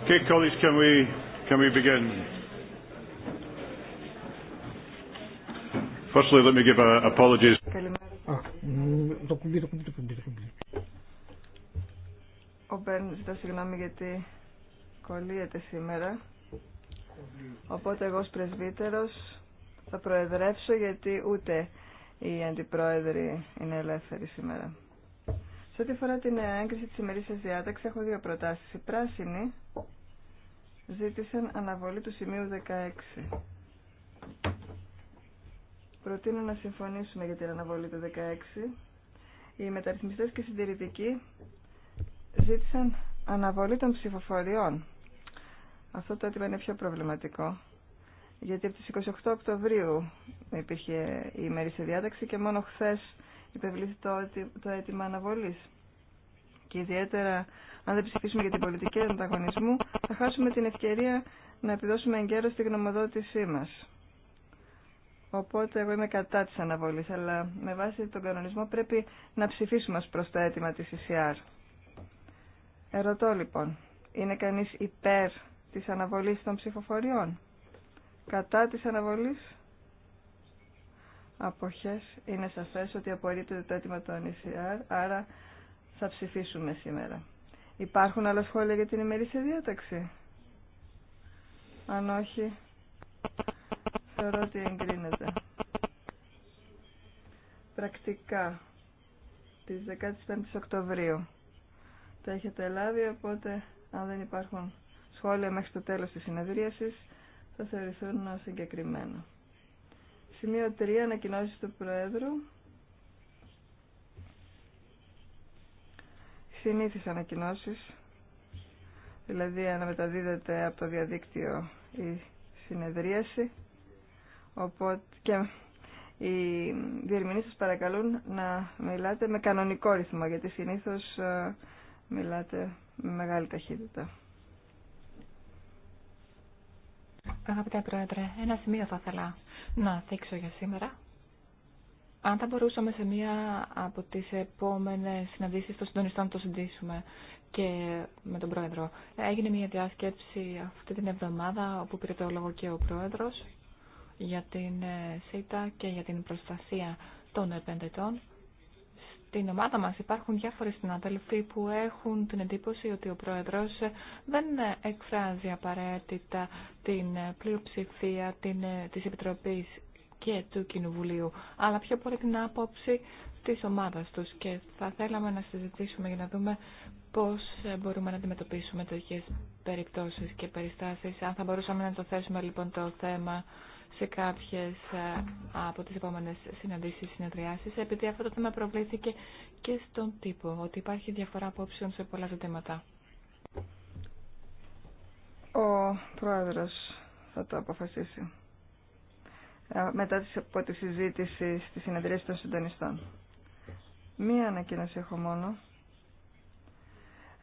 Okay, colleagues, can we, can we begin? Firstly, let me give uh apologies. Ο Μπέρν ζητά συγγνώμη γιατί κολλείεται σήμερα. Οπότε εγώ ως πρεσβύτερος θα προεδρεύσω γιατί ούτε οι αντιπρόεδροι είναι ελεύθεροι σήμερα. Σε ό,τι αφορά την έγκριση της ημερήσιας διάταξης, έχω δύο προτάσεις. Οι πράσινοι ζήτησαν αναβολή του σημείου 16. Προτείνω να συμφωνήσουμε για την αναβολή του 16. Οι μεταρρυθμιστές και συντηρητικοί ζήτησαν αναβολή των ψηφοφοριών. Αυτό το έτοιμο είναι πιο προβληματικό. Γιατί από τις 28 Οκτωβρίου υπήρχε η ημερήσια διάταξη και μόνο χθε υπευλήθη το, το αίτημα αναβολής και ιδιαίτερα αν δεν ψηφίσουμε για την πολιτική ανταγωνισμού, θα χάσουμε την ευκαιρία να επιδώσουμε εγκαίρως τη γνωμοδότησή μας. Οπότε εγώ είμαι κατά της αναβολής, αλλά με βάση τον κανονισμό πρέπει να ψηφίσουμε προ προς το αίτημα της ECR. Ερωτώ λοιπόν, είναι κανείς υπέρ της αναβολής των ψηφοφοριών. Κατά της αναβολής αποχές είναι σαφές ότι απορρίπτεται το αίτημα των ECR, άρα θα ψηφίσουμε σήμερα. Υπάρχουν άλλα σχόλια για την ημερήσια διάταξη. Αν όχι, θεωρώ ότι εγκρίνεται. Πρακτικά, της 15ης Οκτωβρίου. Τα έχετε λάβει, οπότε αν δεν υπάρχουν σχόλια μέχρι το τέλος της συνεδρίασης, θα θεωρηθούν συγκεκριμένα. Σημείο 3, ανακοινώσεις του Προέδρου. συνήθεις ανακοινώσεις, δηλαδή αναμεταδίδεται από το διαδίκτυο η συνεδρίαση οπότε και οι διερμηνείς σας παρακαλούν να μιλάτε με κανονικό ρυθμό γιατί συνήθως ε, μιλάτε με μεγάλη ταχύτητα. Αγαπητέ Πρόεδρε, ένα σημείο θα ήθελα να δείξω για σήμερα αν θα μπορούσαμε σε μία από τις επόμενες συναντήσεις των συντονιστών να το συντήσουμε και με τον Πρόεδρο. Έγινε μία διάσκεψη αυτή την εβδομάδα όπου πήρε το λόγο και ο Πρόεδρος για την ε, ΣΥΤΑ και για την προστασία των επενδυτών. Στην ομάδα μας υπάρχουν διάφοροι συναδελφοί που έχουν την εντύπωση ότι ο Πρόεδρος δεν εκφράζει απαραίτητα την πλειοψηφία ε, της Επιτροπής και του Κοινοβουλίου, αλλά πιο πολύ την άποψη της ομάδας τους και θα θέλαμε να συζητήσουμε για να δούμε πώς μπορούμε να αντιμετωπίσουμε τέτοιες περιπτώσεις και περιστάσεις. Αν θα μπορούσαμε να το θέσουμε λοιπόν το θέμα σε κάποιες ε, από τις επόμενες συναντήσεις, συνεδριάσεις, επειδή αυτό το θέμα προβλήθηκε και στον τύπο, ότι υπάρχει διαφορά απόψεων σε πολλά ζητήματα. Ο Πρόεδρος θα το αποφασίσει. Ε, μετά από τη συζήτηση στη συνεδρίαση των συντονιστών. Μία ανακοίνωση έχω μόνο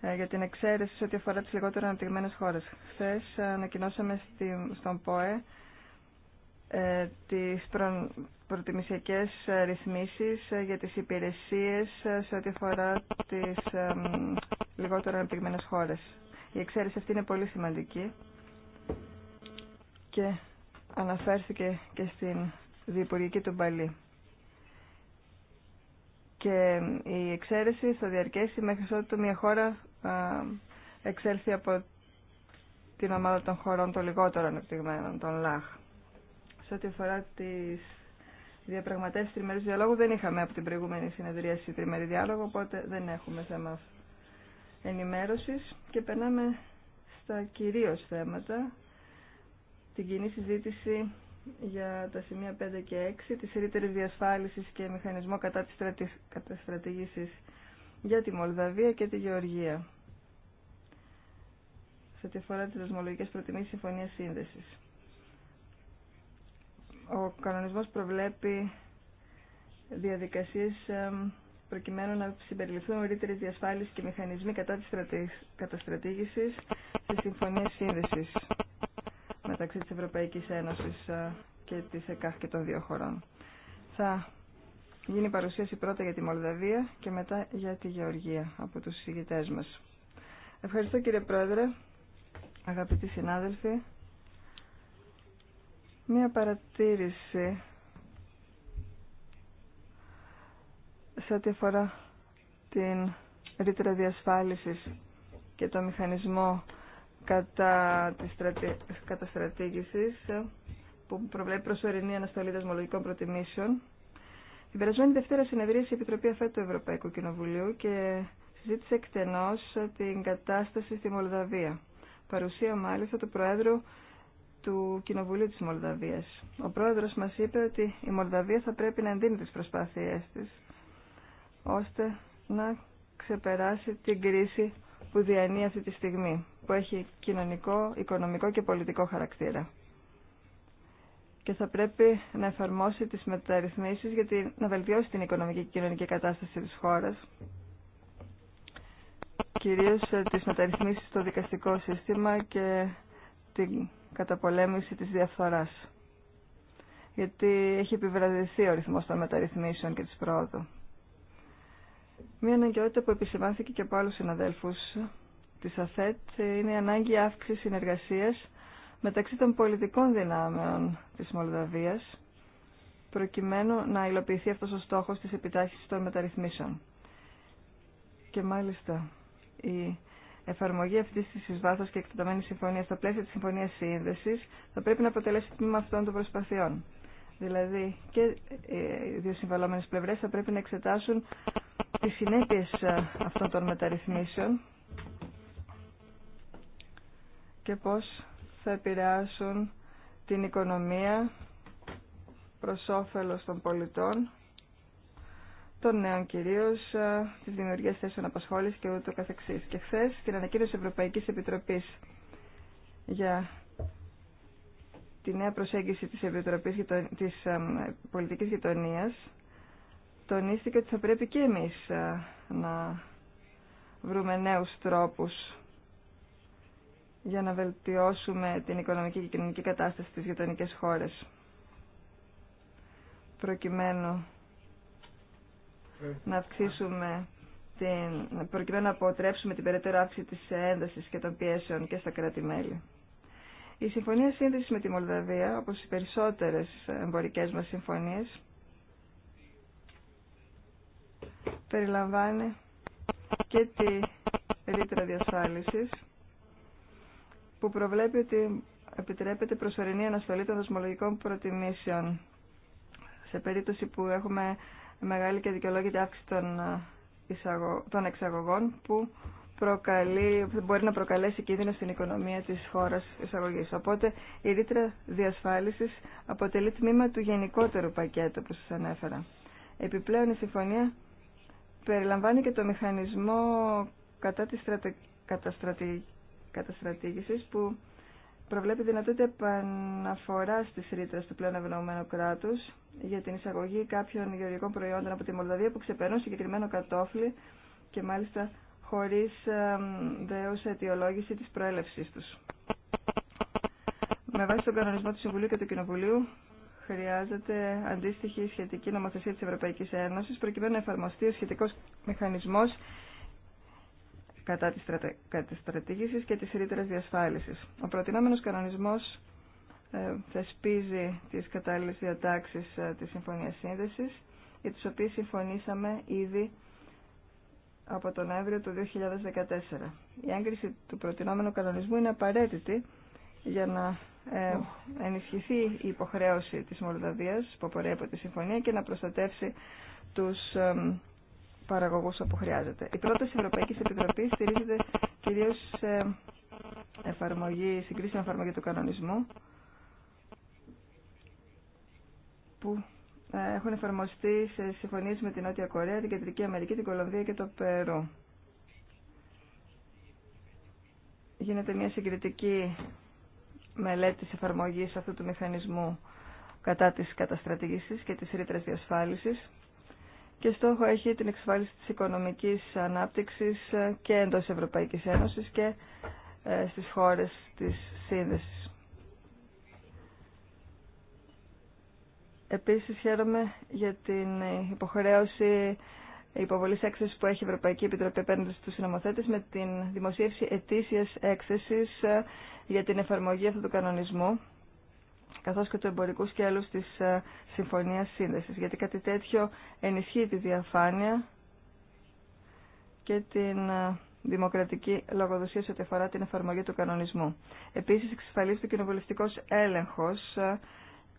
ε, για την εξαίρεση σε ό,τι αφορά τις λιγότερο αναπτυγμένες χώρες. Χθε ανακοινώσαμε στον ΠΟΕ ε, τις προ, προτιμησιακές ρυθμίσεις ε, για τις υπηρεσίες σε ό,τι αφορά τις λιγότερο αναπτυγμένες χώρες. Η εξαίρεση αυτή είναι πολύ σημαντική και αναφέρθηκε και στην Διευπουργική του Μπαλή. Και η εξαίρεση θα διαρκέσει μέχρι ότου μια χώρα εξέλθει από την ομάδα των χωρών των λιγότερων ανεπτυγμένων, των ΛΑΧ. Σε ό,τι αφορά τι διαπραγματεύσει τριμερούς διαλόγου δεν είχαμε από την προηγούμενη συνεδρίαση τριμερή διάλογο, οπότε δεν έχουμε θέμα ενημέρωση. και περνάμε στα κυρίω θέματα την κοινή συζήτηση για τα σημεία 5 και 6, τη ρήτερης διασφάλισης και μηχανισμό κατά της στρατη... για τη Μολδαβία και τη Γεωργία. Σε ό,τι αφορά τις προτιμής συμφωνίας συμφωνία σύνδεση. Ο κανονισμός προβλέπει διαδικασίες προκειμένου να συμπεριληφθούν ρήτερη διασφάλιση και μηχανισμοί κατά της στρατη... της τη συμφωνία μεταξύ της Ευρωπαϊκής Ένωσης ε, και της ΕΚΑΧ και των δύο χωρών. Θα γίνει παρουσίαση πρώτα για τη Μολδαβία και μετά για τη Γεωργία από τους συζητητές μας. Ευχαριστώ κύριε Πρόεδρε, αγαπητοί συνάδελφοι. Μία παρατήρηση σε ό,τι αφορά την ρήτρα διασφάλισης και το μηχανισμό κατά τη στρατη... καταστρατήγησης που προβλέπει προσωρινή αναστολή δασμολογικών προτιμήσεων. Την περασμένη Δευτέρα συνεδρίασε η Επιτροπή ΑΦΕ του Ευρωπαϊκού Κοινοβουλίου και συζήτησε εκτενώς την κατάσταση στη Μολδαβία. Παρουσία μάλιστα του Προέδρου του Κοινοβουλίου της Μολδαβίας. Ο Πρόεδρος μας είπε ότι η Μολδαβία θα πρέπει να εντείνει τις προσπάθειές της ώστε να ξεπεράσει την κρίση που διανύει αυτή τη στιγμή, που έχει κοινωνικό, οικονομικό και πολιτικό χαρακτήρα. Και θα πρέπει να εφαρμόσει τις μεταρρυθμίσεις για να βελτιώσει την οικονομική και κοινωνική κατάσταση της χώρας, κυρίως ε, τις μεταρρυθμίσεις στο δικαστικό σύστημα και την καταπολέμηση της διαφθοράς. Γιατί έχει επιβραδυθεί ο ρυθμός των μεταρρυθμίσεων και της πρόοδου. Μία αναγκαιότητα που επισημάνθηκε και από άλλου συναδέλφου τη ΑΘΕΤ είναι η ανάγκη αύξηση συνεργασία μεταξύ των πολιτικών δυνάμεων τη Μολδαβία, προκειμένου να υλοποιηθεί αυτός ο στόχος της επιτάχυσης των μεταρρυθμίσεων. Και μάλιστα η εφαρμογή αυτή τη εισβάθος και εκτεταμένη συμφωνία, στα πλαίσια τη συμφωνία σύνδεση θα πρέπει να αποτελέσει τμήμα αυτών των προσπαθειών. Δηλαδή και οι δύο συμβαλόμενε πλευρέ θα πρέπει να εξετάσουν τις συνέπειες ε, αυτών των μεταρρυθμίσεων και πώς θα επηρεάσουν την οικονομία προς όφελος των πολιτών, των νέων κυρίως, ε, τη δημιουργίας θέσεων Απασχόληση και ούτω καθεξής. Και χθε την ανακοίνωση Ευρωπαϊκής Επιτροπής για τη νέα προσέγγιση της Επιτροπής της ε, Πολιτικής Γειτονίας τονίστηκε ότι θα πρέπει και εμείς ε, να βρούμε νέους τρόπους για να βελτιώσουμε την οικονομική και κοινωνική κατάσταση στις γειτονικές χώρες προκειμένου ε. να αυξήσουμε την, προκειμένου να αποτρέψουμε την περαιτέρω αύξηση της έντασης και των πιέσεων και στα κράτη-μέλη. Η συμφωνία σύνδεσης με τη Μολδαβία, όπως οι περισσότερες εμπορικές μας συμφωνίες, περιλαμβάνει και τη ρήτρα διασφάλισης που προβλέπει ότι επιτρέπεται προσωρινή αναστολή των δοσμολογικών προτιμήσεων σε περίπτωση που έχουμε μεγάλη και δικαιολόγητη αύξηση ε, των, εξαγωγών που προκαλεί, μπορεί να προκαλέσει κίνδυνο στην οικονομία της χώρας εισαγωγής. Οπότε η ρήτρα διασφάλισης αποτελεί τμήμα του γενικότερου πακέτου που σας ανέφερα. Επιπλέον η συμφωνία περιλαμβάνει και το μηχανισμό κατά της στρατε... καταστρατήγησης που προβλέπει δυνατότητα επαναφορά τη ρήτρα του πλέον ευνοωμένου κράτου για την εισαγωγή κάποιων γεωργικών προϊόντων από τη Μολδαβία που ξεπερνούν συγκεκριμένο κατόφλι και μάλιστα χωρί δέους αιτιολόγηση τη προέλευσή του. Με βάση τον κανονισμό του Συμβουλίου και του Κοινοβουλίου, χρειάζεται αντίστοιχη σχετική νομοθεσία της Ευρωπαϊκής Ένωσης προκειμένου να εφαρμοστεί ο σχετικός μηχανισμός κατά της, και της ρήτρας διασφάλισης. Ο προτινόμενος κανονισμός ε, θεσπίζει τις κατάλληλες διατάξεις ε, της Συμφωνίας Σύνδεσης για τις οποίες συμφωνήσαμε ήδη από τον Νοέμβριο του 2014. Η έγκριση του προτινόμενου κανονισμού είναι απαραίτητη για να ε, ενισχυθεί η υποχρέωση της Μολδαβίας που απορρέει από τη συμφωνία και να προστατεύσει τους ε, παραγωγούς όπου χρειάζεται. Η πρόταση Ευρωπαϊκή Επιτροπής στηρίζεται κυρίως σε εφαρμογή, συγκρίσιμη εφαρμογή του κανονισμού που ε, έχουν εφαρμοστεί σε συμφωνίες με την Νότια Κορέα, την Κεντρική Αμερική, την Κολομβία και το Περού. Γίνεται μια συγκριτική μελέτης εφαρμογής αυτού του μηχανισμού κατά της καταστρατήγησης και της ρήτρας διασφάλισης και στόχο έχει την εξασφάλιση της οικονομικής ανάπτυξης και εντός Ευρωπαϊκής Ένωσης και ε, στις χώρες της σύνδεσης. Επίσης χαίρομαι για την υποχρέωση υποβολή έκθεσης που έχει η Ευρωπαϊκή Επιτροπή απέναντι στου συναμοθέτης με την δημοσίευση ετήσια έκθεση ε, για την εφαρμογή αυτού του κανονισμού καθώς και του εμπορικού σκέλου της ε, Συμφωνίας Σύνδεσης, γιατί κάτι τέτοιο ενισχύει τη διαφάνεια και την ε, δημοκρατική λογοδοσία σε ό,τι αφορά την εφαρμογή του κανονισμού. Επίση, εξασφαλίζει το κοινοβουλευτικό έλεγχο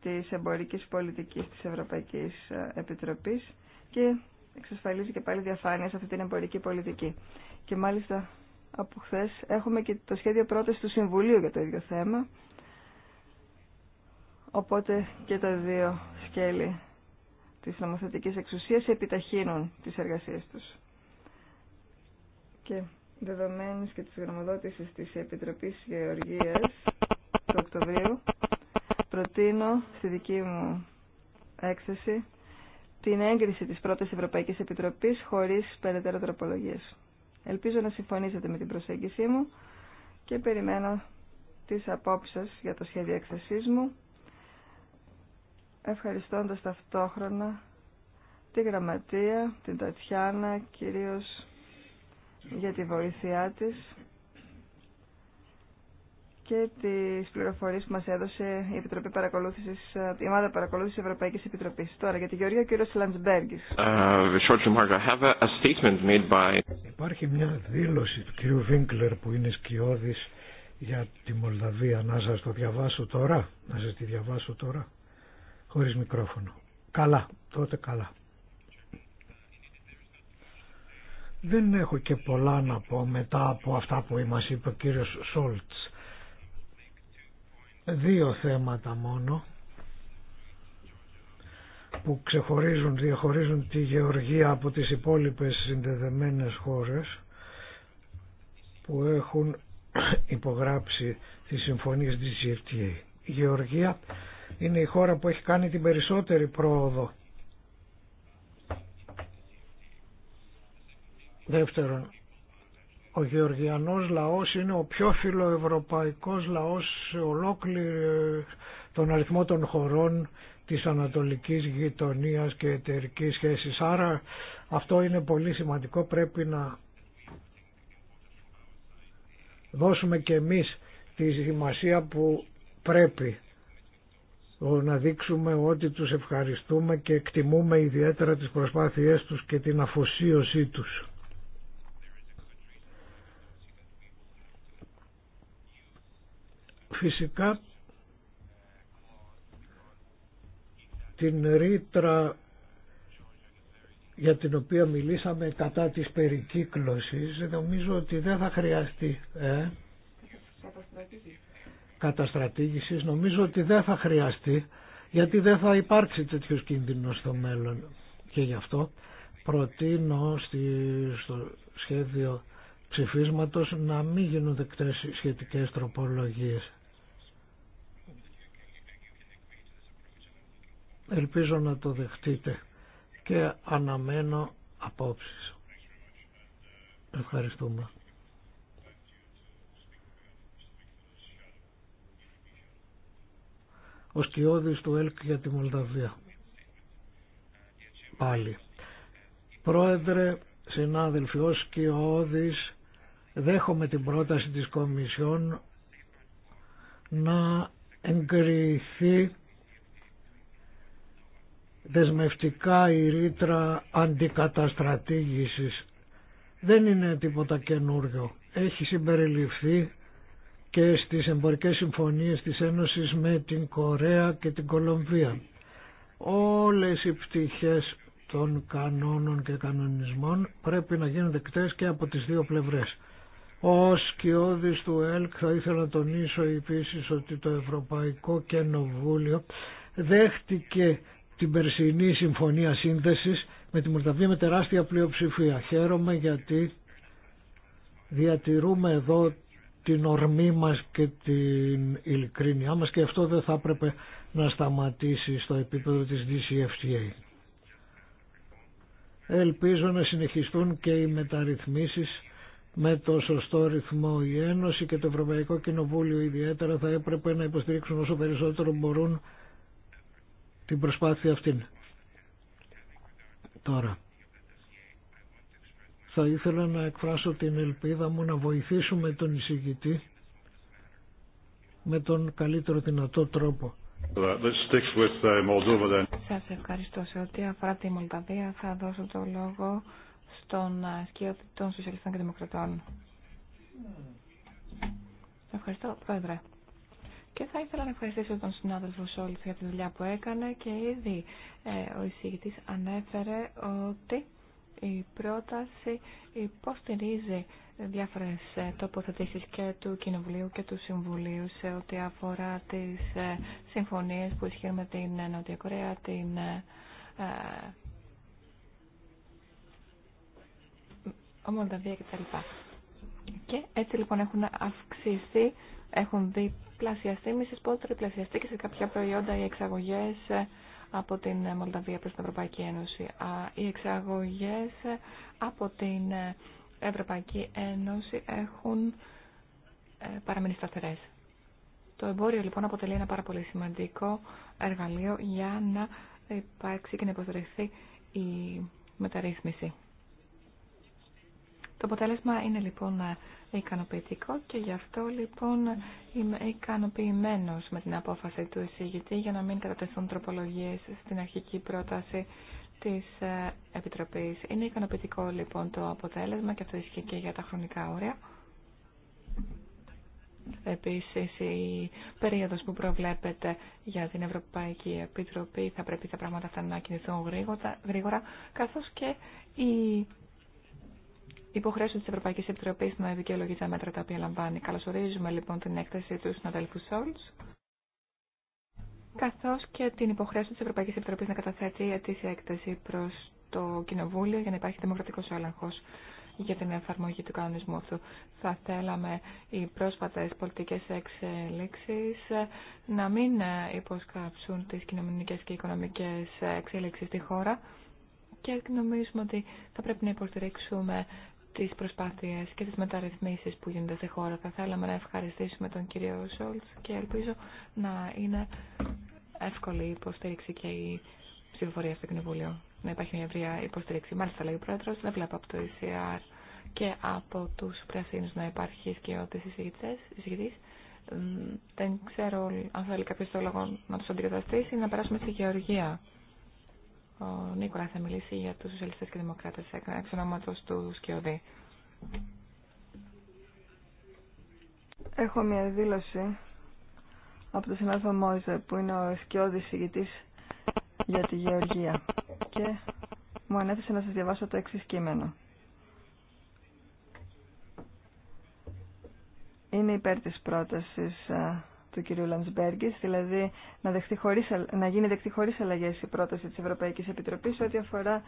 τη εμπορική πολιτική τη Ευρωπαϊκή Επιτροπή και εξασφαλίζει και πάλι διαφάνεια σε αυτή την εμπορική πολιτική. Και μάλιστα από χθε έχουμε και το σχέδιο πρόταση του Συμβουλίου για το ίδιο θέμα. Οπότε και τα δύο σκέλη τη νομοθετική εξουσία επιταχύνουν τις εργασίες τους. Και δεδομένης και της γνωμοδότησης της Επιτροπής Γεωργίας του Οκτωβρίου, προτείνω στη δική μου έκθεση την έγκριση της πρώτης Ευρωπαϊκής Επιτροπής χωρίς περαιτέρω τροπολογίες. Ελπίζω να συμφωνήσετε με την προσέγγιση μου και περιμένω τις απόψεις για το σχέδιο εξασίσμου, μου, ευχαριστώντας ταυτόχρονα τη Γραμματεία, την Τατιάνα, κυρίως για τη βοήθειά της και τι πληροφορίε που μας έδωσε η Επιτροπή Παρακολούθησης, η Ομάδα Παρακολούθηση Ευρωπαϊκής Επιτροπής. Τώρα για τη Γεωργία, ο κύριος Λαντσμπέργκη. Ε, Υπάρχει μια δήλωση του κύριου Βίνκλερ που είναι σκιώδη για τη Μολδαβία. Να σα το διαβάσω τώρα, να σας τη διαβάσω τώρα, χωρί μικρόφωνο. Καλά, τότε καλά. Δεν έχω και πολλά να πω μετά από αυτά που μας είπε ο κύριος Σόλτς δύο θέματα μόνο που ξεχωρίζουν, διαχωρίζουν τη γεωργία από τις υπόλοιπες συνδεδεμένες χώρες που έχουν υπογράψει τις συμφωνίες GFTA. Η Γεωργία είναι η χώρα που έχει κάνει την περισσότερη πρόοδο. Δεύτερον, ο γεωργιανός λαός είναι ο πιο φιλοευρωπαϊκός λαός σε ολόκληρο ε, τον αριθμό των χωρών της ανατολικής γειτονίας και εταιρικής σχέσης. Άρα αυτό είναι πολύ σημαντικό, πρέπει να δώσουμε και εμείς τη σημασία που πρέπει να δείξουμε ότι τους ευχαριστούμε και εκτιμούμε ιδιαίτερα τις προσπάθειές τους και την αφοσίωσή τους. Φυσικά την ρήτρα για την οποία μιλήσαμε κατά της περικύκλωσης νομίζω ότι δεν θα χρειαστεί ε? νομίζω ότι δεν θα χρειαστεί γιατί δεν θα υπάρξει τέτοιος κίνδυνος στο μέλλον και γι' αυτό προτείνω στο σχέδιο ψηφίσματος να μην γίνουν δεκτές σχετικές τροπολογίες Ελπίζω να το δεχτείτε και αναμένω απόψεις. Ευχαριστούμε. Ο Σκιώδης του ΕΛΚ για τη Μολδαβία. Πάλι. Πρόεδρε, συνάδελφοι, ο Σκιώδης δέχομαι την πρόταση της Κομισιόν να εγκριθεί δεσμευτικά η ρήτρα αντικαταστρατήγησης δεν είναι τίποτα καινούριο. Έχει συμπεριληφθεί και στις εμπορικές συμφωνίες της Ένωσης με την Κορέα και την Κολομβία. Όλες οι πτυχές των κανόνων και κανονισμών πρέπει να γίνονται εκτές και από τις δύο πλευρές. Ο σκιώδης του ΕΛΚ θα ήθελα να τονίσω επίσης ότι το Ευρωπαϊκό Κενοβούλιο δέχτηκε την περσινή συμφωνία σύνδεσης με τη Μολδαβία με τεράστια πλειοψηφία. Χαίρομαι γιατί διατηρούμε εδώ την ορμή μας και την ειλικρίνειά μας και αυτό δεν θα έπρεπε να σταματήσει στο επίπεδο της DCFTA. Ελπίζω να συνεχιστούν και οι μεταρρυθμίσεις με το σωστό ρυθμό η Ένωση και το Ευρωπαϊκό Κοινοβούλιο ιδιαίτερα θα έπρεπε να υποστηρίξουν όσο περισσότερο μπορούν την προσπάθεια αυτήν. Τώρα, θα ήθελα να εκφράσω την ελπίδα μου να βοηθήσουμε τον εισηγητή με τον καλύτερο δυνατό τρόπο. Uh, Σα ευχαριστώ. Σε ό,τι αφορά τη Μολδαβία θα δώσω το λόγο στον αρχείο των Σοσιαλιστών και Δημοκρατών. ευχαριστώ, Πρόεδρε. Και θα ήθελα να ευχαριστήσω τον συνάδελφο Σόλτ για τη δουλειά που έκανε και ήδη ε, ο εισηγητή ανέφερε ότι η πρόταση υποστηρίζει διάφορες ε, τοποθετήσει και του Κοινοβουλίου και του Συμβουλίου σε ό,τι αφορά τις ε, συμφωνίε που ισχύουν με την Νότια Κορέα, την τα κτλ. Και έτσι λοιπόν έχουν αυξηθεί, έχουν δει πλασιαστεί, μη σας πω και σε κάποια προϊόντα οι εξαγωγές ε, από την ε, Μολδαβία προς την Ευρωπαϊκή Ένωση. Οι εξαγωγές ε, από την Ευρωπαϊκή Ένωση έχουν παραμείνει σταθερές. Το εμπόριο λοιπόν αποτελεί ένα πάρα πολύ σημαντικό εργαλείο για να υπάρξει και να υποστηριχθεί η μεταρρύθμιση. Το αποτέλεσμα είναι λοιπόν ικανοποιητικό και γι' αυτό λοιπόν είμαι ικανοποιημένο με την απόφαση του εισηγητή για να μην κατατεθούν τροπολογίε στην αρχική πρόταση τη ε, Επιτροπή. Είναι ικανοποιητικό λοιπόν το αποτέλεσμα και αυτό ισχύει και για τα χρονικά όρια. Επίσης, η περίοδος που προβλέπεται για την Ευρωπαϊκή Επιτροπή θα πρέπει τα πράγματα αυτά να κινηθούν γρήγορα, καθώς και η υποχρέωση τη Ευρωπαϊκή Επιτροπή να δικαιολογεί τα μέτρα τα οποία λαμβάνει. Καλωσορίζουμε λοιπόν την έκθεση του συναδέλφου Σόλτ, καθώ και την υποχρέωση τη Ευρωπαϊκή Επιτροπή να καταθέτει αιτήσια έκθεση προ το Κοινοβούλιο για να υπάρχει δημοκρατικό έλεγχο για την εφαρμογή του κανονισμού αυτού. Θα θέλαμε οι πρόσφατες πολιτικές εξελίξεις να μην υποσκάψουν τις κοινωνικές και οικονομικές εξέλιξει στη χώρα και νομίζουμε ότι θα πρέπει να υποστηρίξουμε τις προσπάθειες και τις μεταρρυθμίσεις που γίνονται στη χώρα. Θα θέλαμε να ευχαριστήσουμε τον κύριο Σόλτς και ελπίζω να είναι εύκολη η υποστήριξη και η ψηφοφορία στο Κοινοβούλιο. Να υπάρχει μια ευρεία υποστήριξη. Μάλιστα, λέει ο πρόεδρο, δεν βλέπω από το ECR και από τους πρασίνους να υπάρχει και ότι Δεν ξέρω αν θέλει κάποιο το λόγο να του αντικαταστήσει, να περάσουμε στη Γεωργία. Ο Νίκολα θα μιλήσει για τους σοσιαλιστές και δημοκράτες εξ ονόματος του Σκιωδή. Έχω μια δήλωση από τον συνάδελφο Μόιζε που είναι ο σκιώδης ηγητής για τη Γεωργία και μου ανέθεσε να σας διαβάσω το εξής κείμενο. Είναι υπέρ της πρότασης ε, του κ. Λαντσμπέργκη, δηλαδή να, να γίνει δεκτή χωρί αλλαγέ η πρόταση τη Ευρωπαϊκή Επιτροπή ό,τι αφορά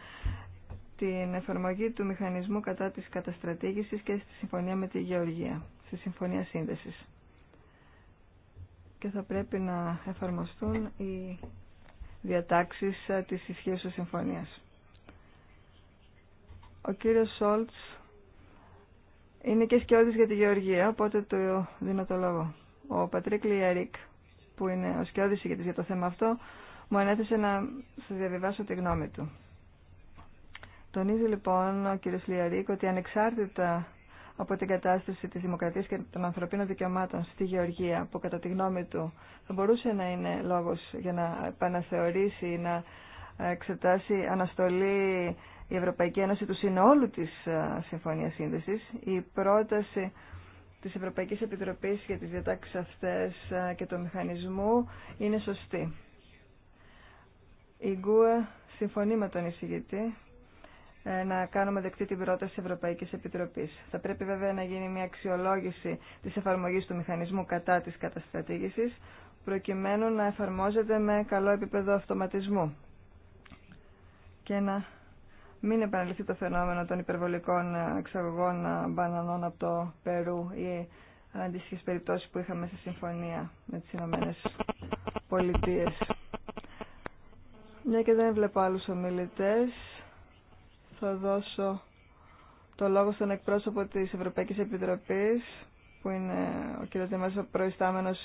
την εφαρμογή του μηχανισμού κατά της καταστρατήγηση και στη συμφωνία με τη Γεωργία, στη συμφωνία σύνδεση. Και θα πρέπει να εφαρμοστούν οι διατάξεις της ισχύωσης συμφωνίας. Ο κύριος Σόλτ είναι και σκιώδης για τη Γεωργία, οπότε το δίνω το λόγο. Ο Πατρίκ Λιαρίκ, που είναι ο σκιώδη ηγετής για το θέμα αυτό, μου ανέθεσε να σα διαβιβάσω τη γνώμη του. Τονίζει λοιπόν ο κ. Λιαρίκ ότι ανεξάρτητα από την κατάσταση της δημοκρατίας και των ανθρωπίνων δικαιωμάτων στη Γεωργία, που κατά τη γνώμη του θα μπορούσε να είναι λόγος για να επαναθεωρήσει ή να εξετάσει αναστολή η Ευρωπαϊκή Ένωση του συνόλου της ε, Συμφωνίας Σύνδεσης. Η πρόταση της Ευρωπαϊκής Επιτροπής για τις διατάξεις αυτές και του μηχανισμού είναι σωστή. Η ΓΚΟΕ συμφωνεί με τον εισηγητή ε, να κάνουμε δεκτή την πρόταση της Ευρωπαϊκής Επιτροπής. Θα πρέπει βέβαια να γίνει μια αξιολόγηση της εφαρμογής του μηχανισμού κατά της καταστρατήγησης, προκειμένου να εφαρμόζεται με καλό επίπεδο αυτοματισμού και να μην επαναληφθεί το φαινόμενο των υπερβολικών ε, εξαγωγών ε, μπανανών από το Περού ή αντίστοιχε περιπτώσει που είχαμε σε συμφωνία με τι Ηνωμένε Πολιτείε. Μια και δεν βλέπω άλλου ομιλητέ, θα δώσω το λόγο στον εκπρόσωπο της Ευρωπαϊκής Επιτροπής, που είναι ο κ. ο προϊστάμενος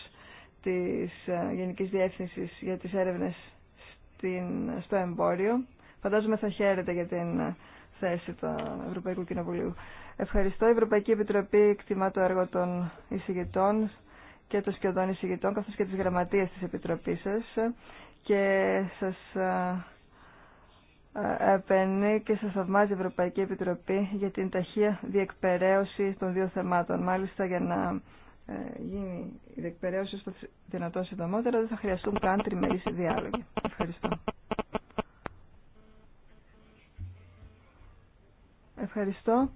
της ε, Γενικής Διεύθυνσης για τις έρευνες στην, στο εμπόριο, Φαντάζομαι θα χαίρετε για την ε, θέση του Ευρωπαϊκού Κοινοβουλίου. Ευχαριστώ. Η Ευρωπαϊκή Επιτροπή εκτιμά το έργο των εισηγητών και των σκιωδών εισηγητών, καθώ και τις γραμματείες τη Επιτροπή σα, και σα ε, ε, επενεί και σας θαυμάζει η Ευρωπαϊκή Επιτροπή για την ταχεία διεκπαιρέωση των δύο θεμάτων. Μάλιστα για να γίνει η διεκπαιρέωση στο δυνατόν συντομότερα δεν θα χρειαστούν καν τριμερείς διάλογοι. Ευχαριστώ. Ευχαριστώ.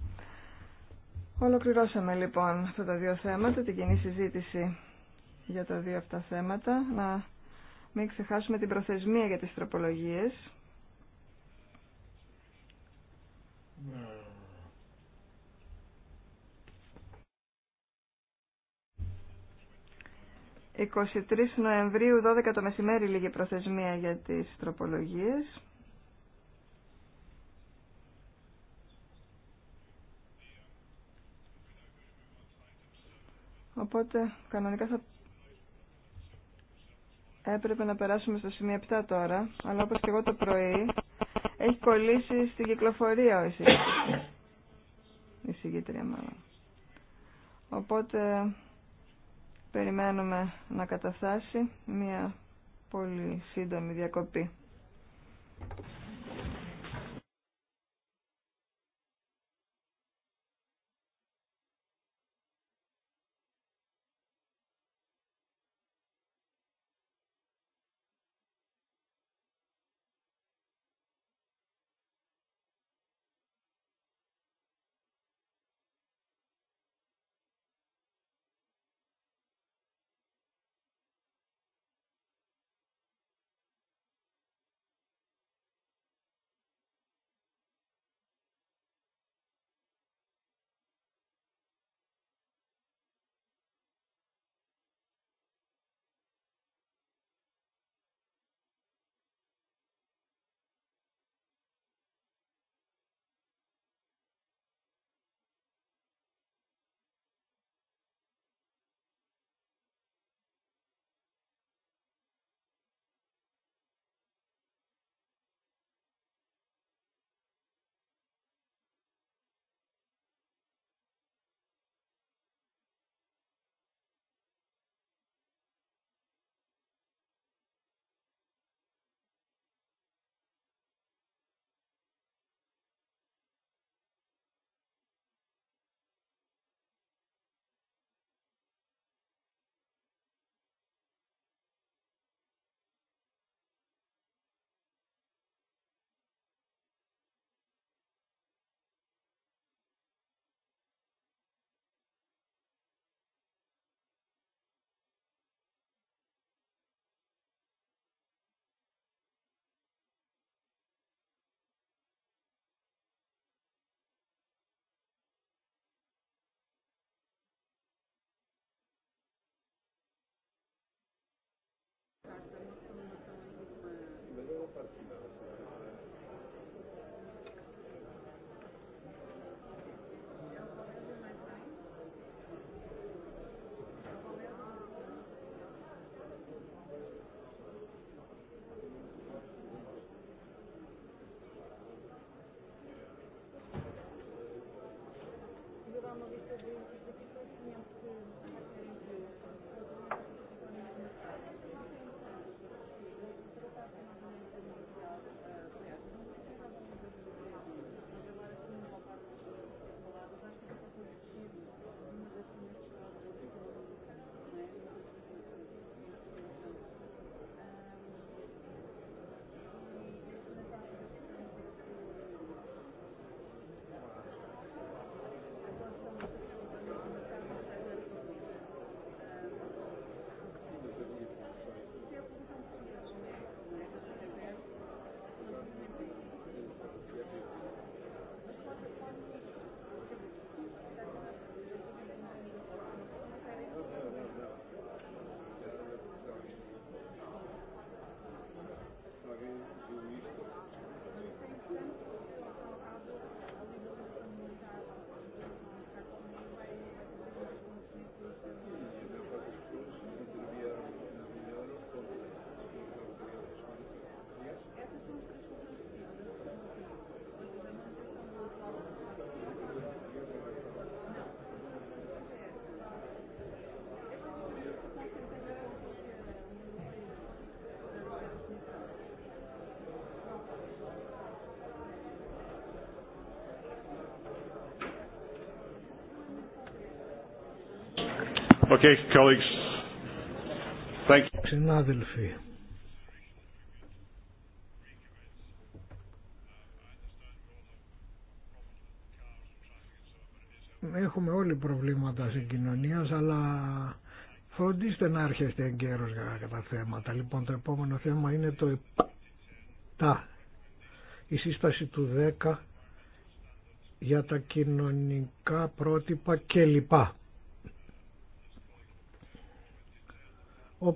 Ολοκληρώσαμε λοιπόν αυτά τα δύο θέματα, την κοινή συζήτηση για τα δύο αυτά θέματα. Να μην ξεχάσουμε την προθεσμία για τις τροπολογίες. 23 Νοεμβρίου, 12 το μεσημέρι, λίγη προθεσμία για τις τροπολογίες. Οπότε κανονικά θα έπρεπε να περάσουμε στο σημείο 7 τώρα, αλλά όπως και εγώ το πρωί έχει κολλήσει στην κυκλοφορία ο Η εισηγήτρια Οπότε περιμένουμε να καταφτάσει μια πολύ σύντομη διακοπή. Okay, colleagues. Thank you. Συνάδελφοι. Έχουμε όλοι προβλήματα κοινωνία, αλλά φροντίστε να έρχεστε εγκαίρως για τα θέματα. Λοιπόν, το επόμενο θέμα είναι το τα. Η σύσταση του 10 για τα κοινωνικά πρότυπα κλπ.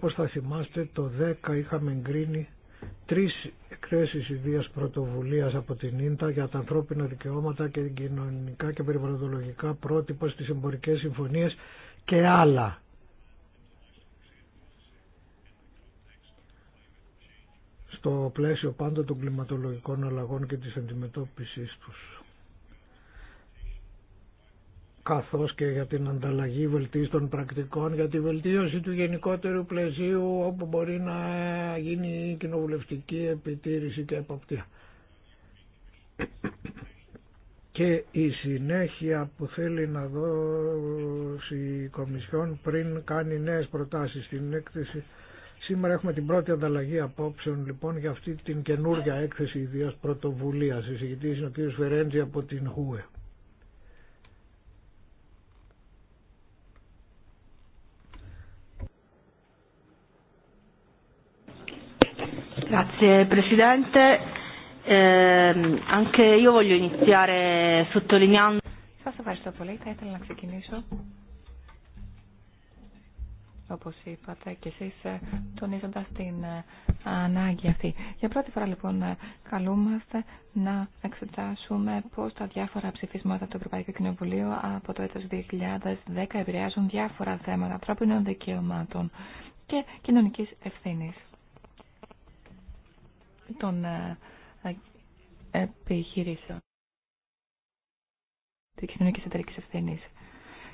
Όπως θα θυμάστε το 10 είχαμε εγκρίνει τρεις εκθέσεις ιδίας πρωτοβουλίας από την ίντα για τα ανθρώπινα δικαιώματα και κοινωνικά και περιβαλλοντολογικά πρότυπα στις εμπορικές συμφωνίες και άλλα. Στο πλαίσιο πάντα των κλιματολογικών αλλαγών και της αντιμετώπισης τους καθώς και για την ανταλλαγή βελτίστων πρακτικών, για τη βελτίωση του γενικότερου πλαισίου όπου μπορεί να γίνει η κοινοβουλευτική επιτήρηση και εποπτεία. Και η συνέχεια που θέλει να δώσει η Κομισιόν πριν κάνει νέες προτάσεις στην έκθεση. Σήμερα έχουμε την πρώτη ανταλλαγή απόψεων λοιπόν για αυτή την καινούργια έκθεση ιδίας πρωτοβουλίας. Εισηγητής είναι ο κ. Φερέντζη από την ΧΟΕ. Grazie Presidente. eh, anche io voglio iniziare sottolineando... Σας ευχαριστώ πολύ. Θα ήθελα να ξεκινήσω. όπω είπατε και εσεί ε, τονίζοντα την ε, ανάγκη αυτή. Για πρώτη φορά λοιπόν ε, καλούμαστε να εξετάσουμε πώ τα διάφορα ψηφίσματα του Ευρωπαϊκού Κοινοβουλίου από το έτος 2010 επηρεάζουν διάφορα θέματα ανθρώπινων δικαιωμάτων και κοινωνική ευθύνη των ε, ε, επιχειρήσεων τη κοινωνική εταιρική ευθύνη.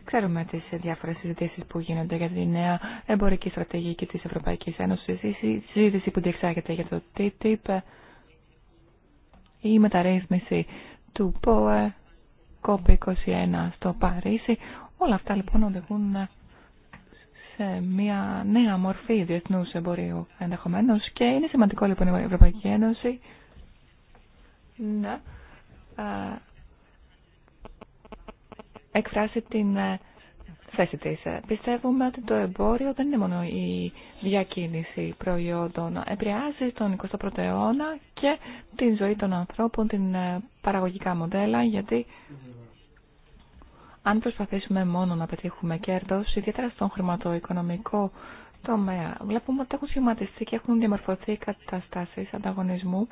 Ξέρουμε τι διάφορε συζητήσει που γίνονται για τη νέα εμπορική στρατηγική τη Ευρωπαϊκή Ένωση, η συζήτηση που διεξάγεται για το TTIP, η μεταρρύθμιση του ΠΟΕ, COP21 στο Παρίσι. Όλα αυτά λοιπόν οδηγούν σε μια νέα μορφή διεθνού εμπορίου ενδεχομένω. και είναι σημαντικό λοιπόν η Ευρωπαϊκή Ένωση να εκφράσει την ε, θέση της. Πιστεύουμε ότι το εμπόριο δεν είναι μόνο η διακίνηση προϊόντων. Επηρεάζει τον 21ο αιώνα και την ζωή των ανθρώπων, την ε, παραγωγικά μοντέλα, γιατί αν προσπαθήσουμε μόνο να πετύχουμε κέρδος, ιδιαίτερα στον χρηματοοικονομικό τομέα, βλέπουμε ότι έχουν σχηματιστεί και έχουν διαμορφωθεί καταστάσει ανταγωνισμού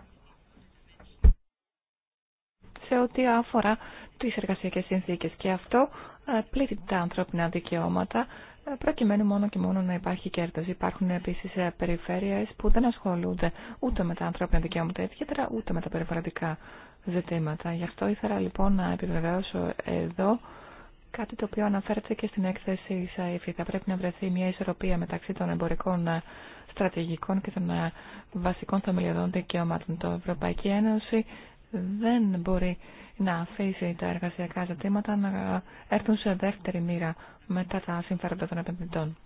σε ό,τι αφορά τις εργασιακές συνθήκες. Και αυτό ε, πλήττει τα ανθρώπινα δικαιώματα, ε, προκειμένου μόνο και μόνο να υπάρχει κέρδος. Υπάρχουν επίσης ε, περιφέρειες που δεν ασχολούνται ούτε με τα ανθρώπινα δικαιώματα, ιδιαίτερα ούτε με τα περιβαλλοντικά ζητήματα. Γι' αυτό ήθελα λοιπόν να επιβεβαιώσω εδώ κάτι το οποίο αναφέρεται και στην έκθεση ΣΑΕΦΗ. Θα πρέπει να βρεθεί μια ισορροπία μεταξύ των εμπορικών ε, στρατηγικών και των ε, βασικών θεμελιωδών δικαιωμάτων. Το Ευρωπαϊκή Ένωση δεν μπορεί να αφήσει τα εργασιακά ζητήματα να ε, έρθουν σε δεύτερη μοίρα μετά τα συμφέροντα των επενδυτών.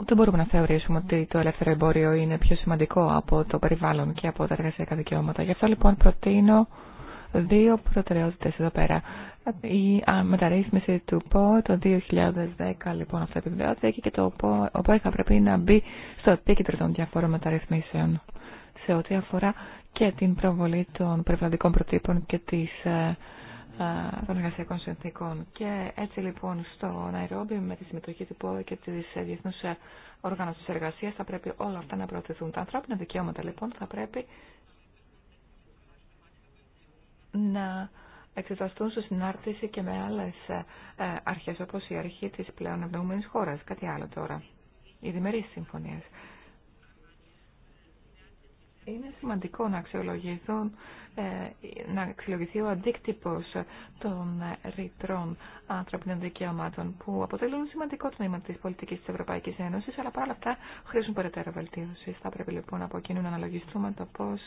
Ούτε μπορούμε να θεωρήσουμε ότι το ελεύθερο εμπόριο είναι πιο σημαντικό από το περιβάλλον και από τα εργασιακά δικαιώματα. Γι' αυτό λοιπόν προτείνω δύο προτεραιότητες εδώ πέρα. Η μεταρρύθμιση του ΠΟ το 2010 λοιπόν αυτό επιβεβαιώθηκε και το ΠΟ, ο ΠΟ θα πρέπει να μπει στο επίκεντρο των διαφόρων μεταρρυθμίσεων σε ό,τι αφορά και την προβολή των περιβαλλοντικών προτύπων και της ε, ε, των εργασιακών συνθήκων. Και έτσι λοιπόν στο Ναϊρόμπι με τη συμμετοχή του ΠΟΕ και τη ε, Διεθνού Οργάνωση Εργασία θα πρέπει όλα αυτά να προωθηθούν. Τα ανθρώπινα δικαιώματα λοιπόν θα πρέπει να εξεταστούν σε συνάρτηση και με άλλες ε, αρχέ, όπως η αρχή της πλέον ευνοούμενης χώρας. Κάτι άλλο τώρα. Οι διμερείς συμφωνίες είναι σημαντικό να, αξιολογηθούν, ε, να αξιολογηθεί ο αντίκτυπος των ρητρών ανθρωπινών δικαιωμάτων που αποτελούν σημαντικό τμήμα της πολιτικής της Ευρωπαϊκής Ένωσης αλλά παράλληλα αυτά χρήσουν περαιτέρω βελτίωση. Θα πρέπει λοιπόν από εκείνου να αναλογιστούμε το πώς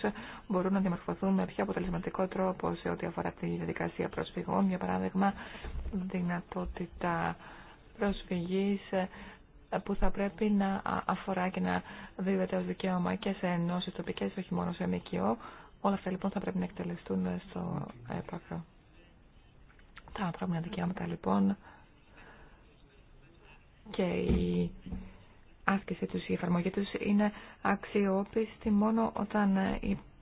μπορούν να διαμορφωθούν με πιο αποτελεσματικό τρόπο σε ό,τι αφορά τη διαδικασία προσφυγών, για παράδειγμα δυνατότητα προσφυγής ε, που θα πρέπει να αφορά και να δίδεται ως δικαίωμα και σε ενώσεις τοπικές, όχι μόνο σε ΜΚΟ. Όλα αυτά λοιπόν θα πρέπει να εκτελεστούν στο έπακρο. Τα ανθρώπινα δικαιώματα λοιπόν και η άσκηση τους, η εφαρμογή τους είναι αξιόπιστη μόνο όταν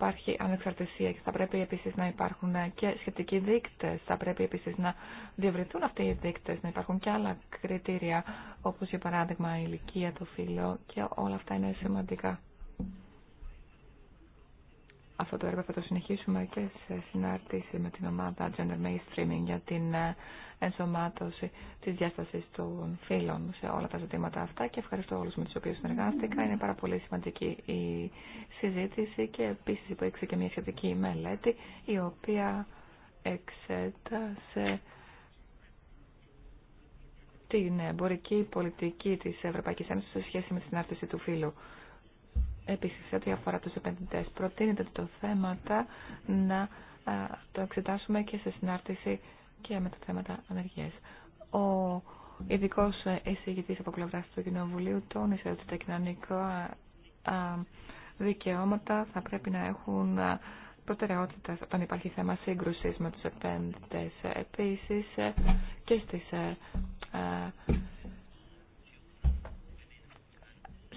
υπάρχει ανεξαρτησία και θα πρέπει επίσης να υπάρχουν και σχετικοί δείκτες. Θα πρέπει επίσης να διευρυνθούν αυτοί οι δείκτες, να υπάρχουν και άλλα κριτήρια, όπως για παράδειγμα η ηλικία, το φύλλο και όλα αυτά είναι σημαντικά. Αυτό το έργο θα το συνεχίσουμε και σε συνάρτηση με την ομάδα Gender Mainstreaming για την ε, ενσωμάτωση της διάστασης των φύλων σε όλα τα ζητήματα αυτά και ευχαριστώ όλους με τους οποίους συνεργάστηκα. Είναι πάρα πολύ σημαντική η συζήτηση και επίσης υπήρξε και μια σχετική μελέτη η οποία εξέτασε την εμπορική πολιτική της Ευρωπαϊκής Ένωσης σε σχέση με την άρτηση του φύλου Επίση, σε ό,τι αφορά του επενδυτές, προτείνεται το θέματα να το εξετάσουμε και σε συνάρτηση και με τα θέματα ανεργία. Ο ειδικό εισηγητή από πλευρά του Κοινοβουλίου τόνισε ότι τα κοινωνικά δικαιώματα θα πρέπει να έχουν προτεραιότητα όταν υπάρχει θέμα σύγκρουση με του επένδυτες. Επίσης ε, και στις ε,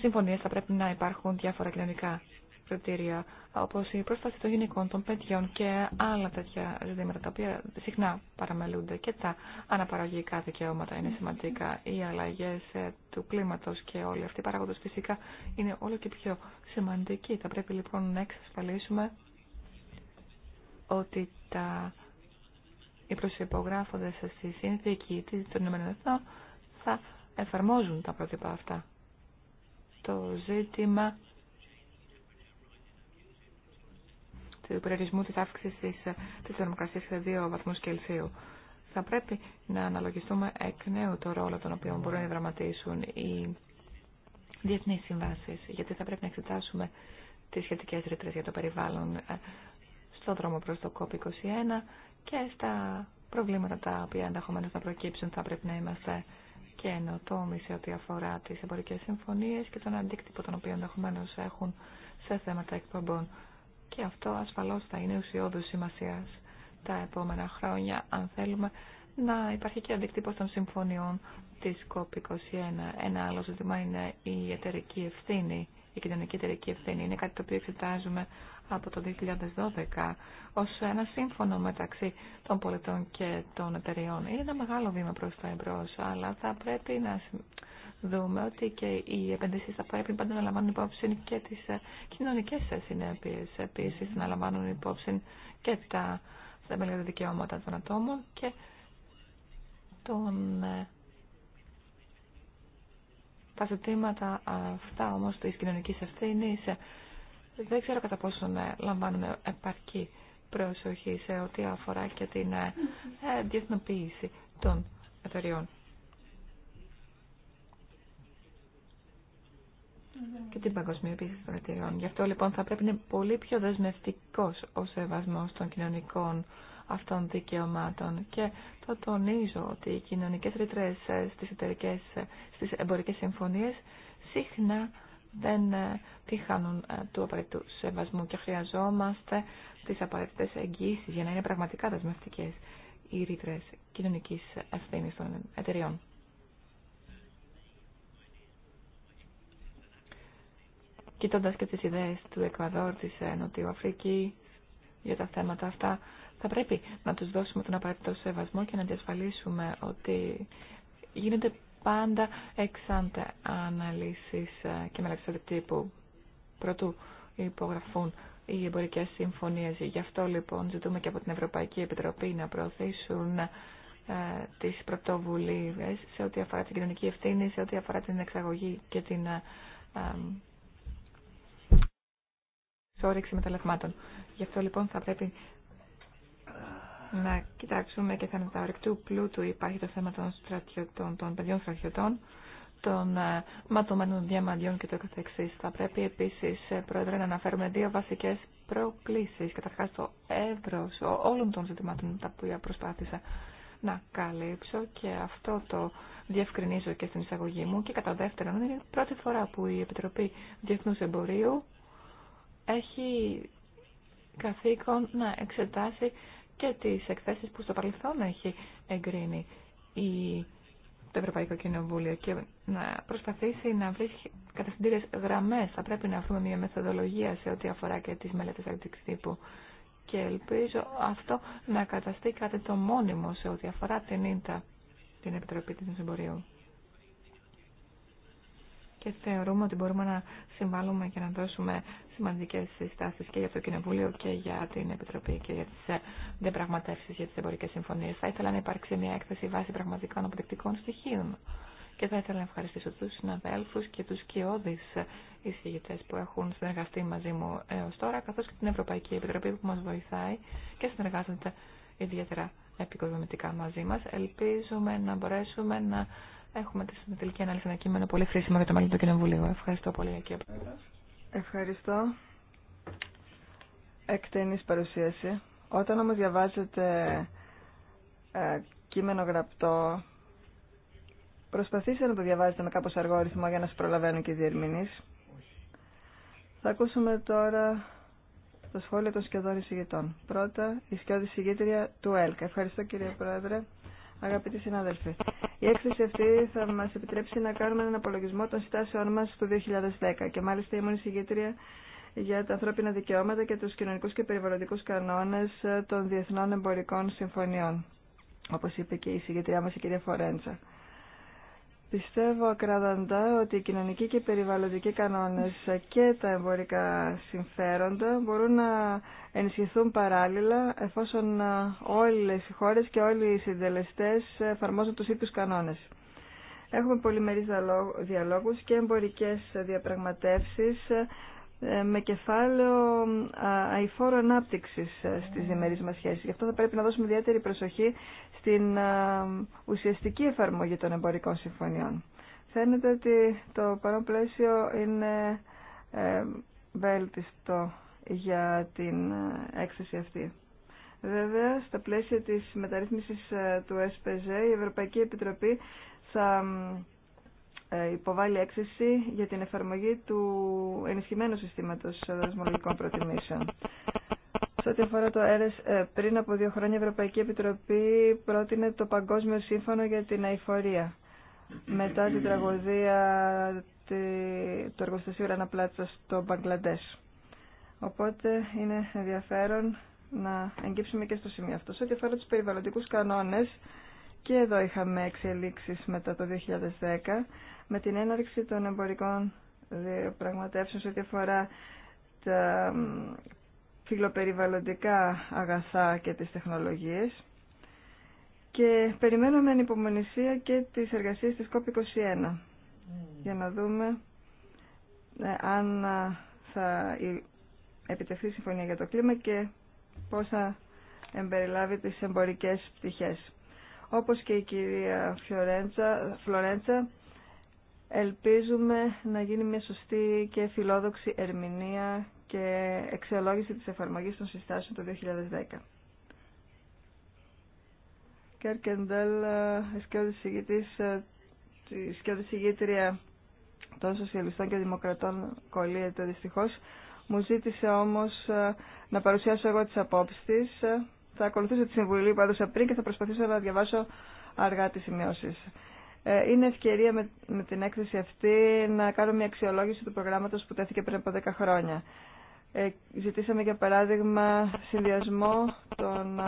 συμφωνίε θα πρέπει να υπάρχουν διάφορα κοινωνικά κριτήρια, όπω η πρόσφαση των γυναικών, των παιδιών και άλλα τέτοια ζητήματα, τα οποία συχνά παραμελούνται και τα αναπαραγωγικά δικαιώματα είναι σημαντικά. Οι αλλαγέ ε, του κλίματο και όλοι αυτοί οι παράγοντε φυσικά είναι όλο και πιο σημαντικοί. Θα πρέπει λοιπόν να εξασφαλίσουμε ότι τα... οι προσυπογράφοντες στη συνθήκη των ΗΠΑ θα εφαρμόζουν τα πρότυπα αυτά το ζήτημα του περιορισμού της αύξησης της θερμοκρασίας σε 2 βαθμούς Κελσίου. Θα πρέπει να αναλογιστούμε εκ νέου το ρόλο τον οποίο μπορούν να δραματίσουν οι διεθνείς συμβάσεις, γιατί θα πρέπει να εξετάσουμε τις σχετικές ρήτρες για το περιβάλλον ε, στον δρόμο προς το COP21 και στα προβλήματα τα οποία ενδεχομένω θα προκύψουν θα πρέπει να είμαστε ενωτόμη σε ό,τι αφορά τις εμπορικές συμφωνίες και τον αντίκτυπο των οποίων ενδεχομένω έχουν σε θέματα εκπομπών. Και αυτό ασφαλώς θα είναι ουσιώδους σημασία τα επόμενα χρόνια, αν θέλουμε να υπάρχει και αντίκτυπο των συμφωνιών της COP21. Ένα άλλο ζήτημα είναι η εταιρική ευθύνη η κοινωνική εταιρική ευθύνη. Είναι κάτι το οποίο εξετάζουμε από το 2012 ως ένα σύμφωνο μεταξύ των πολιτών και των εταιριών. Είναι ένα μεγάλο βήμα προς τα εμπρός, αλλά θα πρέπει να δούμε ότι και οι επενδύσεις θα πρέπει πάντα να λαμβάνουν υπόψη και τις ε, κοινωνικές συνέπειες. Επίσης, να λαμβάνουν υπόψη και τα θεμελιώδη δικαιώματα των ατόμων και των ε, τα ζητήματα αυτά όμως της κοινωνικής ευθύνης δεν ξέρω κατά πόσο ε, λαμβάνουμε επαρκή προσοχή σε ό,τι αφορά και την ε, ε, διεθνοποίηση των εταιριών. και την παγκοσμιοποίηση των εταιριών. Γι' αυτό λοιπόν θα πρέπει να είναι πολύ πιο δεσμευτικός ο σεβασμός των κοινωνικών αυτών δικαιωμάτων. Και το τονίζω ότι οι κοινωνικές ρήτρες ε, στις, εταιρικές, ε, στις εμπορικές συμφωνίες συχνά δεν ε, τυχάνουν του απαραίτητου σεβασμού και χρειαζόμαστε τις απαραίτητες εγγύησεις για να είναι πραγματικά δεσμευτικές οι ρήτρε κοινωνικής ευθύνη των εταιριών. Κοιτώντα και τις ιδέες του Εκβαδόρ, της Νοτιού Αφρική για τα θέματα αυτά, θα πρέπει να τους δώσουμε τον απαραίτητο σεβασμό και να διασφαλίσουμε ότι γίνονται πάντα εξάντε αναλύσεις ε, και μελέτες τύπου πρωτού υπογραφούν οι εμπορικές συμφωνίες. Γι' αυτό λοιπόν ζητούμε και από την Ευρωπαϊκή Επιτροπή να προωθήσουν ε, τις πρωτοβουλίες σε ό,τι αφορά την κοινωνική ευθύνη, σε ό,τι αφορά την εξαγωγή και την όρεξη ε, μεταλλαγμάτων. Γι' αυτό λοιπόν θα πρέπει να κοιτάξουμε και θέματα ορεικτού πλούτου. Υπάρχει το θέμα των στρατιωτών, των παιδιών στρατιωτών, των ε, ματωμένων διαμαντιών και το καθεξής. Θα πρέπει επίσης, ε, Πρόεδρε, να αναφέρουμε δύο βασικές προκλήσεις. Καταρχάς το εύρος όλων των ζητημάτων τα οποία προσπάθησα να καλύψω και αυτό το διευκρινίζω και στην εισαγωγή μου. Και κατά δεύτερον, είναι η πρώτη φορά που η Επιτροπή Διεθνούς Εμπορίου έχει καθήκον να εξετάσει και τις εκθέσεις που στο παρελθόν έχει εγκρίνει η το Ευρωπαϊκό Κοινοβούλιο και να προσπαθήσει να βρει κατευθυντήρε γραμμέ. Θα πρέπει να βρούμε μια μεθοδολογία σε ό,τι αφορά και τι μελέτε τύπου Και ελπίζω αυτό να καταστεί κάτι το μόνιμο σε ό,τι αφορά την ΙΝΤΑ, την Επιτροπή τη Εμπορίου και θεωρούμε ότι μπορούμε να συμβάλλουμε και να δώσουμε σημαντικές συστάσεις και για το Κοινοβούλιο και για την Επιτροπή και για τις ε, διαπραγματεύσει για τις εμπορικές συμφωνίες. Θα ήθελα να υπάρξει μια έκθεση βάση πραγματικών αποτεκτικών στοιχείων. Και θα ήθελα να ευχαριστήσω του συναδέλφου και τους κοιόδης εισηγητέ που έχουν συνεργαστεί μαζί μου έω τώρα, καθώ και την Ευρωπαϊκή Επιτροπή που μα βοηθάει και συνεργάζονται ιδιαίτερα επικοδομητικά μαζί μα. Ελπίζουμε να μπορέσουμε να Έχουμε τη τελική ανάλυση ένα κείμενο πολύ χρήσιμο για το μέλλον του Κοινοβουλίου. Ευχαριστώ πολύ, κύριε Πρόεδρε. Ευχαριστώ. Εκτενή παρουσίαση. Όταν όμω διαβάζετε ε, κείμενο γραπτό, προσπαθήστε να το διαβάζετε με κάπως αργό ρυθμό για να σας προλαβαίνουν και οι διερμηνεί. Θα ακούσουμε τώρα τα σχόλια των σχεδόν εισηγητών. Πρώτα, η σχεδόν εισηγήτρια του ΕΛΚ. Ευχαριστώ κύριε Πρόεδρε. Αγαπητοί συνάδελφοι, η έκθεση αυτή θα μα επιτρέψει να κάνουμε έναν απολογισμό των συστάσεών μα του 2010 και μάλιστα ήμουν εισηγήτρια για τα ανθρώπινα δικαιώματα και του κοινωνικού και περιβαλλοντικού κανόνε των διεθνών εμπορικών συμφωνιών, όπω είπε και η εισηγήτριά μα η κυρία Φορέντσα. Πιστεύω ακραδαντά ότι οι κοινωνικοί και οι περιβαλλοντικοί κανόνες και τα εμπορικά συμφέροντα μπορούν να ενισχυθούν παράλληλα εφόσον ε, όλες οι χώρες και όλοι οι συντελεστές εφαρμόζουν τους ίδιους κανόνες. Έχουμε πολυμερείς διαλόγους και εμπορικές διαπραγματεύσεις ε, με κεφάλαιο αηφόρο ανάπτυξη ε, στι διμερεί μα σχέσει. Γι' αυτό θα πρέπει να δώσουμε ιδιαίτερη προσοχή στην ουσιαστική εφαρμογή των εμπορικών συμφωνιών. Φαίνεται ότι το παρόν πλαίσιο είναι ε, βέλτιστο για την έκθεση αυτή. Βέβαια, στα πλαίσια της μεταρρύθμισης του SPZ, η Ευρωπαϊκή Επιτροπή θα ε, υποβάλει έκθεση για την εφαρμογή του ενισχυμένου συστήματος δασμολογικών προτιμήσεων. Σε ό,τι αφορά το ΕΡΕΣ, ε, πριν από δύο χρόνια η Ευρωπαϊκή Επιτροπή πρότεινε το Παγκόσμιο Σύμφωνο για την Αηφορία. Μετά την τραγωδία του εργοστασίου Ραναπλάτσα στο Μπαγκλαντές. Οπότε είναι ενδιαφέρον να εγκύψουμε και στο σημείο αυτό. Σε ό,τι αφορά τους περιβαλλοντικούς κανόνες, και εδώ είχαμε εξελίξεις μετά το 2010 με την έναρξη των εμπορικών διαπραγματεύσεων σε ό,τι αφορά τα φιλοπεριβαλλοντικά αγαθά και τις τεχνολογίες και περιμένουμε ανυπομονησία και τις εργασίες της COP21 για να δούμε ε, αν ε, θα επιτευχθεί η συμφωνία για το κλίμα και πώς θα εμπεριλάβει τις εμπορικές πτυχές. Όπως και η κυρία Φλωρέντσα, ελπίζουμε να γίνει μια σωστή και φιλόδοξη ερμηνεία και εξελόγηση της εφαρμογής των συστάσεων το 2010. Κέρκεντελ, σκιώδη συγγήτρια των Σοσιαλιστών και Δημοκρατών κολλείεται δυστυχώς. Μου ζήτησε όμως ε, να παρουσιάσω εγώ τις απόψεις της ε, θα ακολουθήσω τη συμβουλή που έδωσα πριν και θα προσπαθήσω να διαβάσω αργά τις σημειώσεις. Ε, είναι ευκαιρία με, την έκθεση αυτή να κάνω μια αξιολόγηση του προγράμματος που τέθηκε πριν από 10 χρόνια. Ε, ζητήσαμε για παράδειγμα συνδυασμό των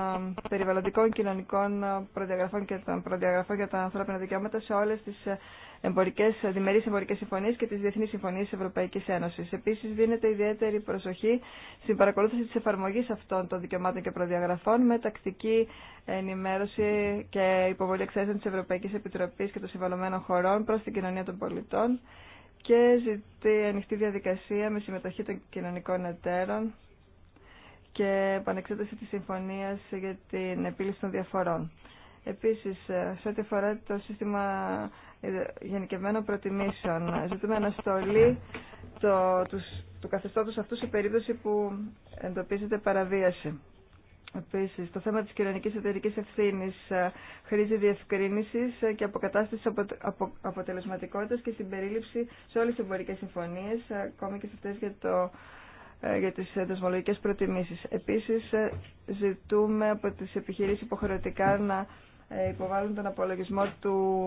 περιβαλλοντικών κοινωνικών προδιαγραφών και των προδιαγραφών για τα ανθρώπινα δικαιώματα σε όλες τις ε, εμπορικές, ε, διμερείς εμπορικές συμφωνίες και τις διεθνείς συμφωνίες της Ευρωπαϊκής Ένωσης. Επίσης δίνεται ιδιαίτερη προσοχή στην παρακολούθηση της εφαρμογής αυτών των δικαιωμάτων και προδιαγραφών με τακτική ενημέρωση και υποβολή εξέσεων της Ευρωπαϊκής Επιτροπής και των συμβαλωμένων χωρών προς την κοινωνία των πολιτών και ζητεί ανοιχτή διαδικασία με συμμετοχή των κοινωνικών εταίρων και επανεξέταση της συμφωνίας για την επίλυση των διαφορών. Επίσης, ε, σε ό,τι αφορά το σύστημα ε, γενικευμένων προτιμήσεων, ζητούμε αναστολή το, του, του καθεστώτος αυτού σε περίπτωση που εντοπίζεται παραβίαση. Επίση, το θέμα τη κοινωνική εταιρική ευθύνη ε, χρήζει διευκρίνηση ε, και αποκατάσταση απο, αποτελεσματικότητα και συμπερίληψη σε όλε τι εμπορικέ συμφωνίε, ε, ακόμη και σε αυτέ για, το, για τι δεσμολογικέ προτιμήσει. Επίση, ζητούμε από τι επιχειρήσει υποχρεωτικά να υποβάλουν τον απολογισμό του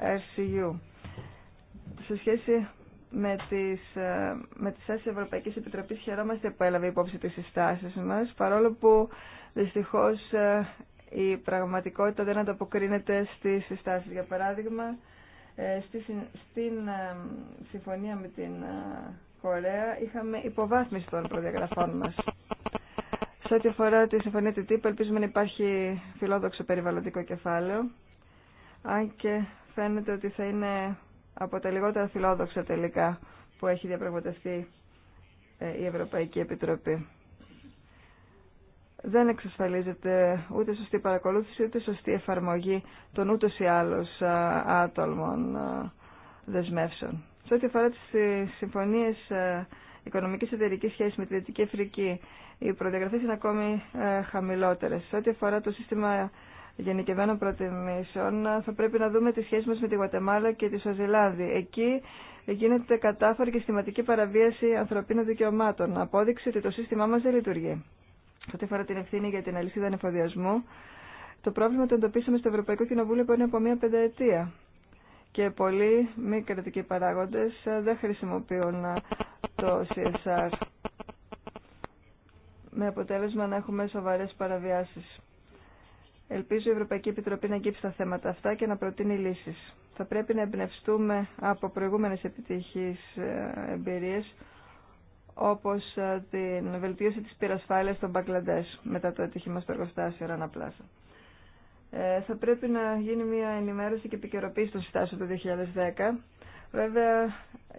RCU. Σε σχέση με τις, ε, με τις θέσεις Ευρωπαϊκής Επιτροπής χαιρόμαστε που έλαβε υπόψη τις συστάσεις μας, παρόλο που δυστυχώς ε, η πραγματικότητα δεν ανταποκρίνεται στις συστάσεις. Για παράδειγμα, ε, στη, στην συμφωνία με την Κορέα είχαμε υποβάθμιση των προδιαγραφών μας. Σε ό,τι αφορά τη συμφωνία του ελπίζουμε να υπάρχει φιλόδοξο περιβαλλοντικό κεφάλαιο, αν και φαίνεται ότι θα είναι από τα λιγότερα φιλόδοξα τελικά που έχει διαπραγματευτεί ε, η Ευρωπαϊκή Επιτροπή. Δεν εξασφαλίζεται ούτε σωστή παρακολούθηση, ούτε σωστή εφαρμογή των ούτως ή άλλως ε, άτολμων ε, δεσμεύσεων. Σε ό,τι αφορά τις συμφωνίες οικονομικής εταιρικής σχέσης με τη Δυτική Αφρική, οι προδιαγραφές είναι ακόμη χαμηλότερες. Σε ό,τι αφορά το σύστημα γενικευμένων προτιμήσεων, θα πρέπει να δούμε τις σχέσεις μας με τη Γουατεμάλα και τη Σοζιλάνδη. Εκεί γίνεται κατάφορη και συστηματική παραβίαση ανθρωπίνων δικαιωμάτων. Απόδειξη ότι το σύστημά μας δεν λειτουργεί. Ό,τι αφορά την ευθύνη για την αλυσίδα ανεφοδιασμού, το πρόβλημα το εντοπίσαμε στο Ευρωπαϊκό Κοινοβούλιο πριν από μία πενταετία. Και πολλοί μη κρατικοί παράγοντες ε, δεν χρησιμοποιούν ε, το CSR με αποτέλεσμα να έχουμε σοβαρέ παραβιάσεις. Ελπίζω η Ευρωπαϊκή Επιτροπή να αγγίψει τα θέματα αυτά και να προτείνει λύσει. Θα πρέπει να εμπνευστούμε από προηγούμενε επιτυχεί ε, εμπειρίες, όπω ε, την βελτίωση τη πυρασφάλεια των Μπαγκλαντέ μετά το ατύχημα στο εργοστάσιο Ράνα Πλάσα. Ε, θα πρέπει να γίνει μια ενημέρωση και επικαιροποίηση των συστάσεων του 2010. Βέβαια,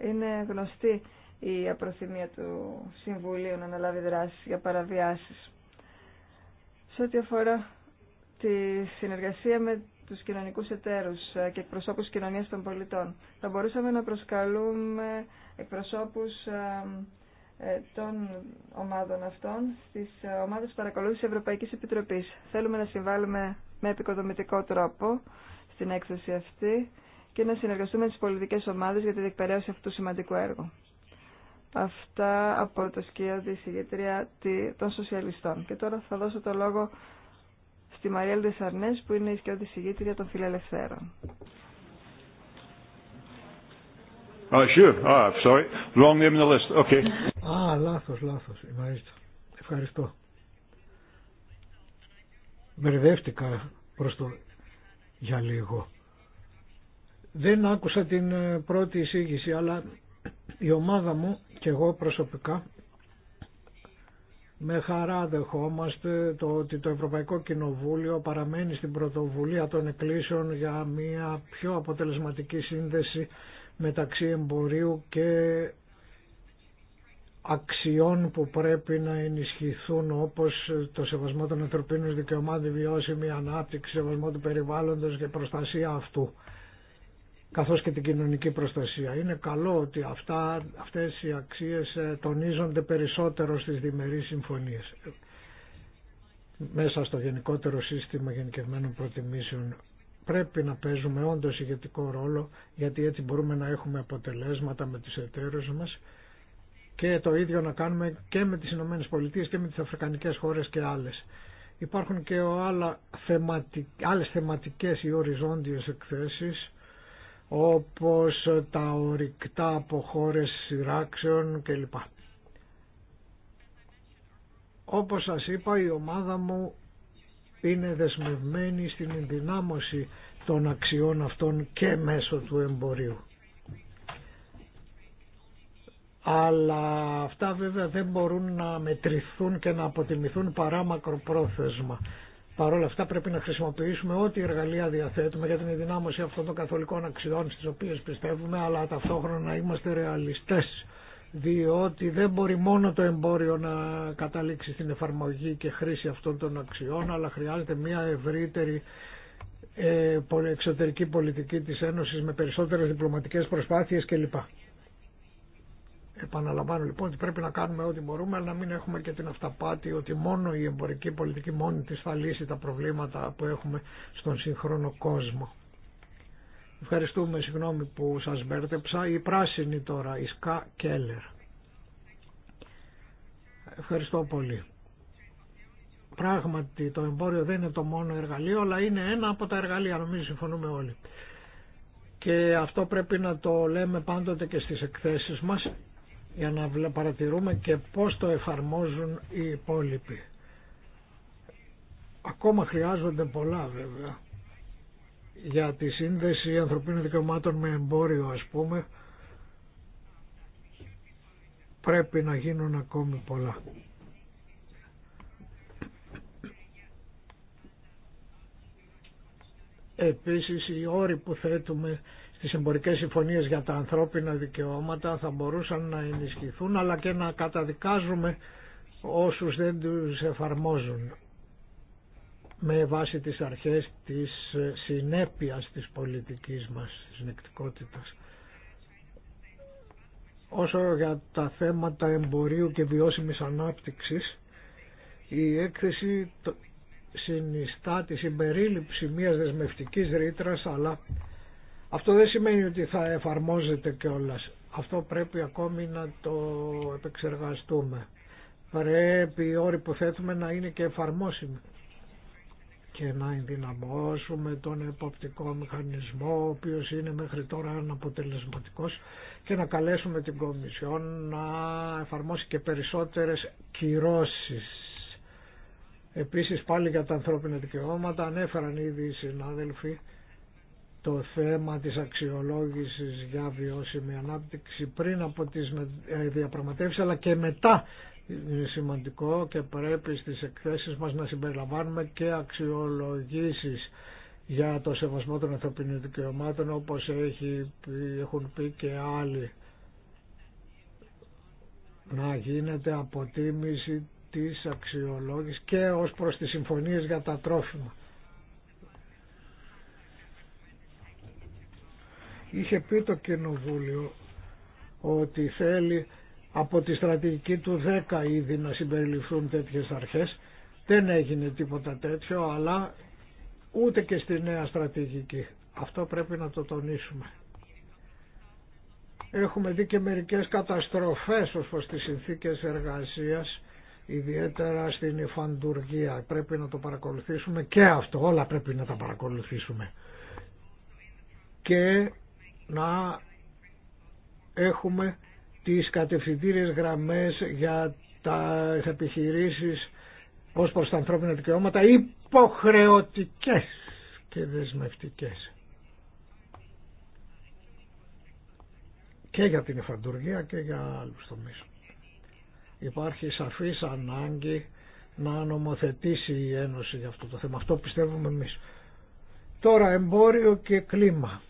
είναι γνωστή η απροθυμία του Συμβουλίου να αναλάβει δράσει για παραβιάσει. Σε ό,τι αφορά τη συνεργασία με τους κοινωνικούς εταίρους και εκπροσώπους κοινωνίας των πολιτών. Θα μπορούσαμε να προσκαλούμε εκπροσώπους ε, ε, των ομάδων αυτών στις ε, ομάδες παρακολούθησης Ευρωπαϊκής Επιτροπής. Θέλουμε να συμβάλλουμε με επικοδομητικό τρόπο στην έκθεση αυτή και να συνεργαστούμε με τις πολιτικές ομάδες για τη διεκπαιρέωση αυτού του σημαντικού έργου. Αυτά από το σκία της ηγετρία των σοσιαλιστών. Και τώρα θα δώσω το λόγο στη Μαρία Ντεσσαρνές που είναι η σκιώδη συγγήτρια των φιλελευθέρων. Oh, sure. Ah, sorry. Okay. Α, ah, λάθος, λάθος. Ευχαριστώ. Μπερδεύτηκα προς το για λίγο. Δεν άκουσα την ε, πρώτη εισήγηση, αλλά η ομάδα μου και εγώ προσωπικά με χαρά δεχόμαστε το ότι το Ευρωπαϊκό Κοινοβούλιο παραμένει στην πρωτοβουλία των εκκλήσεων για μια πιο αποτελεσματική σύνδεση μεταξύ εμπορίου και αξιών που πρέπει να ενισχυθούν όπως το σεβασμό των ανθρωπίνων δικαιωμάτων, βιώσιμη ανάπτυξη, σεβασμό του περιβάλλοντος και προστασία αυτού καθώς και την κοινωνική προστασία. Είναι καλό ότι αυτά, αυτές οι αξίες ε, τονίζονται περισσότερο στις διμερείς συμφωνίες μέσα στο γενικότερο σύστημα γενικευμένων προτιμήσεων πρέπει να παίζουμε όντως ηγετικό ρόλο γιατί έτσι μπορούμε να έχουμε αποτελέσματα με τις εταίρες μας και το ίδιο να κάνουμε και με τις Ηνωμένες Πολιτείες και με τις Αφρικανικές χώρες και άλλες. Υπάρχουν και άλλα θεματι... άλλες θεματικές ή οριζόντιες εκθέσεις όπως τα ορυκτά από χώρες σειράξεων κλπ. Όπως σας είπα η ομάδα μου είναι δεσμευμένη στην ενδυνάμωση των αξιών αυτών και μέσω του εμπορίου. Αλλά αυτά βέβαια δεν μπορούν να μετρηθούν και να αποτιμηθούν παρά μακροπρόθεσμα. Παρ' όλα αυτά πρέπει να χρησιμοποιήσουμε ό,τι εργαλεία διαθέτουμε για την ενδυνάμωση αυτών των καθολικών αξιών στις οποίες πιστεύουμε, αλλά ταυτόχρονα είμαστε ρεαλιστές, διότι δεν μπορεί μόνο το εμπόριο να καταλήξει στην εφαρμογή και χρήση αυτών των αξιών, αλλά χρειάζεται μια ευρύτερη ε, εξωτερική πολιτική της Ένωσης με περισσότερες διπλωματικές προσπάθειες κλπ. Επαναλαμβάνω λοιπόν ότι πρέπει να κάνουμε ό,τι μπορούμε αλλά να μην έχουμε και την αυταπάτη ότι μόνο η εμπορική πολιτική μόνη τη θα λύσει τα προβλήματα που έχουμε στον σύγχρονο κόσμο. Ευχαριστούμε, συγγνώμη που σας μπέρτεψα. Η πράσινη τώρα, η Σκά Κέλλερ. Ευχαριστώ πολύ. Πράγματι το εμπόριο δεν είναι το μόνο εργαλείο, αλλά είναι ένα από τα εργαλεία, νομίζω συμφωνούμε όλοι. Και αυτό πρέπει να το λέμε πάντοτε και στις εκθέσεις μας για να παρατηρούμε και πώς το εφαρμόζουν οι υπόλοιποι. Ακόμα χρειάζονται πολλά βέβαια για τη σύνδεση ανθρωπίνων δικαιωμάτων με εμπόριο ας πούμε πρέπει να γίνουν ακόμη πολλά. Επίσης οι όροι που θέτουμε τι εμπορικέ συμφωνίες για τα ανθρώπινα δικαιώματα θα μπορούσαν να ενισχυθούν αλλά και να καταδικάζουμε όσους δεν τους εφαρμόζουν με βάση τις αρχές της συνέπειας της πολιτικής μας, της νεκτικότητας. Όσο για τα θέματα εμπορίου και βιώσιμης ανάπτυξης, η έκθεση συνιστά τη συμπερίληψη μιας δεσμευτικής ρήτρας αλλά αυτό δεν σημαίνει ότι θα εφαρμόζεται κιόλα. Αυτό πρέπει ακόμη να το επεξεργαστούμε. Πρέπει οι όροι που θέτουμε να είναι και εφαρμόσιμοι και να ενδυναμώσουμε τον εποπτικό μηχανισμό ο οποίος είναι μέχρι τώρα αναποτελεσματικός και να καλέσουμε την Κομισιόν να εφαρμόσει και περισσότερες κυρώσεις. Επίσης πάλι για τα ανθρώπινα δικαιώματα ανέφεραν ήδη οι συνάδελφοι το θέμα της αξιολόγησης για βιώσιμη ανάπτυξη πριν από τις ε, διαπραγματεύσεις αλλά και μετά είναι σημαντικό και πρέπει στις εκθέσεις μας να συμπεριλαμβάνουμε και αξιολογήσεις για το σεβασμό των ανθρωπινών δικαιωμάτων όπως έχει, έχουν πει και άλλοι να γίνεται αποτίμηση της αξιολόγησης και ως προς τις συμφωνίες για τα τρόφιμα Είχε πει το Κοινοβούλιο ότι θέλει από τη στρατηγική του 10 ήδη να συμπεριληφθούν τέτοιες αρχές. Δεν έγινε τίποτα τέτοιο, αλλά ούτε και στη νέα στρατηγική. Αυτό πρέπει να το τονίσουμε. Έχουμε δει και μερικές καταστροφές ως προς τις συνθήκες εργασίας, ιδιαίτερα στην υφαντουργία. Πρέπει να το παρακολουθήσουμε και αυτό, όλα πρέπει να τα παρακολουθήσουμε. Και να έχουμε τις κατευθυντήριες γραμμές για τα επιχειρήσεις ως προς τα ανθρώπινα δικαιώματα υποχρεωτικές και δεσμευτικές. Και για την εφαντουργία και για άλλους τομείς. Υπάρχει σαφής ανάγκη να νομοθετήσει η Ένωση για αυτό το θέμα. Αυτό πιστεύουμε εμείς. Τώρα εμπόριο και κλίμα.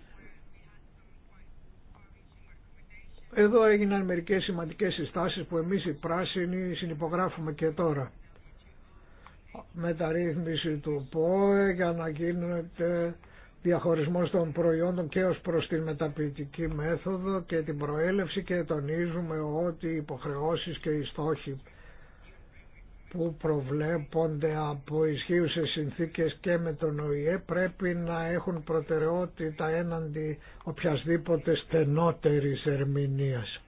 Εδώ έγιναν μερικές σημαντικές συστάσεις που εμείς οι πράσινοι συνυπογράφουμε και τώρα. Μεταρρύθμιση του ΠΟΕ για να γίνεται διαχωρισμός των προϊόντων και ως προς την μεταποιητική μέθοδο και την προέλευση και τονίζουμε ότι οι υποχρεώσεις και οι στόχοι που προβλέπονται από ισχύουσες συνθήκες και με τον ΟΗΕ πρέπει να έχουν προτεραιότητα έναντι οποιασδήποτε στενότερης ερμηνείας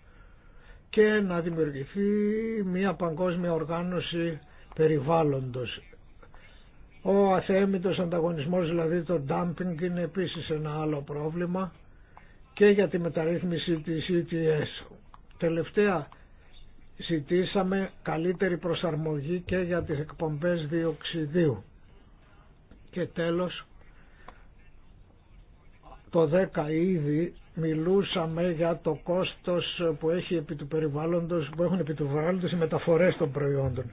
και να δημιουργηθεί μια παγκόσμια οργάνωση περιβάλλοντος. Ο αθέμητος ανταγωνισμός, δηλαδή το dumping, είναι επίσης ένα άλλο πρόβλημα και για τη μεταρρύθμιση της ETS. Τελευταία ζητήσαμε καλύτερη προσαρμογή και για τις εκπομπές διοξιδίου. Και τέλος, το 10 ήδη μιλούσαμε για το κόστος που, έχει επί του περιβάλλοντος, που έχουν επί του περιβάλλοντος οι μεταφορές των προϊόντων.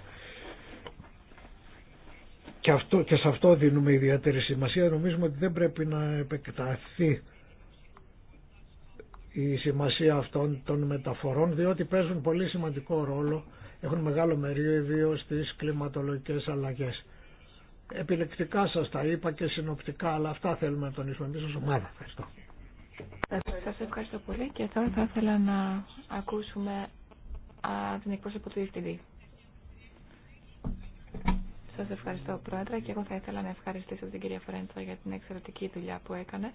Και, αυτό, και σε αυτό δίνουμε ιδιαίτερη σημασία. Νομίζουμε ότι δεν πρέπει να επεκταθεί η σημασία αυτών των μεταφορών διότι παίζουν πολύ σημαντικό ρόλο, έχουν μεγάλο μερίδιο στις κλιματολογικές αλλαγές. Επιλεκτικά σας τα είπα και συνοπτικά, αλλά αυτά θέλουμε να τονίσουμε εμείς ως ομάδα. Ευχαριστώ. Σας ευχαριστώ πολύ και τώρα θα ήθελα να ακούσουμε την εκπρόσωπο του EFTD. Σας ευχαριστώ Πρόεδρε και εγώ θα ήθελα να ευχαριστήσω την κυρία Φορέντσα για την εξαιρετική δουλειά που έκανε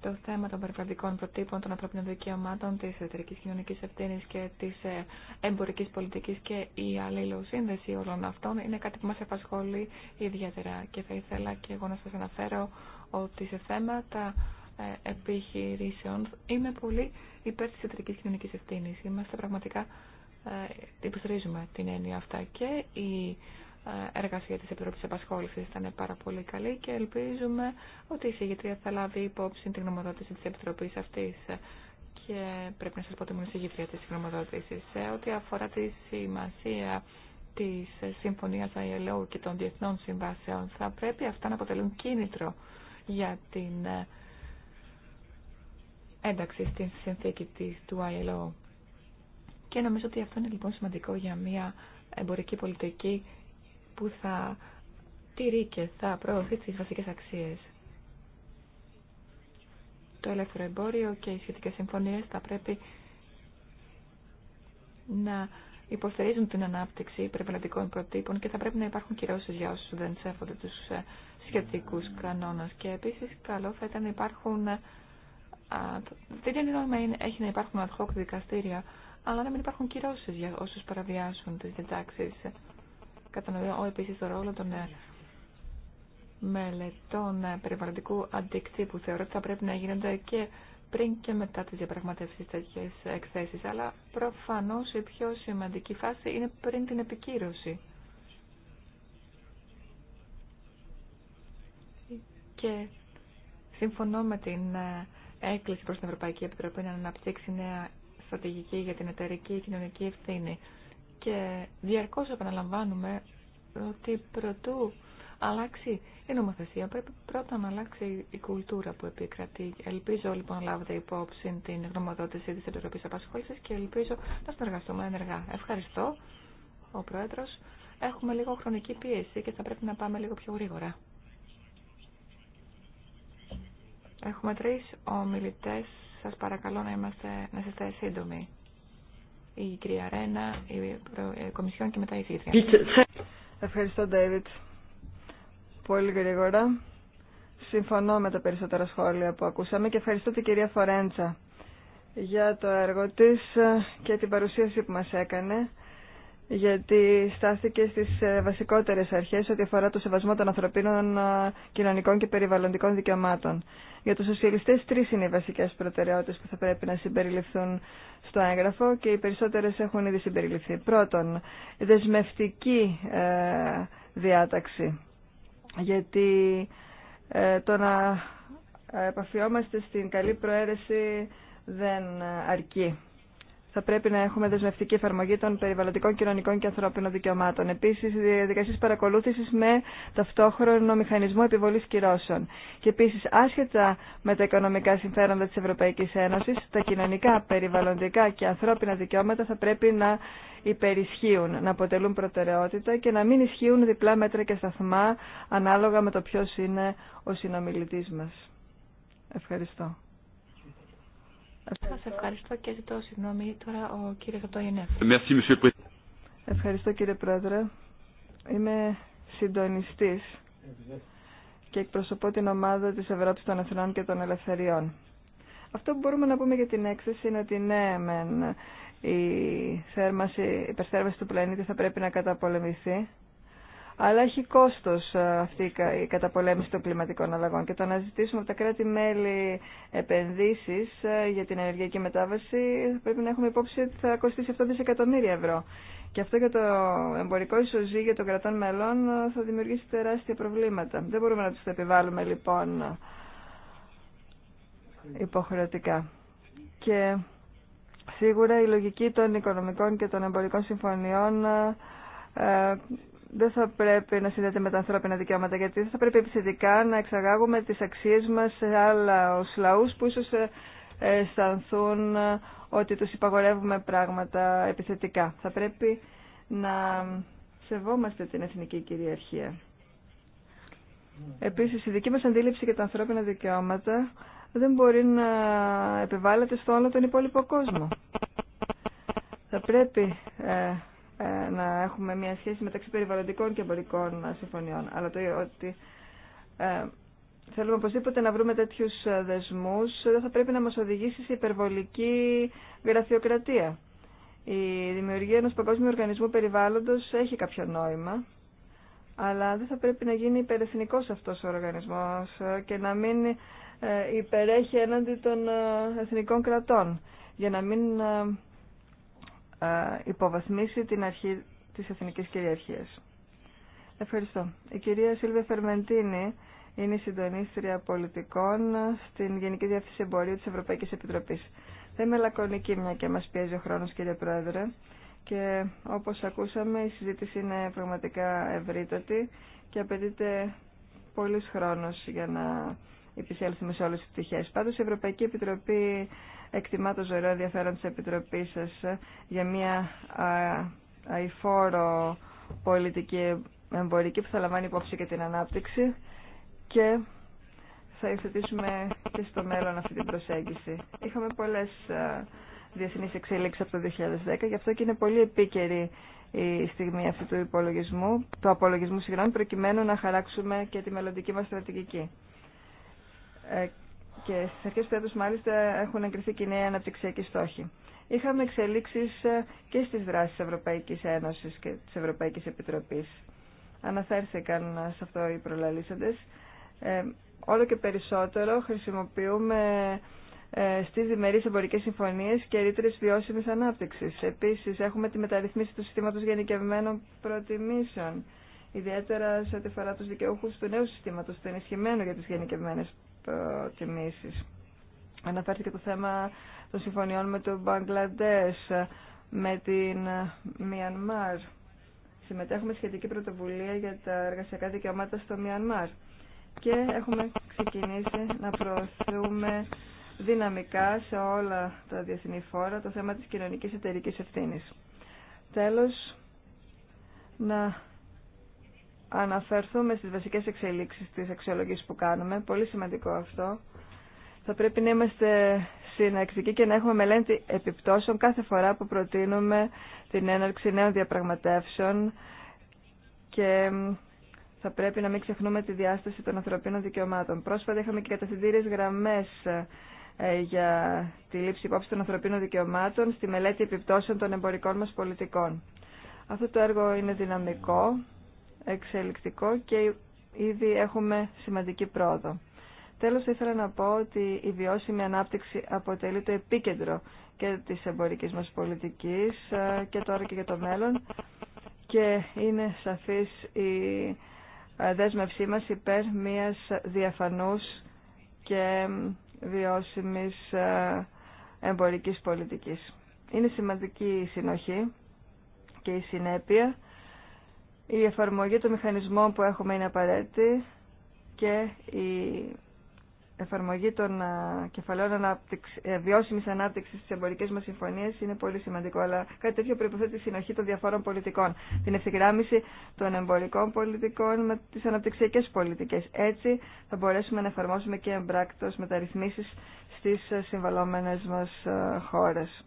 το θέμα των περιβαλλοντικών προτύπων, των ανθρωπίνων δικαιωμάτων, τη εταιρική κοινωνική ευθύνη και τη ε, εμπορική πολιτική και η αλληλοσύνδεση όλων αυτών είναι κάτι που μα απασχολεί ιδιαίτερα. Και θα ήθελα και εγώ να σα αναφέρω ότι σε θέματα ε, επιχειρήσεων είμαι πολύ υπέρ τη εταιρική κοινωνική ευθύνη. Είμαστε πραγματικά ε, υποστηρίζουμε την έννοια αυτά και η εργασία της Επιτροπής Επασχόλησης ήταν πάρα πολύ καλή και ελπίζουμε ότι η συγγετρία θα λάβει υπόψη την γνωμοδότηση της Επιτροπής αυτής και πρέπει να σας πω ότι η συγγετρία της γνωμοδότησης σε ό,τι αφορά τη σημασία της Συμφωνίας ILO και των Διεθνών Συμβάσεων θα πρέπει αυτά να αποτελούν κίνητρο για την ένταξη στην συνθήκη της, του ILO. Και νομίζω ότι αυτό είναι λοιπόν σημαντικό για μια εμπορική πολιτική που θα τηρεί και θα προωθεί τις βασικές αξίες. Το ελεύθερο εμπόριο και οι σχετικές συμφωνίες θα πρέπει να υποστηρίζουν την ανάπτυξη περιβαλλοντικών προτύπων και θα πρέπει να υπάρχουν κυρώσεις για όσους δεν σέφονται τους ε, σχετικούς κανόνες. Και επίσης καλό θα ήταν να υπάρχουν, ε, δεν είναι νόημα έχει να υπάρχουν ad hoc δικαστήρια, αλλά να μην υπάρχουν κυρώσεις για όσους παραβιάσουν τις διτάξεις Κατανοώ επίση το ρόλο των ε, μελετών ε, περιβαλλοντικού αντικτύπου. Θεωρώ ότι θα πρέπει να γίνονται και πριν και μετά τις διαπραγματεύσεις τέτοιες εκθέσεις, αλλά προφανώς η πιο σημαντική φάση είναι πριν την επικύρωση. Και συμφωνώ με την ε, έκκληση προς την Ευρωπαϊκή Επιτροπή να αναπτύξει νέα στρατηγική για την εταιρική κοινωνική ευθύνη. Και διαρκώς επαναλαμβάνουμε ότι προτού αλλάξει η νομοθεσία πρέπει πρώτα να αλλάξει η κουλτούρα που επικρατεί. Ελπίζω λοιπόν να λάβετε υπόψη την γνωμοδότηση της Επιτροπής Απασχόλησης και ελπίζω να συνεργαστούμε ενεργά. Ευχαριστώ, ο Πρόεδρος. Έχουμε λίγο χρονική πίεση και θα πρέπει να πάμε λίγο πιο γρήγορα. Έχουμε τρεις ομιλητές. Σας παρακαλώ να, είμαστε, να είστε σύντομοι η κυρία Ρένα, η ε, Κομισιόν και μετά η Θήτρια. Ευχαριστώ, Ντέιβιτ. Πολύ γρήγορα. Συμφωνώ με τα περισσότερα σχόλια που ακούσαμε και ευχαριστώ την κυρία Φορέντσα για το έργο της και την παρουσίαση που μας έκανε γιατί στάθηκε στις ε, βασικότερες αρχές ό,τι αφορά το σεβασμό των ανθρωπίνων, ε, κοινωνικών και περιβαλλοντικών δικαιωμάτων. Για τους σοσιαλιστές τρεις είναι οι βασικές προτεραιότητες που θα πρέπει να συμπεριληφθούν στο έγγραφο και οι περισσότερες έχουν ήδη συμπεριληφθεί. Πρώτον, δεσμευτική ε, διάταξη, γιατί το να επαφιόμαστε στην καλή προαίρεση δεν αρκεί θα πρέπει να έχουμε δεσμευτική εφαρμογή των περιβαλλοντικών, κοινωνικών και ανθρώπινων δικαιωμάτων. Επίση, η διαδικασίε παρακολούθηση με ταυτόχρονο μηχανισμό επιβολή κυρώσεων. Και επίση, άσχετα με τα οικονομικά συμφέροντα τη Ευρωπαϊκή Ένωση, τα κοινωνικά, περιβαλλοντικά και ανθρώπινα δικαιώματα θα πρέπει να υπερισχύουν, να αποτελούν προτεραιότητα και να μην ισχύουν διπλά μέτρα και σταθμά ανάλογα με το ποιο είναι ο συνομιλητή μα. Ευχαριστώ ευχαριστώ και τώρα ο κύριο Ευχαριστώ κύριε Πρόεδρε. Είμαι συντονιστή και εκπροσωπώ την ομάδα τη Ευρώπη των Εθνών και των Ελευθεριών. Αυτό που μπορούμε να πούμε για την έκθεση είναι ότι ναι, μεν, η υπερθέρμανση του πλανήτη θα πρέπει να καταπολεμηθεί, αλλά έχει κόστο ε, αυτή η καταπολέμηση των κλιματικών αλλαγών και το να ζητήσουμε από τα κράτη-μέλη επενδύσεις ε, για την ενεργειακή μετάβαση πρέπει να έχουμε υπόψη ότι θα κοστίσει 7 δισεκατομμύρια ευρώ. Και αυτό για το εμπορικό ισοζύγιο των κρατών μελών ε, θα δημιουργήσει τεράστια προβλήματα. Δεν μπορούμε να του τα επιβάλλουμε λοιπόν υποχρεωτικά. Και σίγουρα η λογική των οικονομικών και των εμπορικών συμφωνιών δεν θα πρέπει να συνδέεται με τα ανθρώπινα δικαιώματα, γιατί θα πρέπει επιθετικά να εξαγάγουμε τις αξίες μας σε άλλα ως λαούς που ίσως ε, αισθανθούν ε, ότι τους υπαγορεύουμε πράγματα επιθετικά. Θα πρέπει να σεβόμαστε την εθνική κυριαρχία. Επίσης, η δική μας αντίληψη για τα ανθρώπινα δικαιώματα δεν μπορεί να επιβάλλεται στο όλο τον υπόλοιπο κόσμο. Θα πρέπει ε, ε, να έχουμε μια σχέση μεταξύ περιβαλλοντικών και εμπορικών συμφωνιών. Αλλά το ότι ε, θέλουμε οπωσδήποτε να βρούμε τέτοιου δεσμούς δεν θα πρέπει να μας οδηγήσει σε υπερβολική γραφειοκρατία. Η δημιουργία ενός παγκόσμιου οργανισμού περιβάλλοντος έχει κάποιο νόημα, αλλά δεν θα πρέπει να γίνει υπερεθνικός αυτός ο οργανισμός και να μην ε, υπερέχει έναντι των εθνικών κρατών, για να μην ε, υποβαθμίσει την αρχή της εθνικής κυριαρχίας. Ευχαριστώ. Η κυρία Σίλβια Φερμεντίνη είναι η συντονίστρια πολιτικών στην Γενική Διεύθυνση Εμπορίου της Ευρωπαϊκής Επιτροπής. Θα είμαι λακωνική μια και μας πιέζει ο χρόνος κύριε Πρόεδρε και όπως ακούσαμε η συζήτηση είναι πραγματικά ευρύτατη και απαιτείται πολλής χρόνος για να επισέλθουμε σε όλες τις πτυχές. Πάντως η Ευρωπαϊκή Επιτροπή εκτιμά το ζωηρό ενδιαφέρον της Επιτροπής σας ε, για μια αηφόρο πολιτική εμπορική που θα λαμβάνει υπόψη και την ανάπτυξη και θα υφετήσουμε και στο μέλλον αυτή την προσέγγιση. Είχαμε πολλές διεθνείς εξέλιξεις από το 2010, γι' αυτό και είναι πολύ επίκαιρη η στιγμή αυτή του υπολογισμού, του απολογισμού συγγνώμη, προκειμένου να χαράξουμε και τη μελλοντική μας στρατηγική. Ε, και στι αρχέ του έτου μάλιστα έχουν εγκριθεί και νέοι αναπτυξιακοί στόχοι. Είχαμε εξελίξει ε, και στι δράσει τη Ευρωπαϊκή Ένωση και τη Ευρωπαϊκή Επιτροπή. Αναφέρθηκαν ε, σε αυτό οι προλαλήσαντε. Ε, όλο και περισσότερο χρησιμοποιούμε ε, στι διμερεί εμπορικέ συμφωνίε και ρήτρε βιώσιμη ανάπτυξη. Επίση, έχουμε τη μεταρρυθμίση του συστήματο γενικευμένων προτιμήσεων ιδιαίτερα σε ό,τι αφορά του δικαιούχου του νέου συστήματο, του ενισχυμένου για τι γενικευμένε εκτιμήσεις. Αναφέρθηκε το θέμα των συμφωνιών με το Μπαγκλαντές, με την ε, Μιανμάρ. Συμμετέχουμε σχετική πρωτοβουλία για τα εργασιακά δικαιώματα στο Μιανμάρ. Και έχουμε ξεκινήσει να προωθούμε δυναμικά σε όλα τα διεθνή φόρα το θέμα της κοινωνικής εταιρικής ευθύνης. Τέλος, να αναφερθούμε στις βασικές εξελίξεις της αξιολογής που κάνουμε. Πολύ σημαντικό αυτό. Θα πρέπει να είμαστε συνεκτικοί και να έχουμε μελέτη επιπτώσεων κάθε φορά που προτείνουμε την έναρξη νέων διαπραγματεύσεων και θα πρέπει να μην ξεχνούμε τη διάσταση των ανθρωπίνων δικαιωμάτων. Πρόσφατα είχαμε και καταθυντήριες γραμμές ε, για τη λήψη υπόψη των ανθρωπίνων δικαιωμάτων στη μελέτη επιπτώσεων των εμπορικών μας πολιτικών. Αυτό το έργο είναι δυναμικό εξελικτικό και ήδη έχουμε σημαντική πρόοδο. Τέλος, ήθελα να πω ότι η βιώσιμη ανάπτυξη αποτελεί το επίκεντρο και της εμπορικής μας πολιτικής ε, και τώρα και για το μέλλον και είναι σαφής η ε, δέσμευσή μας υπέρ μιας διαφανούς και βιώσιμης ε, εμπορικής πολιτικής. Είναι σημαντική η συνοχή και η συνέπεια η εφαρμογή των μηχανισμών που έχουμε είναι απαραίτητη και η εφαρμογή των κεφαλαίων ανάπτυξη, ε, βιώσιμης ανάπτυξης στις εμπορικές μας συμφωνίες είναι πολύ σημαντικό, αλλά κάτι τέτοιο προποθέτει τη συνοχή των διαφόρων πολιτικών, την ευθυγράμμιση των εμπορικών πολιτικών με τις αναπτυξιακές πολιτικές. Έτσι θα μπορέσουμε να εφαρμόσουμε και εμπράκτος μεταρρυθμίσεις στις συμβαλόμενες μας χώρες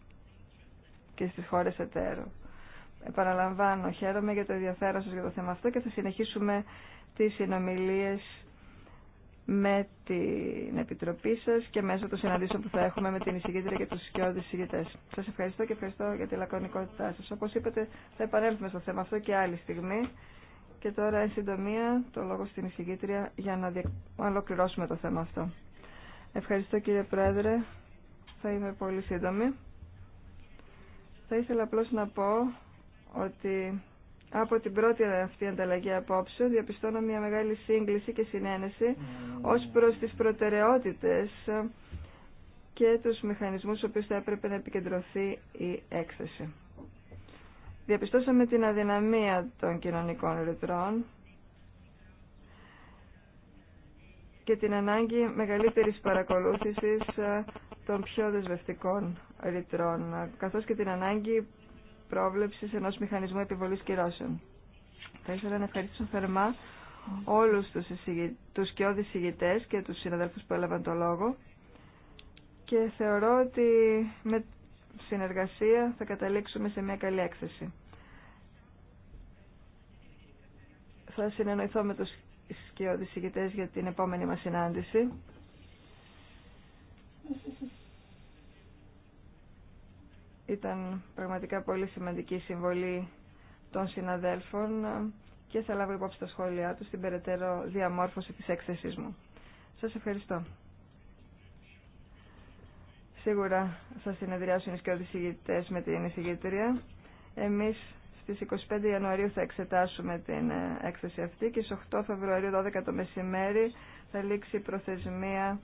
και στις χώρες εταίρου. Επαναλαμβάνω, χαίρομαι για το ενδιαφέρον σας για το θέμα αυτό και θα συνεχίσουμε τις συνομιλίες με την Επιτροπή σας και μέσω των συναντήσεων που θα έχουμε με την εισηγήτρια και τους σκιώδεις εισηγητές. Σας ευχαριστώ και ευχαριστώ για τη λακωνικότητά σας. Όπως είπατε θα επανέλθουμε στο θέμα αυτό και άλλη στιγμή. Και τώρα, εν συντομία, το λόγο στην εισηγήτρια για να ολοκληρώσουμε το θέμα αυτό. Ευχαριστώ κύριε Πρόεδρε. Θα είμαι πολύ σύντομη. Θα ήθελα απλώς να πω ότι από την πρώτη αυτή ανταλλαγή απόψεων διαπιστώνω μια μεγάλη σύγκληση και συνένεση mm. ως προς τις προτεραιότητες και τους μηχανισμούς στους οποίους θα έπρεπε να επικεντρωθεί η έκθεση. Διαπιστώσαμε την αδυναμία των κοινωνικών ρητρών και την ανάγκη μεγαλύτερης παρακολούθησης των πιο δεσμευτικών ρητρών, καθώς και την ανάγκη πρόβλεψη ενός μηχανισμού επιβολή κυρώσεων. Θα ήθελα να ευχαριστήσω θερμά όλου τους, και και τους συναδέλφους που έλαβαν το λόγο και θεωρώ ότι με συνεργασία θα καταλήξουμε σε μια καλή έκθεση. Θα συνεννοηθώ με τους σκιώδεις ηγητές για την επόμενη μας συνάντηση ήταν πραγματικά πολύ σημαντική συμβολή των συναδέλφων και θα λάβω υπόψη τα σχόλιά του στην περαιτέρω διαμόρφωση της έκθεσής μου. Σας ευχαριστώ. Σίγουρα θα συνεδριάσουν οι σκιώδεις με την εισηγήτρια. Εμείς στις 25 Ιανουαρίου θα εξετάσουμε την ε, έκθεση αυτή και στις 8 Φεβρουαρίου 12 το μεσημέρι θα λήξει η προθεσμία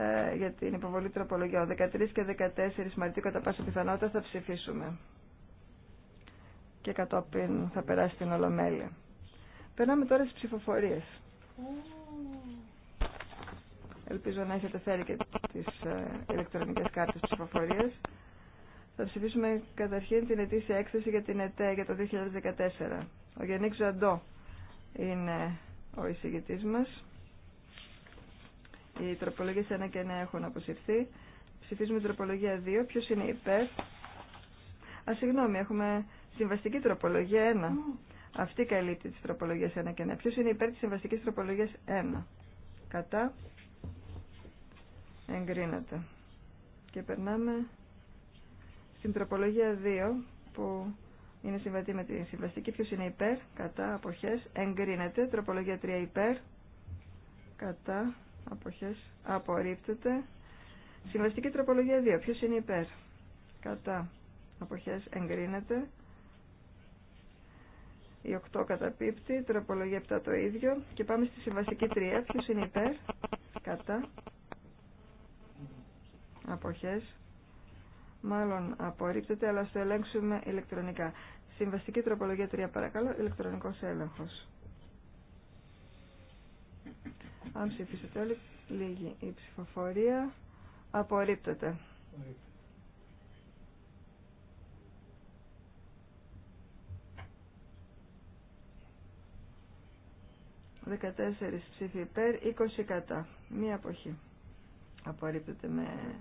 ε, για την υποβολή τροπολογιών. 13 και 14 Μαρτίου κατά πάσα πιθανότητα θα ψηφίσουμε και κατόπιν θα περάσει την Ολομέλεια. Περνάμε τώρα στις ψηφοφορίες. Ελπίζω να έχετε φέρει και τις ε, ηλεκτρονικές κάρτες ψηφοφορίας. Θα ψηφίσουμε καταρχήν την ετήσια έκθεση για την ΕΤΕ για το 2014. Ο Γιάννη Ζαντό είναι ο εισηγητής μας. Οι τροπολογίες 1 και 9 έχουν αποσυρθεί. Ψηφίζουμε τροπολογία 2. Ποιο είναι υπέρ. Α, συγγνώμη, έχουμε συμβαστική τροπολογία 1. Mm. Αυτή καλύπτει τι τροπολογίε 1 και 9. Ποιο είναι υπέρ τη συμβαστική τροπολογία 1. Κατά. Εγκρίνεται. Και περνάμε στην τροπολογία 2 που είναι συμβατή με τη συμβαστική. Ποιο είναι υπέρ, κατά, Αποχέ. εγκρίνεται. Τροπολογία 3 υπέρ, κατά, αποχές απορρίπτεται. Συμβαστική τροπολογία 2. Ποιος είναι υπέρ. Κατά. Αποχές εγκρίνεται. Η 8 καταπίπτει. Τροπολογία 7 το ίδιο. Και πάμε στη συμβαστική 3. Ποιος είναι υπέρ. Κατά. Αποχές. Μάλλον απορρίπτεται, αλλά στο ελέγξουμε ηλεκτρονικά. Συμβαστική τροπολογία 3 παρακαλώ. Ηλεκτρονικός έλεγχος. Αν ψηφίσετε όλοι, λίγη η ψηφοφορία. Απορρίπτεται. Δεκατέσσερις ψήφοι υπέρ, 20 κατά. Μία αποχή. Απορρίπτεται με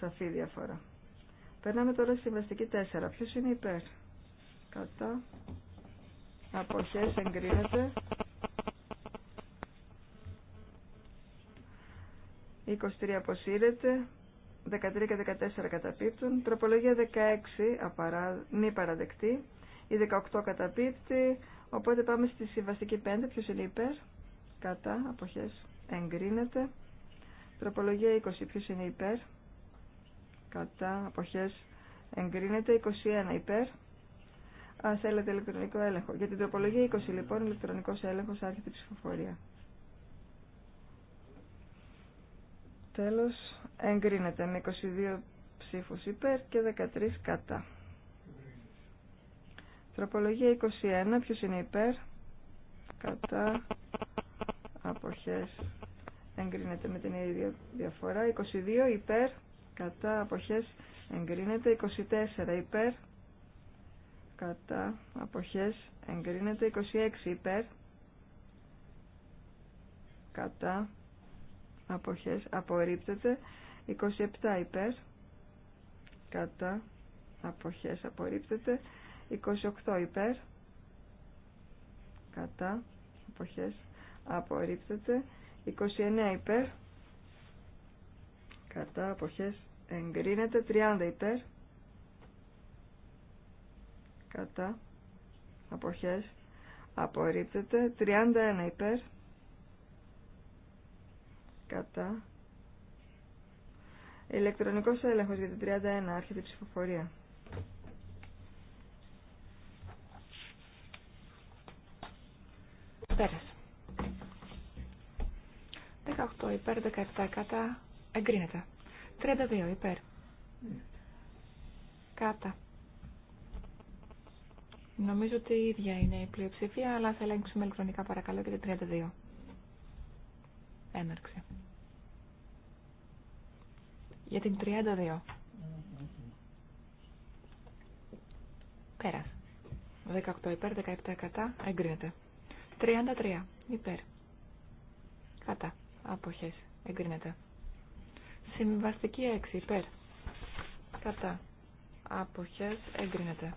σαφή διαφορά. Περνάμε τώρα στη βαστική 4. Ποιος είναι υπέρ. Κατά. Αποχές εγκρίνεται. 23 αποσύρεται. 13 και 14 καταπίπτουν. Τροπολογία 16 απαρά, μη παραδεκτή. Η 18 καταπίπτει. Οπότε πάμε στη συμβαστική 5. Ποιος είναι υπέρ. Κατά. Αποχές. Εγκρίνεται. Τροπολογία 20. Ποιος είναι υπέρ. Κατά. Αποχές. Εγκρίνεται. 21 υπέρ. Α, θέλετε ηλεκτρονικό έλεγχο. Για την τροπολογία 20 λοιπόν ηλεκτρονικός έλεγχος άρχεται η ψηφοφορία. Τέλος, εγκρίνεται με 22 ψήφους υπέρ και 13 κατά. Τροπολογία 21, ποιος είναι υπέρ, κατά, αποχές, εγκρίνεται με την ίδια διαφορά. 22 υπέρ, κατά, αποχές, εγκρίνεται. 24 υπέρ, κατά, αποχές, εγκρίνεται. 26 υπέρ, κατά, αποχές απορρίπτεται 27 υπέρ κατά αποχές απορρίπτεται 28 υπέρ κατά αποχές απορρίπτεται 29 υπέρ κατά αποχές εγκρίνεται 30 υπέρ κατά αποχές απορρίπτεται 31 υπέρ Κατά. Ηλεκτρονικός έλεγχος για την 31. Άρχεται η ψηφοφορία. Πέρασε. 18 υπέρ, 17 κατά. Εγκρίνεται. 32 υπέρ. Κάτα. Νομίζω ότι η ίδια είναι η πλειοψηφία, αλλά θα ελέγξουμε ηλεκτρονικά παρακαλώ και το 32 έναρξη. Για την 32. Πέρας. 18 υπέρ, 17 κατά, εγκρίνεται. 33 υπέρ. Κατά. Αποχές. Εγκρίνεται. Συμβαστική 6 υπέρ. Κατά. Αποχές. Εγκρίνεται.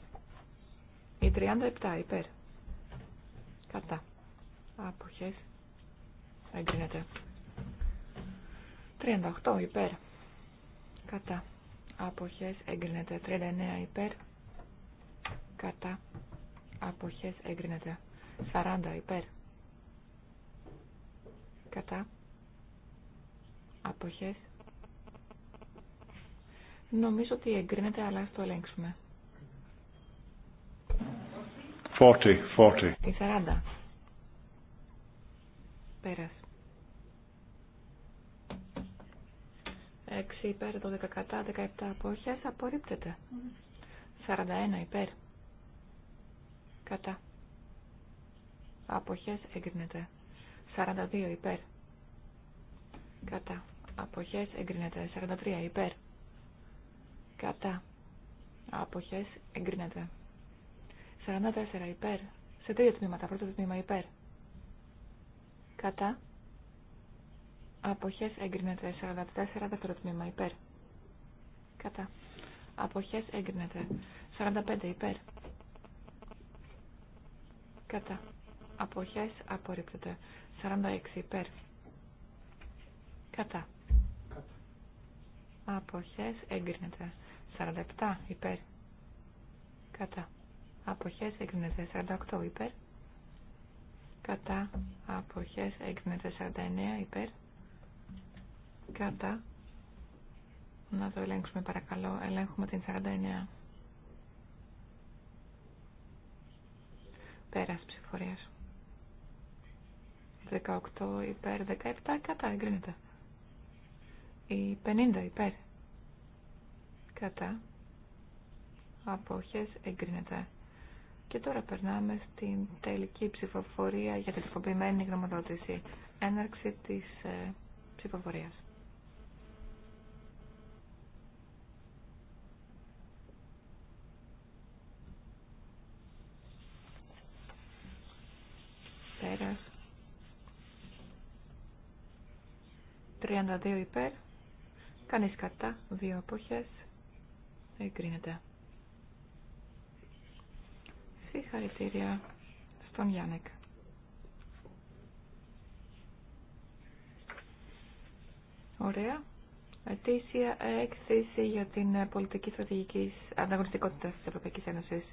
Η 37 υπέρ. Κατά. Αποχές. Εγκρίνεται. 38 υπέρ. Κατά. Αποχές έγκρινεται. 39 υπέρ. Κατά. Αποχές έγκρινεται. 40 υπέρ. Κατά. Αποχές. Νομίζω ότι εγκρίνεται, αλλά ας το ελέγξουμε. 40, 40. Η 40. 6 υπέρ, 12 κατά, 17 απόχες, απορρίπτεται. 41 υπέρ. Κατά. Αποχές εγκρίνεται. 42 υπέρ. Κατά. Αποχές εγκρίνεται. 43 υπέρ. Κατά. Αποχές εγκρίνεται. 44 υπέρ. Σε τρία τμήματα. Πρώτο τμήμα υπέρ. Κατά. Αποχές εγκρίνεται 44 δεύτερο τμήμα υπέρ. Κατά. Αποχές εγκρίνεται 45 υπέρ. Κατά. Αποχές απορρίπτεται 46 υπέρ. Κατά. Αποχές εγκρίνεται 47 υπέρ. Κατά. Αποχές εγκρίνεται 48 υπέρ. Κατά. Αποχές εγκρίνεται 49 υπέρ. Κατά. Να το ελέγξουμε παρακαλώ. Ελέγχουμε την 49. Πέρας ψηφοφορία 18 υπέρ, 17 κατά, εγκρίνεται. Η 50 υπέρ. Κατά. Απόχες εγκρίνεται. Και τώρα περνάμε στην τελική ψηφοφορία για την φοβημένη γνωμοδότηση. Έναρξη της ε, ψηφοφορίας. 32 υπέρ. Κανείς κατά. Δύο αποχές. Εγκρίνεται. Συγχαρητήρια στον Γιάννεκ. Ωραία. Ετήσια έκθεση για την πολιτική στρατηγική ανταγωνιστικότητα τη Ευρωπαϊκή Ένωση.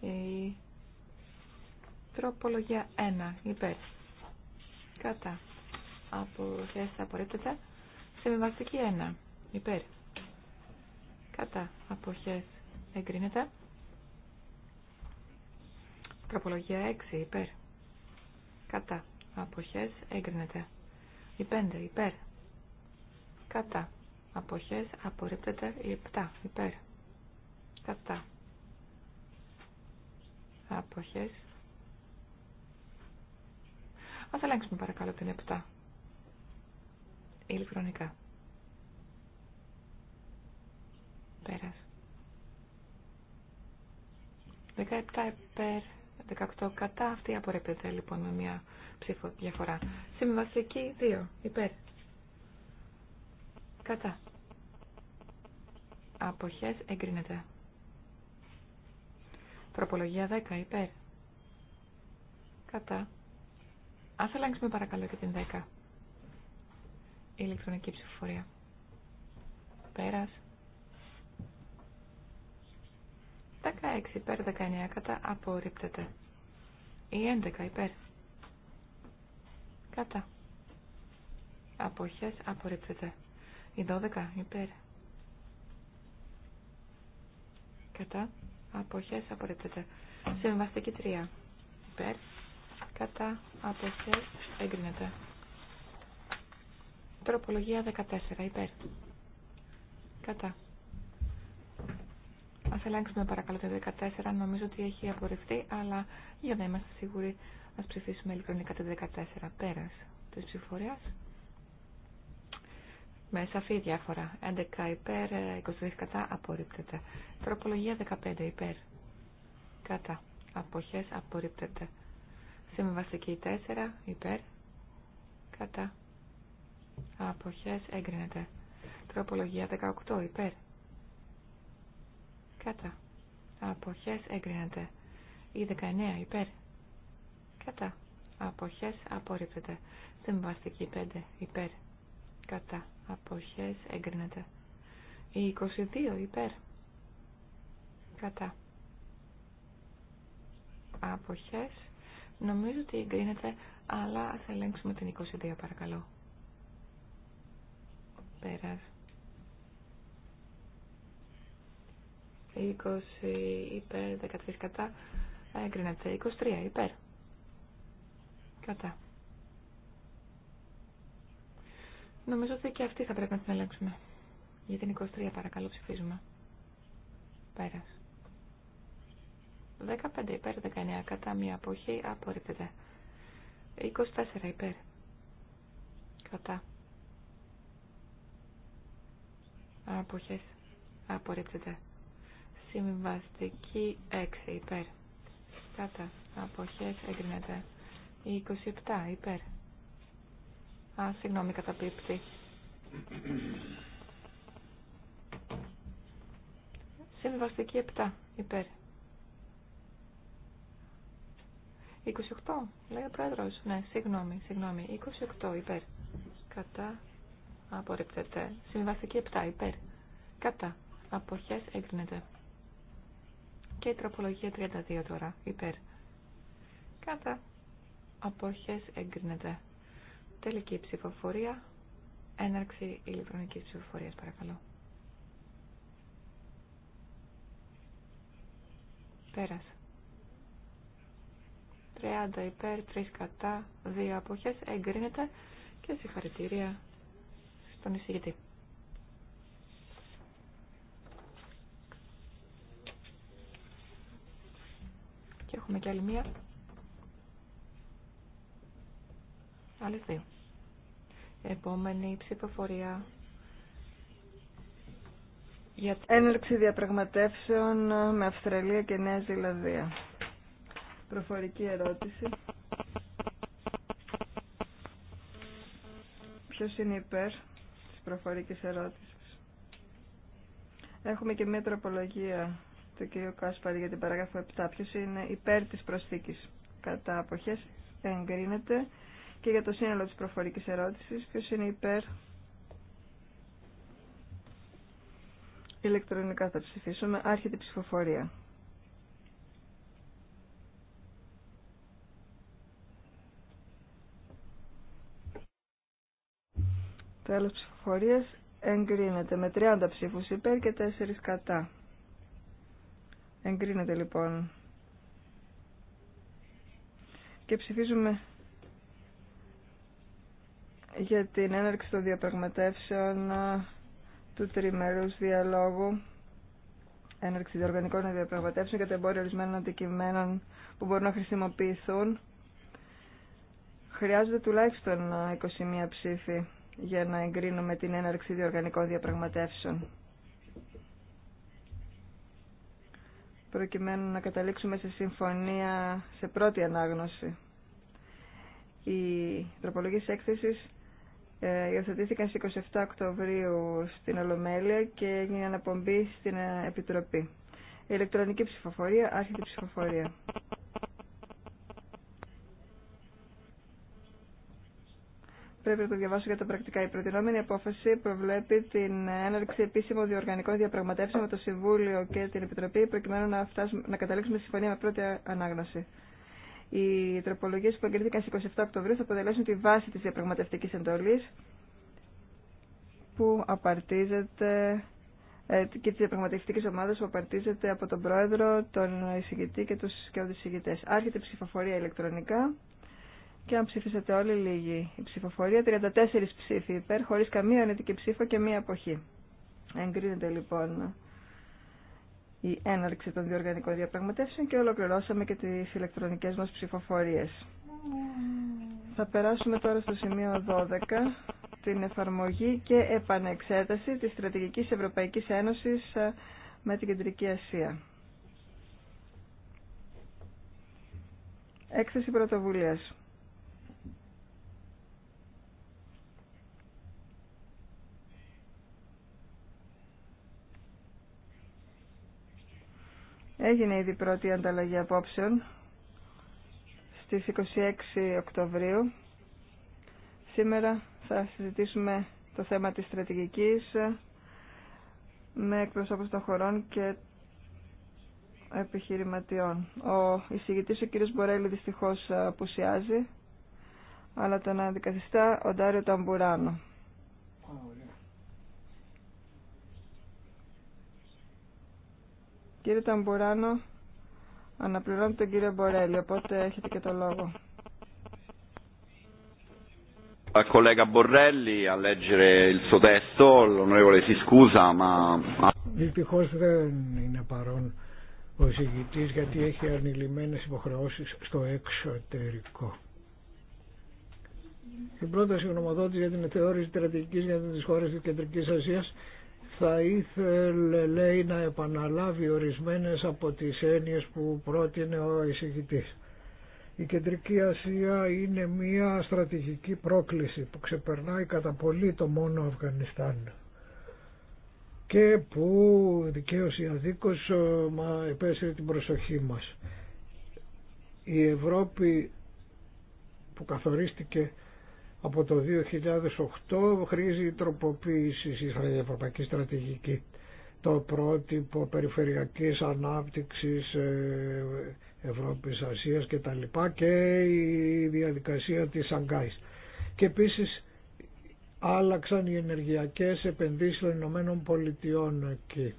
Η Τροπολογία 1. Υπέρ. Κατά. Αποχές απορρίπτεται. Συμβιβαστική 1. Υπέρ. Κατά. Αποχές εγκρίνεται. Τροπολογία 6. Υπέρ. Κατά. Αποχές εγκρίνεται. Η 5. Υπέρ. Κατά. απόχέ, απορρίπτεται. Η 7. Υπέρ. Κατά. Αποχές Ας ελέγξουμε παρακαλώ την 7. Ηλεκτρονικά. Πέρα. 17 υπέρ, 18 κατά. Αυτή απορρέπεται λοιπόν με μια ψήφο διαφορά. Συμβασική 2 υπέρ. Κατά. Αποχέ εγκρίνεται. Τροπολογία 10 υπέρ. Κατά. Ας αλλάξουμε παρακαλώ και την 10. Η ηλεκτρονική ψηφοφορία. Πέρας. 16 υπέρ, 19 κατά, απορρίπτεται. Η 11 υπέρ. Κατά. Αποχές, απορρίπτεται. Η 12 υπέρ. Κατά. Αποχές, απορρίπτεται. Συμβαστική 3 υπέρ κατά αποχές εγκρίνεται. Τροπολογία 14 υπέρ. Κατά. Ας ελέγξουμε παρακαλώ το 14. Νομίζω ότι έχει απορριφθεί, αλλά για να είμαστε σίγουροι ας ψηφίσουμε ηλεκτρονικά το 14. Πέρας της ψηφορίας. Με σαφή διάφορα. 11 υπέρ, 22 κατά, απορρίπτεται. Τροπολογία 15 υπέρ. Κατά. Αποχές απορρίπτεται. Συμβαστική 4 υπέρ κατά αποχές έγκρινεται. Τροπολογία 18 υπέρ κατά αποχές έγκρινεται. Η 19 υπέρ κατά αποχές απορρίπτεται. Συμβαστική 5 υπέρ κατά αποχές έγκρινεται. Η 22 υπέρ κατά αποχές Νομίζω ότι εγκρίνεται, αλλά θα ελέγξουμε την 22 παρακαλώ. Πέρας. 20 υπέρ, 13 κατά, εγκρίνεται 23 υπέρ. Κατά. Νομίζω ότι και αυτή θα πρέπει να την ελέγξουμε. Για την 23 παρακαλώ ψηφίζουμε. Πέρας. 15 υπέρ, 19 κατά μία αποχή, απορρίπτεται. 24 υπέρ. Κατά. Αποχές. Απορρίπτεται. Συμβαστική 6 υπέρ. Κατά. Αποχές εγκρίνεται. 27 υπέρ. Α, συγγνώμη, καταπίπτει. Συμβαστική 7 υπέρ. 28, λέει ο πρόεδρο. Ναι, συγγνώμη, συγγνώμη. 28 υπέρ. Κατά. Απορρίπτεται. Συμβαστική 7 υπέρ. Κατά. Αποχές έγκρινεται. Και η τροπολογία 32 τώρα. Υπέρ. Κατά. Αποχές έγκρινεται. Τελική ψηφοφορία. Έναρξη ηλεκτρονικής ψηφοφορία, παρακαλώ. Πέρασε. 30 υπέρ, 3 κατά, 2 αποχές εγκρίνεται και συγχαρητήρια στον εισηγητή. Και έχουμε και άλλη μία. Άλλη δύο. Επόμενη ψηφοφορία για έναρξη διαπραγματεύσεων με Αυστραλία και Νέα Ζηλανδία προφορική ερώτηση. Ποιο είναι υπέρ τη προφορική ερώτηση. Έχουμε και μια τροπολογία του κ. Κάσπαρη για την παράγραφο 7. Ποιο είναι υπέρ της προσθήκη Κατά αποχές εγκρίνεται. Και για το σύνολο της προφορικής ερώτησης. Ποιος είναι υπέρ. Ηλεκτρονικά θα ψηφίσουμε. Άρχεται η ψηφοφορία. Τέλος ψηφοφορίας εγκρίνεται με 30 ψήφους υπέρ και 4 κατά. Εγκρίνεται λοιπόν. Και ψηφίζουμε για την έναρξη των διαπραγματεύσεων ε, του τριμερούς διαλόγου έναρξη διοργανικών διαπραγματεύσεων και τα εμπόρια ορισμένων αντικειμένων που μπορούν να χρησιμοποιηθούν χρειάζονται τουλάχιστον 21 ε, ψήφοι για να εγκρίνουμε την έναρξη διοργανικών διαπραγματεύσεων. Προκειμένου να καταλήξουμε σε συμφωνία σε πρώτη ανάγνωση. Οι τροπολογίες έκθεση ε, υιοθετήθηκαν στις 27 Οκτωβρίου στην Ολομέλεια και έγινε αναπομπή στην ε, Επιτροπή. Η ηλεκτρονική ψηφοφορία, άρχιτη ψηφοφορία. Πρέπει να το διαβάσω για τα πρακτικά. Η προτινόμενη απόφαση προβλέπει την έναρξη επίσημων διοργανικών διαπραγματεύσεων με το Συμβούλιο και την Επιτροπή προκειμένου να, φτάσουμε, να καταλήξουμε συμφωνία με πρώτη ανάγνωση. Οι τροπολογίε που εγκρίθηκαν στι 27 Οκτωβρίου θα αποτελέσουν τη βάση τη διαπραγματευτική εντολή που απαρτίζεται ε, και τη διαπραγματευτική ομάδα που απαρτίζεται από τον Πρόεδρο, τον εισηγητή και του και εισηγητέ. Άρχεται ψηφοφορία ηλεκτρονικά. Και αν ψήφισατε όλοι λίγοι η ψηφοφορία, 34 ψήφοι υπέρ, χωρί καμία αρνητική ψήφο και μία αποχή. Εγκρίνεται λοιπόν η έναρξη των διοργανικών διαπραγματεύσεων και ολοκληρώσαμε και τι ηλεκτρονικέ μα ψηφοφορίε. Θα περάσουμε τώρα στο σημείο 12, την εφαρμογή και επανεξέταση της Στρατηγικής Ευρωπαϊκής Ένωσης με την Κεντρική Ασία. Έκθεση πρωτοβουλίας. Έγινε ήδη η πρώτη ανταλλαγή απόψεων στις 26 Οκτωβρίου. Σήμερα θα συζητήσουμε το θέμα της στρατηγικής με εκπροσώπους των χωρών και επιχειρηματιών. Ο εισηγητής ο κ. Μπορέλη δυστυχώς απουσιάζει, αλλά τον αντικαθιστά ο Ντάριο Ταμπουράνο. Κύριε Ταμπουράνο, αναπληρώνω τον κύριο Μπορέλη, οπότε έχετε και το λόγο. Al collega Borrelli a leggere il suo δεν είναι παρόν ο εισηγητής γιατί έχει αρνηλημένες υποχρεώσεις στο εξωτερικό. Η πρόταση γνωμοδότηση για την θεώρηση στρατηγική για τις χώρες της Κεντρικής Ασία θα ήθελε λέει να επαναλάβει ορισμένες από τις έννοιες που πρότεινε ο εισηγητής. Η Κεντρική Ασία είναι μια στρατηγική πρόκληση που ξεπερνάει κατά πολύ το μόνο Αφγανιστάν και που δικαίως ή αδίκως ε, μα επέσυρε την προσοχή μας. Η Ευρώπη που καθορίστηκε από το 2008 χρήζει τροποποίηση η Ευρωπαϊκή Στρατηγική. Το πρότυπο περιφερειακής ανάπτυξης ε, Ευρώπης, Ασίας και τα λοιπά και η διαδικασία της Σαγκάης. Και επίσης άλλαξαν οι ενεργειακές επενδύσεις των Ηνωμένων Πολιτειών εκεί.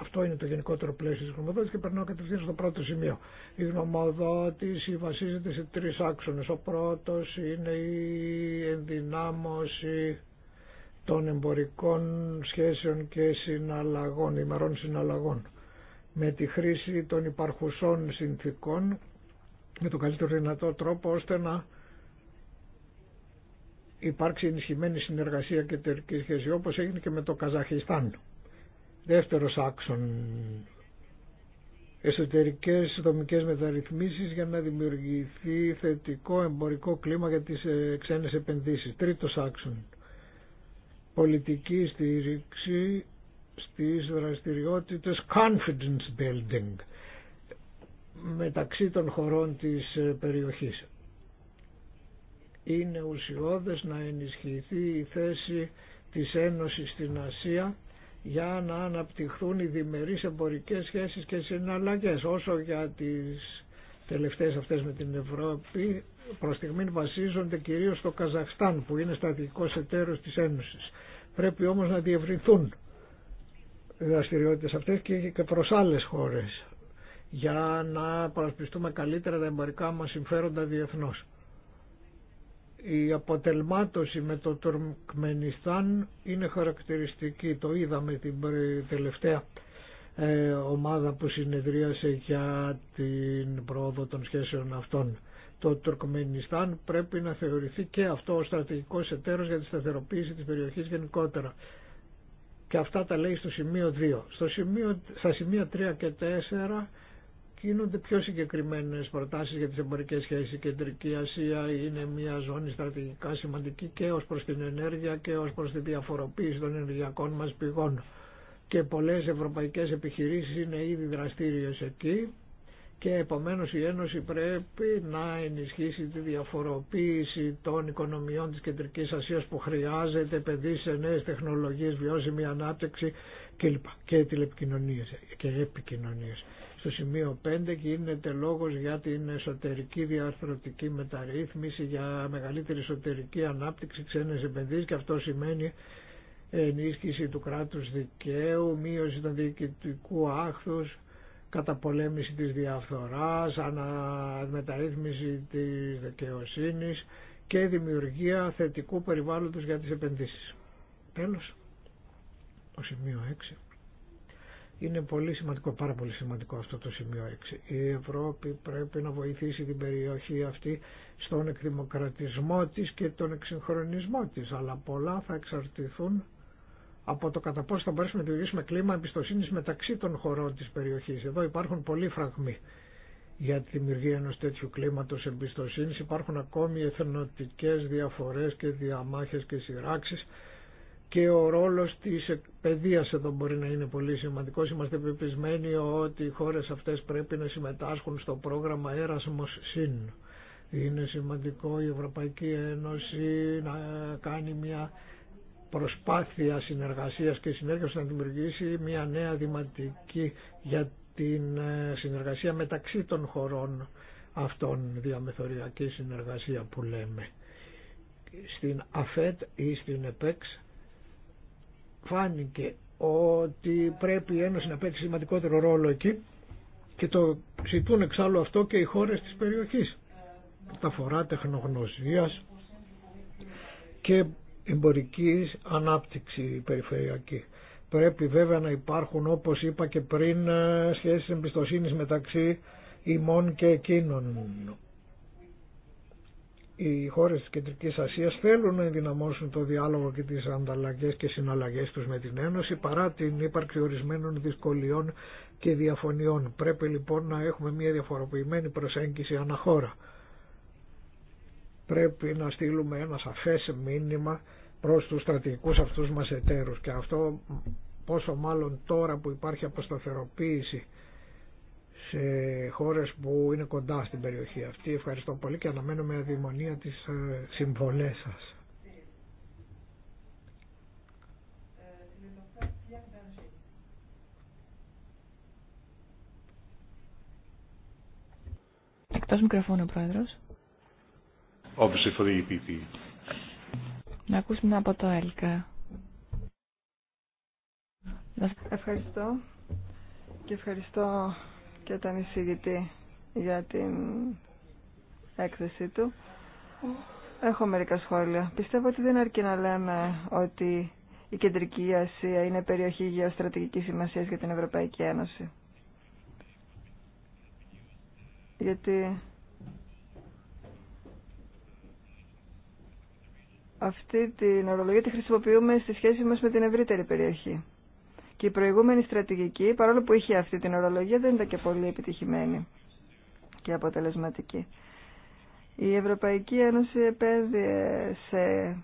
Αυτό είναι το γενικότερο πλαίσιο τη γνωμοδότηση και περνάω κατευθείαν στο πρώτο σημείο. Η γνωμοδότηση βασίζεται σε τρεις άξονες. Ο πρώτο είναι η ενδυνάμωση των εμπορικών σχέσεων και συναλλαγών, ημερών συναλλαγών με τη χρήση των υπαρχουσών συνθήκων με τον καλύτερο δυνατό τρόπο ώστε να υπάρξει ενισχυμένη συνεργασία και τερκή σχέση όπως έγινε και με το Καζαχιστάν. Δεύτερος άξον εσωτερικές δομικές μεταρρυθμίσεις για να δημιουργηθεί θετικό εμπορικό κλίμα για τις ε, ξένες επενδύσεις. Τρίτος άξον πολιτική στήριξη στις δραστηριότητες confidence building μεταξύ των χωρών της ε, περιοχής. Είναι ουσιώδες να ενισχυθεί η θέση της Ένωσης στην Ασία για να αναπτυχθούν οι διμερείς εμπορικές σχέσεις και συναλλαγές. Όσο για τις τελευταίες αυτές με την Ευρώπη, προς στιγμή βασίζονται κυρίως στο Καζαχστάν που είναι στατικός εταίρος της Ένωσης. Πρέπει όμως να διευρυνθούν οι δραστηριότητες αυτές και, και προς άλλες χώρες για να παρασπιστούμε καλύτερα τα εμπορικά μας συμφέροντα διεθνώς. Η αποτελμάτωση με το Τουρκμενιστάν είναι χαρακτηριστική. Το είδαμε την τελευταία ε, ομάδα που συνεδρίασε για την πρόοδο των σχέσεων αυτών. Το Τουρκμενιστάν πρέπει να θεωρηθεί και αυτό ο στρατηγικός εταίρο για τη σταθεροποίηση της περιοχής γενικότερα. Και αυτά τα λέει στο σημείο 2. Στο σημείο, στα σημεία 3 και 4 γίνονται πιο συγκεκριμένε προτάσει για τι εμπορικέ σχέσει. Η Κεντρική Ασία είναι μια ζώνη στρατηγικά σημαντική και ω προ την ενέργεια και ω προ τη διαφοροποίηση των ενεργειακών μα πηγών. Και πολλέ ευρωπαϊκέ επιχειρήσει είναι ήδη δραστηριε εκεί και επομένω η Ένωση πρέπει να ενισχύσει τη διαφοροποίηση των οικονομιών τη κεντρική Ασία που χρειάζεται επενδύσει σε νέε τεχνολογίε, βιώσιμη ανάπτυξη κλπ. και τηλεπικοινωνίε και επικοινωνίε στο σημείο 5 γίνεται λόγος για την εσωτερική διαρθρωτική μεταρρύθμιση, για μεγαλύτερη εσωτερική ανάπτυξη ξένες επενδύσεις και αυτό σημαίνει ενίσχυση του κράτους δικαίου, μείωση των διοικητικού άχθους, καταπολέμηση της διαφθοράς, αναμεταρρύθμιση της δικαιοσύνη και δημιουργία θετικού περιβάλλοντος για τις επενδύσεις. Τέλος, το σημείο 6 είναι πολύ σημαντικό, πάρα πολύ σημαντικό αυτό το σημείο 6. Η Ευρώπη πρέπει να βοηθήσει την περιοχή αυτή στον εκδημοκρατισμό της και τον εξυγχρονισμό της, αλλά πολλά θα εξαρτηθούν από το κατά πόσο θα μπορέσουμε να δημιουργήσουμε κλίμα εμπιστοσύνη μεταξύ των χωρών της περιοχής. Εδώ υπάρχουν πολλοί φραγμοί για τη δημιουργία ενός τέτοιου κλίματος εμπιστοσύνης. Υπάρχουν ακόμη εθνοτικές διαφορές και διαμάχες και σειράξεις και ο ρόλος της παιδείας εδώ μπορεί να είναι πολύ σημαντικός. Είμαστε πεπισμένοι ότι οι χώρες αυτές πρέπει να συμμετάσχουν στο πρόγραμμα Erasmus Συν. Είναι σημαντικό η Ευρωπαϊκή Ένωση να κάνει μια προσπάθεια συνεργασίας και συνέργειας να δημιουργήσει μια νέα δηματική για την ε, συνεργασία μεταξύ των χωρών αυτών διαμεθοριακή συνεργασία που λέμε στην ΑΦΕΤ ή στην ΕΠΕΞ φάνηκε ότι πρέπει η Ένωση να παίξει σημαντικότερο ρόλο εκεί και το ζητούν εξάλλου αυτό και οι χώρες της περιοχής. Τα φορά τεχνογνωσίας και εμπορικής ανάπτυξη περιφερειακή. Πρέπει βέβαια να υπάρχουν όπως είπα και πριν ε, σχέσεις εμπιστοσύνης μεταξύ ημών και εκείνων οι χώρες της Κεντρικής Ασίας θέλουν να ενδυναμώσουν το διάλογο και τις ανταλλαγές και συναλλαγές τους με την Ένωση παρά την ύπαρξη ορισμένων δυσκολιών και διαφωνιών. Πρέπει λοιπόν να έχουμε μια διαφοροποιημένη προσέγγιση αναχώρα. Πρέπει να στείλουμε ένα σαφές μήνυμα προς τους στρατηγικούς αυτούς μας εταίρους και αυτό πόσο μάλλον τώρα που υπάρχει αποσταθεροποίηση σε χώρες που είναι κοντά στην περιοχή αυτή. Ευχαριστώ πολύ και αναμένω με αδειμονία τις ε, συμβολές σας. Εκτός μικροφώνου, Πρόεδρος. Όπισε for e Να ακούσουμε από το ΕΛΚΑ. Ευχαριστώ και ευχαριστώ και τον εισηγητή για την έκθεσή του. Έχω μερικά σχόλια. Πιστεύω ότι δεν αρκεί να λέμε ότι η Κεντρική Ασία είναι περιοχή γεωστρατηγικής σημασίας για την Ευρωπαϊκή Ένωση. Γιατί αυτή την ορολογία τη χρησιμοποιούμε στη σχέση μας με την ευρύτερη περιοχή. Και η προηγούμενη στρατηγική, παρόλο που είχε αυτή την ορολογία, δεν ήταν και πολύ επιτυχημένη και αποτελεσματική. Η Ευρωπαϊκή Ένωση επένδυε σε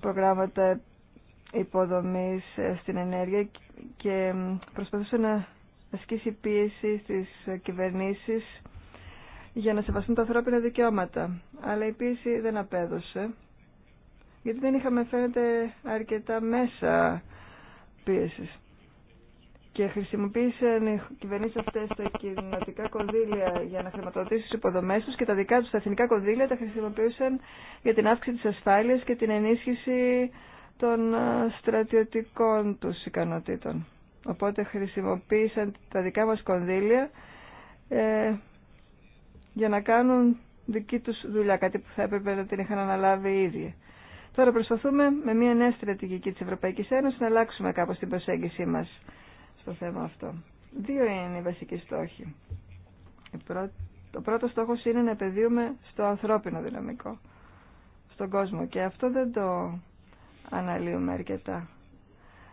προγράμματα υποδομής ε, στην ενέργεια και προσπαθούσε να ασκήσει πίεση στις κυβερνήσεις για να σεβαστούν τα ανθρώπινα δικαιώματα. Αλλά η πίεση δεν απέδωσε, γιατί δεν είχαμε φαίνεται αρκετά μέσα και χρησιμοποίησαν οι κυβερνήσει αυτέ τα κοινωτικά κονδύλια για να χρηματοδοτήσουν τι υποδομέ του και τα δικά του τα εθνικά κονδύλια τα χρησιμοποιούσαν για την αύξηση τη ασφάλεια και την ενίσχυση των ε, στρατιωτικών του ικανοτήτων. Οπότε χρησιμοποίησαν τα δικά μας κονδύλια ε, για να κάνουν δική τους δουλειά, κάτι που θα έπρεπε να την είχαν αναλάβει οι ίδιοι. Τώρα προσπαθούμε με μια νέα στρατηγική της Ευρωπαϊκής Ένωσης να αλλάξουμε κάπως την προσέγγιση μας στο θέμα αυτό. Δύο είναι οι βασικοί στόχοι. Το πρώτο στόχος είναι να επαιδείουμε στο ανθρώπινο δυναμικό, στον κόσμο. Και αυτό δεν το αναλύουμε αρκετά.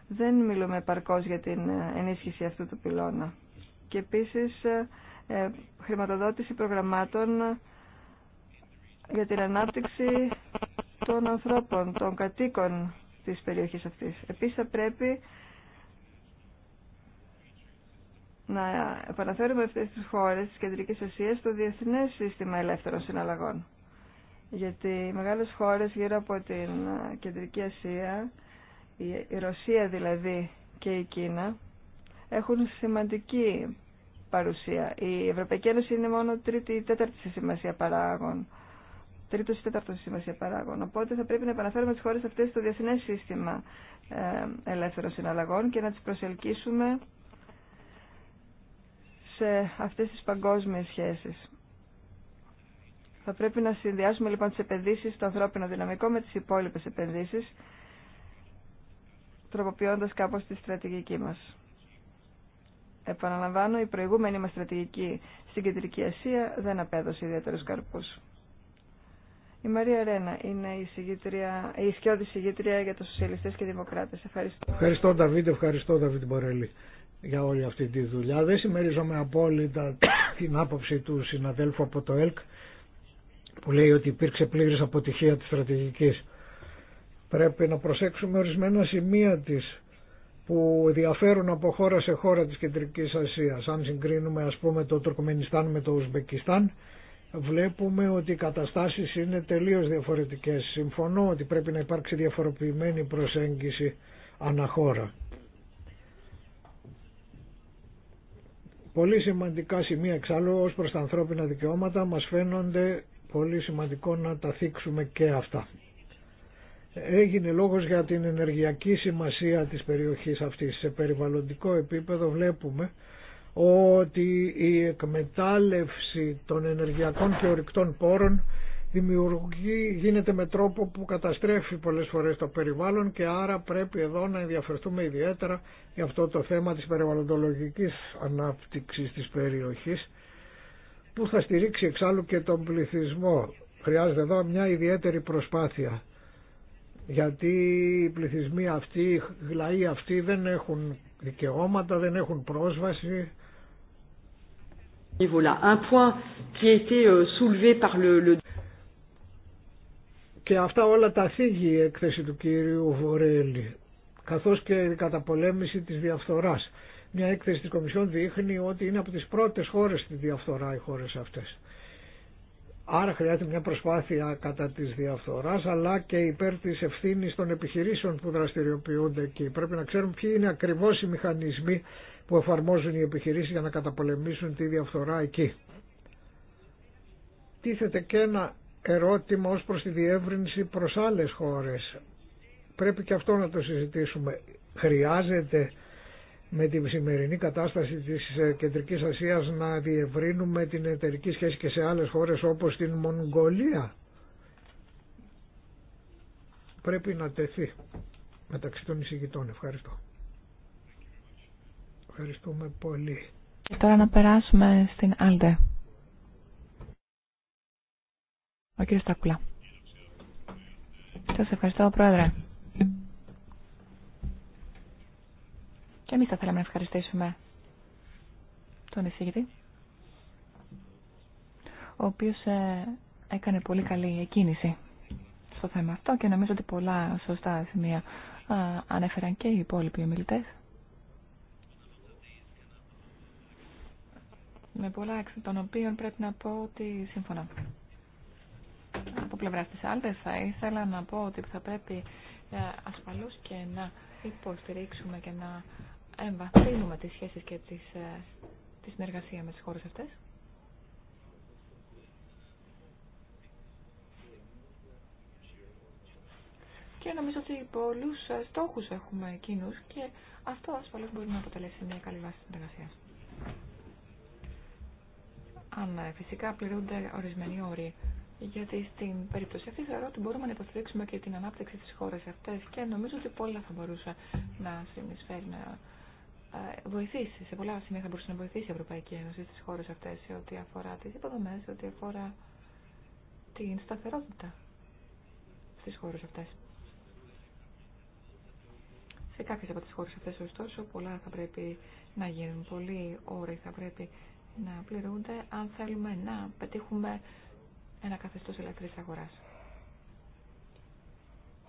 Δεν μιλούμε επαρκώς για την ε, ενίσχυση αυτού του πυλώνα. Και επίσης ε, ε, χρηματοδότηση προγραμμάτων για την ανάπτυξη των ανθρώπων, των κατοίκων της περιοχής αυτής. Επίσης θα πρέπει να επαναφέρουμε αυτές τις χώρες της Κεντρικής Ασίας στο διεθνές σύστημα ελεύθερων συναλλαγών. Γιατί οι μεγάλες χώρες γύρω από την Κεντρική Ασία, η Ρωσία δηλαδή και η Κίνα, έχουν σημαντική παρουσία. Η Ευρωπαϊκή Ένωση είναι μόνο τρίτη ή τέταρτη σε σημασία παράγων περίπτωση τέταρτο σημασία παράγων. Οπότε θα πρέπει να επαναφέρουμε τι χώρε αυτέ στο διεθνέ σύστημα ε, ελεύθερων συναλλαγών και να τι προσελκύσουμε σε αυτέ τι παγκόσμιε σχέσει. Θα πρέπει να συνδυάσουμε λοιπόν τι επενδύσει στο ανθρώπινο δυναμικό με τι υπόλοιπε επενδύσει, τροποποιώντα κάπω τη στρατηγική μα. Επαναλαμβάνω, η προηγούμενη μα στρατηγική στην Κεντρική Ασία δεν απέδωσε ιδιαίτερου καρπου. Η Μαρία Ρένα είναι η, συγητρία, η σκιώδη συγγήτρια για τους σοσιαλιστές και δημοκράτες. Ευχαριστώ. Ευχαριστώ Νταβίτ, ευχαριστώ Νταβίτ Μπορέλη για όλη αυτή τη δουλειά. Δεν συμμερίζομαι απόλυτα την άποψη του συναδέλφου από το ΕΛΚ που λέει ότι υπήρξε πλήρης αποτυχία της στρατηγικής. Πρέπει να προσέξουμε ορισμένα σημεία της που διαφέρουν από χώρα σε χώρα της Κεντρικής Ασίας. Αν συγκρίνουμε ας πούμε το Τουρκμενιστάν με το Ουσμπεκιστάν βλέπουμε ότι οι καταστάσεις είναι τελείως διαφορετικές. Συμφωνώ ότι πρέπει να υπάρξει διαφοροποιημένη προσέγγιση αναχώρα. Πολύ σημαντικά σημεία εξάλλου ως προς τα ανθρώπινα δικαιώματα μας φαίνονται πολύ σημαντικό να τα θίξουμε και αυτά. Έγινε λόγος για την ενεργειακή σημασία της περιοχής αυτής. Σε περιβαλλοντικό επίπεδο βλέπουμε ότι η εκμετάλλευση των ενεργειακών και ορυκτών πόρων δημιουργεί, γίνεται με τρόπο που καταστρέφει πολλές φορές το περιβάλλον και άρα πρέπει εδώ να ενδιαφερθούμε ιδιαίτερα για αυτό το θέμα της περιβαλλοντολογικής ανάπτυξης της περιοχής που θα στηρίξει εξάλλου και τον πληθυσμό. Χρειάζεται εδώ μια ιδιαίτερη προσπάθεια γιατί οι πληθυσμοί αυτοί, οι λαοί αυτοί δεν έχουν δικαιώματα, δεν έχουν πρόσβαση και αυτά όλα τα θίγει η έκθεση του κύριου Βορέλη, καθώς και η καταπολέμηση της διαφθοράς. Μια έκθεση της Κομισιόν δείχνει ότι είναι από τις πρώτες χώρες στη διαφθορά οι χώρες αυτές. Άρα χρειάζεται μια προσπάθεια κατά της διαφθοράς αλλά και υπέρ της ευθύνη των επιχειρήσεων που δραστηριοποιούνται εκεί. Πρέπει να ξέρουμε ποιοι είναι ακριβώς οι μηχανισμοί που εφαρμόζουν οι επιχειρήσεις για να καταπολεμήσουν τη διαφθορά εκεί. Τίθεται και ένα ερώτημα ως προς τη διεύρυνση προς άλλες χώρες. Πρέπει και αυτό να το συζητήσουμε. Χρειάζεται με τη σημερινή κατάσταση της ε, Κεντρικής Ασίας να διευρύνουμε την εταιρική σχέση και σε άλλες χώρες όπως την Μογγολία. Πρέπει να τεθεί μεταξύ των εισηγητών. Ευχαριστώ. Ευχαριστούμε πολύ. Και τώρα να περάσουμε στην Άλτε. Ο κύριος Στακουλά. Σας ευχαριστώ, Πρόεδρε. Και εμείς θα θέλαμε να ευχαριστήσουμε τον εισηγητή, ο οποίος ε, έκανε πολύ καλή εκκίνηση στο θέμα αυτό και νομίζω ότι πολλά σωστά σημεία ε, ανέφεραν και οι υπόλοιποι ομιλητές. με πολλά εξ των οποίων πρέπει να πω ότι σύμφωνα. Από πλευρά τη Άλτε θα ήθελα να πω ότι θα πρέπει ε, ασφαλώς και να υποστηρίξουμε και να εμβαθύνουμε τις σχέσεις και ε, τη συνεργασία με τις χώρες αυτές. Και νομίζω ότι πολλούς ε, στόχους έχουμε εκείνους και αυτό ασφαλώς μπορεί να αποτελέσει μια καλή βάση συνεργασία. Αν ε, φυσικά πληρούνται ορισμένοι όροι γιατί στην περίπτωση αυτή θεωρώ ότι μπορούμε να υποστηρίξουμε και την ανάπτυξη της χώρας αυτές και νομίζω ότι πολλά θα μπορούσε να συνεισφέρει ε, βοηθήσει, σε πολλά σημεία θα μπορούσε να βοηθήσει η Ευρωπαϊκή Ένωση στι χώρε αυτέ, σε ό,τι αφορά τι υποδομέ, σε ό,τι αφορά την σταθερότητα στι χώρε αυτέ. Σε κάποιε από τι χώρε αυτέ, ωστόσο, πολλά θα πρέπει να γίνουν, πολλοί όροι θα πρέπει να πληρούνται αν θέλουμε να πετύχουμε ένα καθεστώ ελεύθερη αγορά,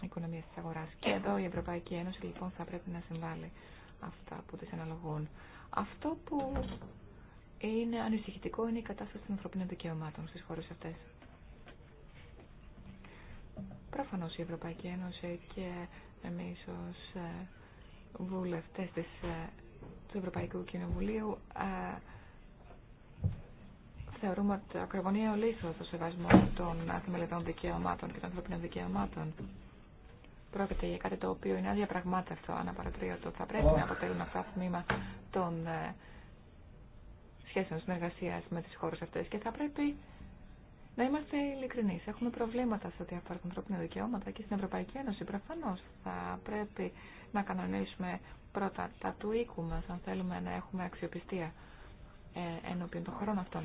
Οικονομία τη αγορά. Και εδώ η Ευρωπαϊκή Ένωση λοιπόν θα πρέπει να συμβάλλει αυτά που τις αναλογούν. Αυτό που είναι ανησυχητικό είναι η κατάσταση των ανθρωπίνων δικαιωμάτων στις χώρες αυτές. Προφανώς η Ευρωπαϊκή Ένωση και εμείς ως ε, βουλευτές της, ε, του Ευρωπαϊκού Κοινοβουλίου ε, θεωρούμε ότι ακρογωνία ολίθο το σεβασμό των θεμελιωδών δικαιωμάτων και των ανθρωπίνων δικαιωμάτων πρόκειται για κάτι το οποίο είναι αδιαπραγμάτευτο, αναπαρατρίωτο. Θα πρέπει να αποτελούν αυτά τμήμα των ε, σχέσεων συνεργασία με τι χώρε αυτέ και θα πρέπει να είμαστε ειλικρινεί. Έχουμε προβλήματα σε ό,τι αφορά τα ανθρώπινα δικαιώματα και στην Ευρωπαϊκή Ένωση. Προφανώ θα πρέπει να κανονίσουμε πρώτα τα του οίκου μα, αν θέλουμε να έχουμε αξιοπιστία ε, ενώπιον των χωρών αυτών.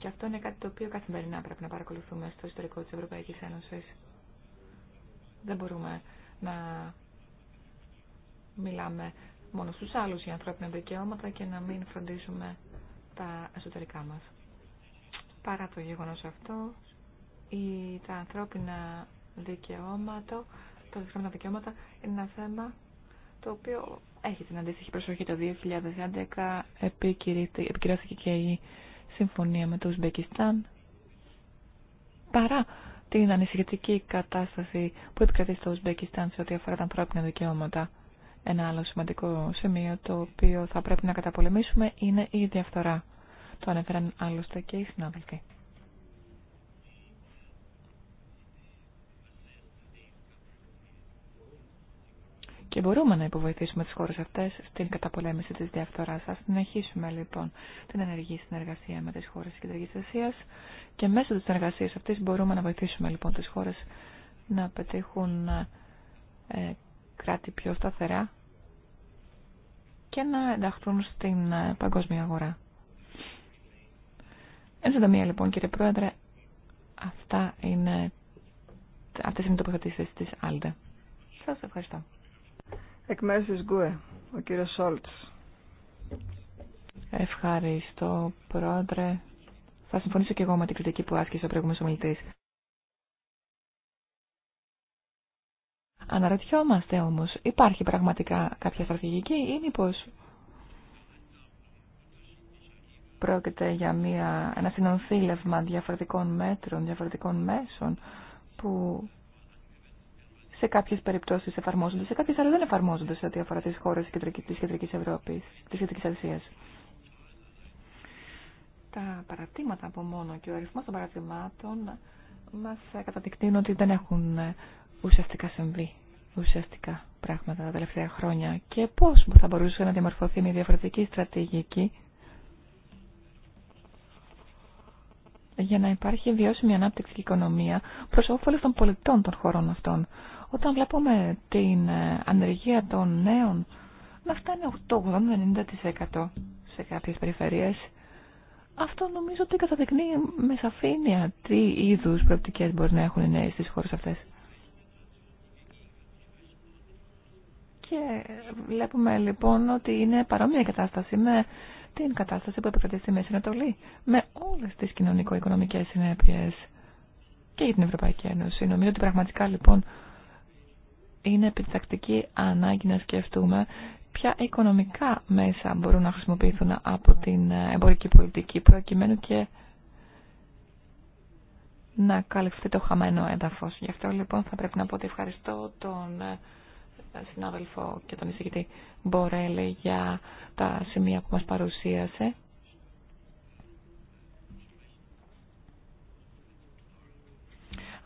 Και αυτό είναι κάτι το οποίο καθημερινά πρέπει να παρακολουθούμε στο ιστορικό της Ευρωπαϊκής Ένωσης. Δεν μπορούμε να μιλάμε μόνο στους άλλους για ανθρώπινα δικαιώματα και να μην φροντίσουμε τα εσωτερικά μας. Παρά το γεγονός αυτό, η, τα ανθρώπινα δικαιώματα, τα ανθρώπινα δικαιώματα είναι ένα θέμα το οποίο έχει την αντίστοιχη προσοχή το 2011, επικυρώθηκε και η συμφωνία με το Ουσμπεκιστάν παρά την ανησυχητική κατάσταση που επικρατεί στο Ουσμπεκιστάν σε ό,τι αφορά τα ανθρώπινα δικαιώματα. Ένα άλλο σημαντικό σημείο το οποίο θα πρέπει να καταπολεμήσουμε είναι η διαφθορά. Το ανέφεραν άλλωστε και οι συνάδελφοι. Και μπορούμε να υποβοηθήσουμε τις χώρες αυτές στην καταπολέμηση της διαφθοράς. Ας συνεχίσουμε λοιπόν την ενεργή συνεργασία με τις χώρες της Κεντρικής Ασίας και μέσω της συνεργασίας αυτής μπορούμε να βοηθήσουμε λοιπόν τις χώρες να πετύχουν ε, κράτη πιο σταθερά και να ενταχθούν στην ε, παγκόσμια αγορά. Εν συντομία λοιπόν κύριε Πρόεδρε, αυτά είναι, αυτές είναι οι τοποθετήσεις της Άλντε. Σας ευχαριστώ. Εκ μέρους της ΓΚΟΕ, ο κύριος Σόλτς. Ευχαριστώ, πρόεδρε. Θα συμφωνήσω και εγώ με την κριτική που άσκησε ο προηγούμενος ομιλητής. Αναρωτιόμαστε όμως, υπάρχει πραγματικά κάποια στρατηγική ή μήπω πρόκειται για μια, ένα συνονθήλευμα διαφορετικών μέτρων, διαφορετικών μέσων που σε κάποιε περιπτώσει εφαρμόζονται, σε κάποιε άλλε δεν εφαρμόζονται σε ό,τι αφορά τι χώρε τη Κεντρική Ευρώπη, τη Κεντρική Ασία. Τα παρατήματα από μόνο και ο αριθμό των παρατημάτων μα καταδεικνύουν ότι δεν έχουν ουσιαστικά συμβεί ουσιαστικά πράγματα τα τελευταία χρόνια και πώ θα μπορούσε να διαμορφωθεί μια διαφορετική στρατηγική για να υπάρχει βιώσιμη ανάπτυξη και οικονομία προς όφελος των πολιτών των χωρών αυτών. Όταν βλέπουμε την ε, ανεργία των νέων να φτάνει 80-90% σε κάποιες περιφερειές, αυτό νομίζω ότι καταδεικνύει με σαφήνεια τι είδους προοπτικές μπορεί να έχουν οι νέοι στις χώρες αυτές. Και βλέπουμε λοιπόν ότι είναι παρόμοια η κατάσταση με την κατάσταση που επικρατεί στη Μέση Ανατολή, με όλες τις κοινωνικο-οικονομικές συνέπειες και για την Ευρωπαϊκή Ένωση. Νομίζω ότι πραγματικά λοιπόν είναι επιτακτική ανάγκη να σκεφτούμε ποια οικονομικά μέσα μπορούν να χρησιμοποιηθούν από την ε, εμπορική πολιτική προκειμένου και να καλυφθεί το χαμένο έδαφος. Γι' αυτό λοιπόν θα πρέπει να πω ότι ευχαριστώ τον ε, συνάδελφο και τον εισηγητή Μπορέλη για τα σημεία που μας παρουσίασε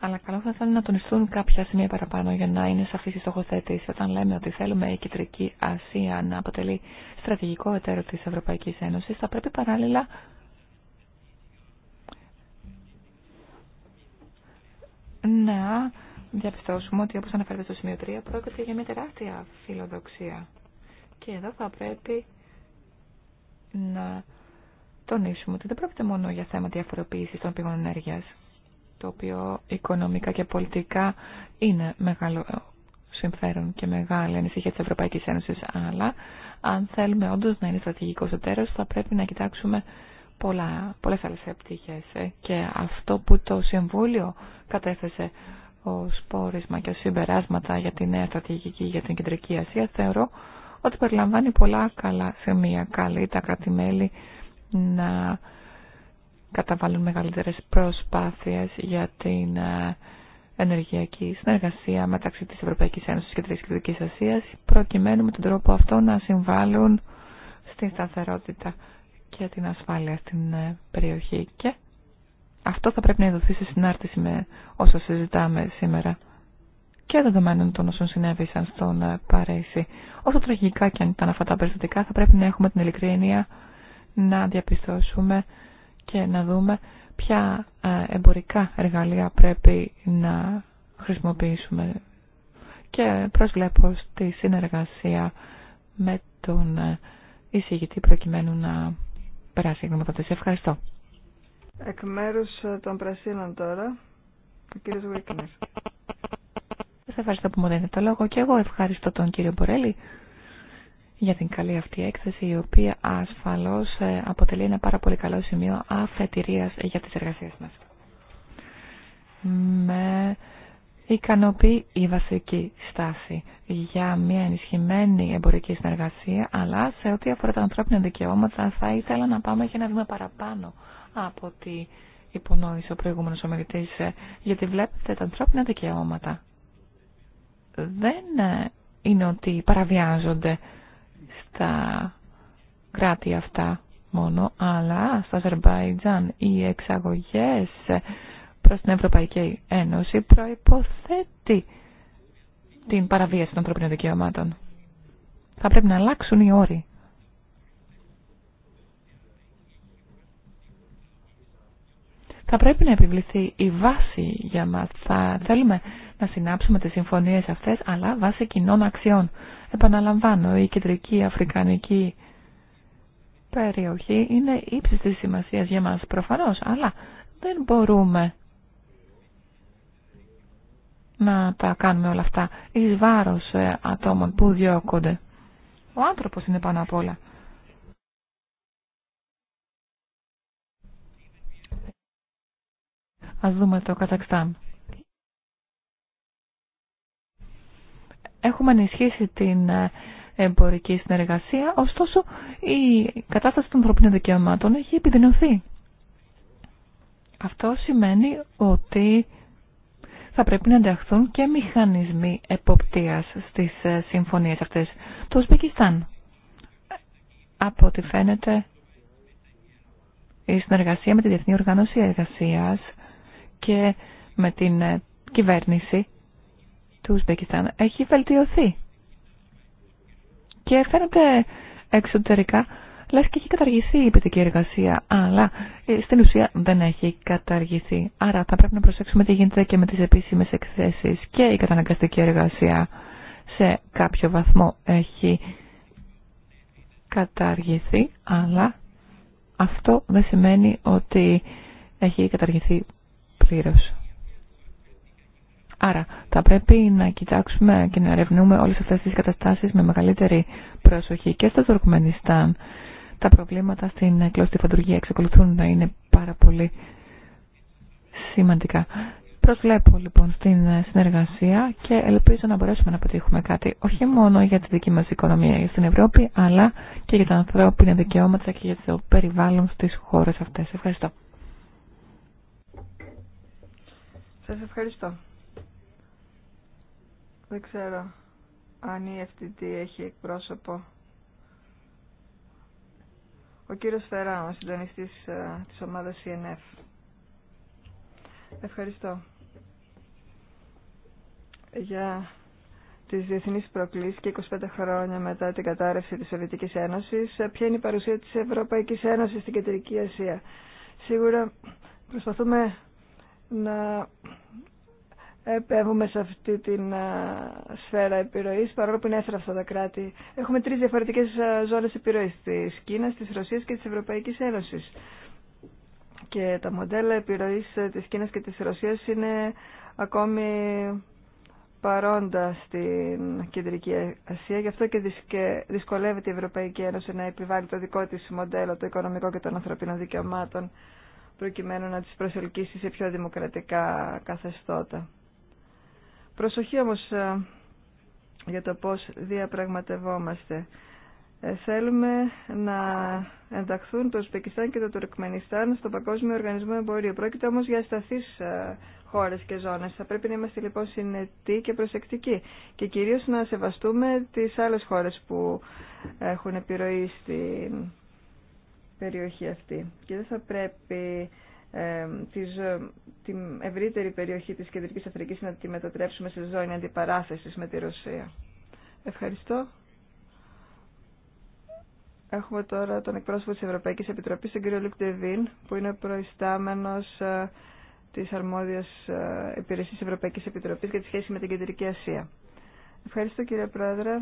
αλλά καλό θα ήταν να τονιστούν κάποια σημεία παραπάνω για να είναι σαφή η στοχοθέτηση όταν λέμε ότι θέλουμε η Κεντρική Ασία να αποτελεί στρατηγικό εταίρο της Ευρωπαϊκής Ένωσης θα πρέπει παράλληλα να διαπιστώσουμε ότι όπως αναφέρεται στο σημείο 3 πρόκειται για μια τεράστια φιλοδοξία και εδώ θα πρέπει να τονίσουμε ότι δεν πρόκειται μόνο για θέμα διαφοροποίησης των πηγών ενέργειας το οποίο οικονομικά και πολιτικά είναι μεγάλο συμφέρον και μεγάλη ανησυχία της Ευρωπαϊκής Ένωσης, αλλά αν θέλουμε όντως να είναι στρατηγικός εταίρος θα πρέπει να κοιτάξουμε πολλά, πολλές άλλες επιτυχίες ε. και αυτό που το Συμβούλιο κατέθεσε ως πόρισμα και ως συμπεράσματα για τη νέα στρατηγική για την Κεντρική Ασία θεωρώ ότι περιλαμβάνει πολλά καλά σημεία, καλή τα κράτη-μέλη να καταβάλουν μεγαλύτερες προσπάθειες για την ε, ενεργειακή συνεργασία μεταξύ της Ευρωπαϊκής Ένωσης και της Κεντρικής Ασίας προκειμένου με τον τρόπο αυτό να συμβάλλουν στην σταθερότητα και την ασφάλεια στην ε, περιοχή και αυτό θα πρέπει να ειδωθεί σε συνάρτηση με όσα συζητάμε σήμερα και δεδομένων των όσων συνέβησαν στον ε, Παρίσι. Όσο τραγικά και αν ήταν αυτά τα περιστατικά θα πρέπει να έχουμε την ειλικρίνεια να διαπιστώσουμε και να δούμε ποια ε, εμπορικά εργαλεία πρέπει να χρησιμοποιήσουμε και προσβλέπω στη συνεργασία με τον ε, εισηγητή προκειμένου να περάσει η γνωμοδότηση. Ευχαριστώ. Εκ μέρους ε, των Πρασίνων τώρα, ο κύριος Βουίκνερ. Σας ευχαριστώ που μου δίνετε το λόγο και εγώ ευχαριστώ τον κύριο Μπορέλη για την καλή αυτή έκθεση, η οποία ασφαλώς ε, αποτελεί ένα πάρα πολύ καλό σημείο αφετηρίας για τις εργασίες μας. Με ικανοποιεί η βασική στάση για μια ενισχυμένη εμπορική συνεργασία, αλλά σε ό,τι αφορά τα ανθρώπινα δικαιώματα θα ήθελα να πάμε και να δούμε παραπάνω από ότι υπονόησε ο προηγούμενος ομιλητής, ε, γιατί βλέπετε τα ανθρώπινα δικαιώματα δεν ε, είναι ότι παραβιάζονται τα κράτη αυτά μόνο, αλλά στο Αζερμπαϊτζάν οι εξαγωγές προς την Ευρωπαϊκή Ένωση προϋποθέτει την παραβίαση των ανθρωπίνων δικαιωμάτων. Θα πρέπει να αλλάξουν οι όροι. Θα πρέπει να επιβληθεί η βάση για μας. Θα θέλουμε να συνάψουμε τις συμφωνίες αυτές, αλλά βάσει κοινών αξιών. Επαναλαμβάνω, η κεντρική αφρικανική περιοχή είναι ύψης της σημασίας για μας προφανώς, αλλά δεν μπορούμε να τα κάνουμε όλα αυτά εις βάρος ε, ατόμων που διώκονται. Ο άνθρωπος είναι πάνω απ' όλα. Ας δούμε το Καζακστάν. Έχουμε ενισχύσει την ε, εμπορική συνεργασία, ωστόσο η κατάσταση των ανθρωπίνων δικαιωμάτων έχει επιδεινωθεί. Αυτό σημαίνει ότι θα πρέπει να ενταχθούν και μηχανισμοί εποπτείας στις ε, συμφωνίες αυτές. Το Ουσπικιστάν, από ό,τι φαίνεται, η συνεργασία με τη Διεθνή Οργάνωση Εργασίας και με την ε, κυβέρνηση του Ουσμπεκιστάν έχει βελτιωθεί. Και φαίνεται εξωτερικά λες και έχει καταργηθεί η παιδική εργασία, αλλά ε, στην ουσία δεν έχει καταργηθεί. Άρα θα πρέπει να προσέξουμε τι γίνεται και με τις επίσημες εκθέσεις και η καταναγκαστική εργασία σε κάποιο βαθμό έχει καταργηθεί, αλλά αυτό δεν σημαίνει ότι έχει καταργηθεί πλήρως. Άρα θα πρέπει να κοιτάξουμε και να ερευνούμε όλες αυτές τις καταστάσεις με μεγαλύτερη προσοχή και στο Τουρκμενιστάν. Τα προβλήματα στην κλωστή φαντουργία εξακολουθούν να είναι πάρα πολύ σημαντικά. Προσβλέπω λοιπόν στην συνεργασία και ελπίζω να μπορέσουμε να πετύχουμε κάτι όχι μόνο για τη δική μας οικονομία στην Ευρώπη αλλά και για τα ανθρώπινα δικαιώματα και για το περιβάλλον στις χώρες αυτές. Ευχαριστώ. Σας ευχαριστώ. Δεν ξέρω αν η FTT έχει εκπρόσωπο. Ο κύριος Φερά, ο συντονιστής ε, της ομάδας CNF. Ευχαριστώ. Για τις διεθνείς προκλήσεις και 25 χρόνια μετά την κατάρρευση της Σοβιετικής Ένωσης, ε, ποια είναι η παρουσία της Ευρωπαϊκής Ένωσης στην Κεντρική Ασία. Σίγουρα προσπαθούμε να επέβουμε σε αυτή την σφαίρα επιρροής, παρόλο που είναι έθραυστα τα κράτη. Έχουμε τρεις διαφορετικές ζώνες επιρροής, της Κίνας, της Ρωσίας και της Ευρωπαϊκής Ένωσης. Και τα μοντέλα επιρροής ε, της Κίνας και της Ρωσίας είναι ακόμη παρόντα στην Κεντρική Ασία. Γι' αυτό και δυσκολεύεται η Ευρωπαϊκή Ένωση να επιβάλλει το δικό της μοντέλο, το οικονομικό και των ανθρωπίνων δικαιωμάτων, προκειμένου να τις προσελκύσει σε πιο δημοκρατικά καθεστώτα. Προσοχή όμως ε, για το πώς διαπραγματευόμαστε. Ε, θέλουμε να ενταχθούν το Ουσπεκιστάν και το Τουρκμενιστάν στο Παγκόσμιο Οργανισμό Εμπορίου. Πρόκειται όμως για ασταθείς ε, χώρες και ζώνες. Θα πρέπει να είμαστε λοιπόν συνετοί και προσεκτικοί και κυρίως να σεβαστούμε τις άλλες χώρες που έχουν επιρροή στην περιοχή αυτή. Και δεν θα πρέπει της, ε, την ευρύτερη περιοχή της Κεντρικής Αφρικής να τη μετατρέψουμε σε ζώνη αντιπαράθεσης με τη Ρωσία. Ευχαριστώ. Έχουμε τώρα τον εκπρόσωπο της Ευρωπαϊκής Επιτροπής, τον κύριο Λουκ που είναι προϊστάμενος ε, της αρμόδιας ε, υπηρεσίας Ευρωπαϊκής Επιτροπής για τη σχέση με την Κεντρική Ασία. Ευχαριστώ κύριε Πρόεδρε.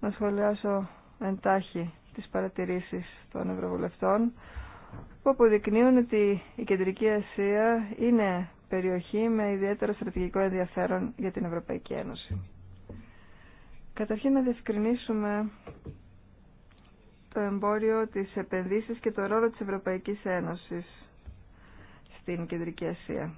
Να σχολιάσω εντάχει τις παρατηρήσεις των Ευρωβουλευτών που αποδεικνύουν ότι η Κεντρική Ασία είναι περιοχή με ιδιαίτερο στρατηγικό ενδιαφέρον για την Ευρωπαϊκή Ένωση. Καταρχήν να διευκρινίσουμε το εμπόριο της επενδύσεις και το ρόλο της Ευρωπαϊκής Ένωσης στην Κεντρική Ασία.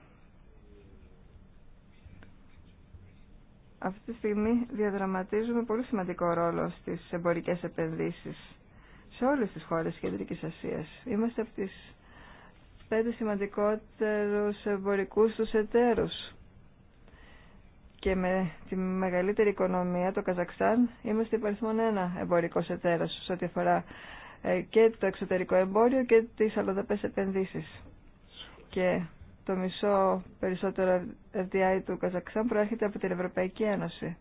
Αυτή τη στιγμή διαδραματίζουμε πολύ σημαντικό ρόλο στις εμπορικές επενδύσεις σε όλες τις χώρες της Κεντρικής Ασίας. Είμαστε από τις πέντε σημαντικότερους εμπορικούς τους εταίρους. Και με τη μεγαλύτερη οικονομία, το Καζακστάν, είμαστε υπαριθμόν ένα εμπορικό εταίρο σε ό,τι αφορά ε, και το εξωτερικό εμπόριο και τις αλλοδαπές επενδύσεις. Και το μισό περισσότερο FDI του Καζακστάν προέρχεται από την Ευρωπαϊκή Ένωση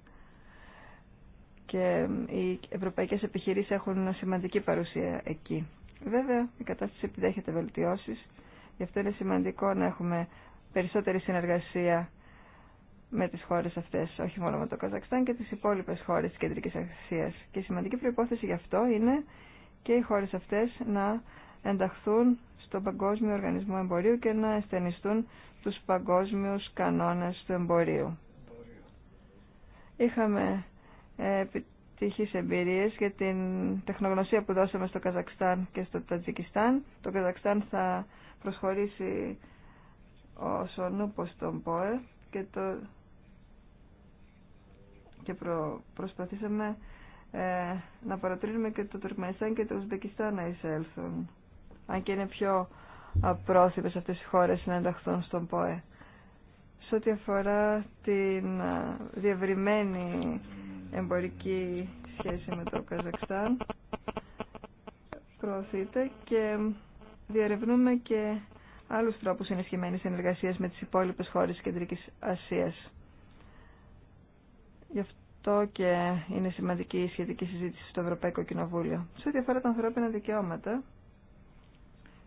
και οι ευρωπαϊκές επιχειρήσεις έχουν σημαντική παρουσία εκεί. Βέβαια, η κατάσταση επιδέχεται βελτιώσεις, γι' αυτό είναι σημαντικό να έχουμε περισσότερη συνεργασία με τις χώρες αυτές, όχι μόνο με το Καζακστάν και τις υπόλοιπες χώρες της Κεντρικής αξίας. Και η σημαντική προϋπόθεση γι' αυτό είναι και οι χώρες αυτές να ενταχθούν στον Παγκόσμιο Οργανισμό Εμπορίου και να αισθενιστούν τους παγκόσμιου κανόνε του εμπορίου. Είχαμε επιτυχείς εμπειρίες για την τεχνογνωσία που δώσαμε στο Καζακστάν και στο Τατζικιστάν. Το Καζακστάν θα προσχωρήσει ως ο νούπος των ΠΟΕ και, το... και προσπαθήσαμε ε, να παρατηρήσουμε και το Τουρκμενιστάν και το Ουσμπεκιστάν να εισέλθουν. Αν και είναι πιο απρόθυμες αυτές οι χώρες να ενταχθούν στον ΠΟΕ. Σε ό,τι αφορά την ε, διευρυμένη εμπορική σχέση με το Καζακστάν προωθείται και διαρευνούμε και άλλους τρόπους ενισχυμένη συνεργασία με τις υπόλοιπες χώρες της Κεντρικής Ασίας. Γι' αυτό και είναι σημαντική η σχετική συζήτηση στο Ευρωπαϊκό Κοινοβούλιο. Σε ό,τι αφορά τα ανθρώπινα δικαιώματα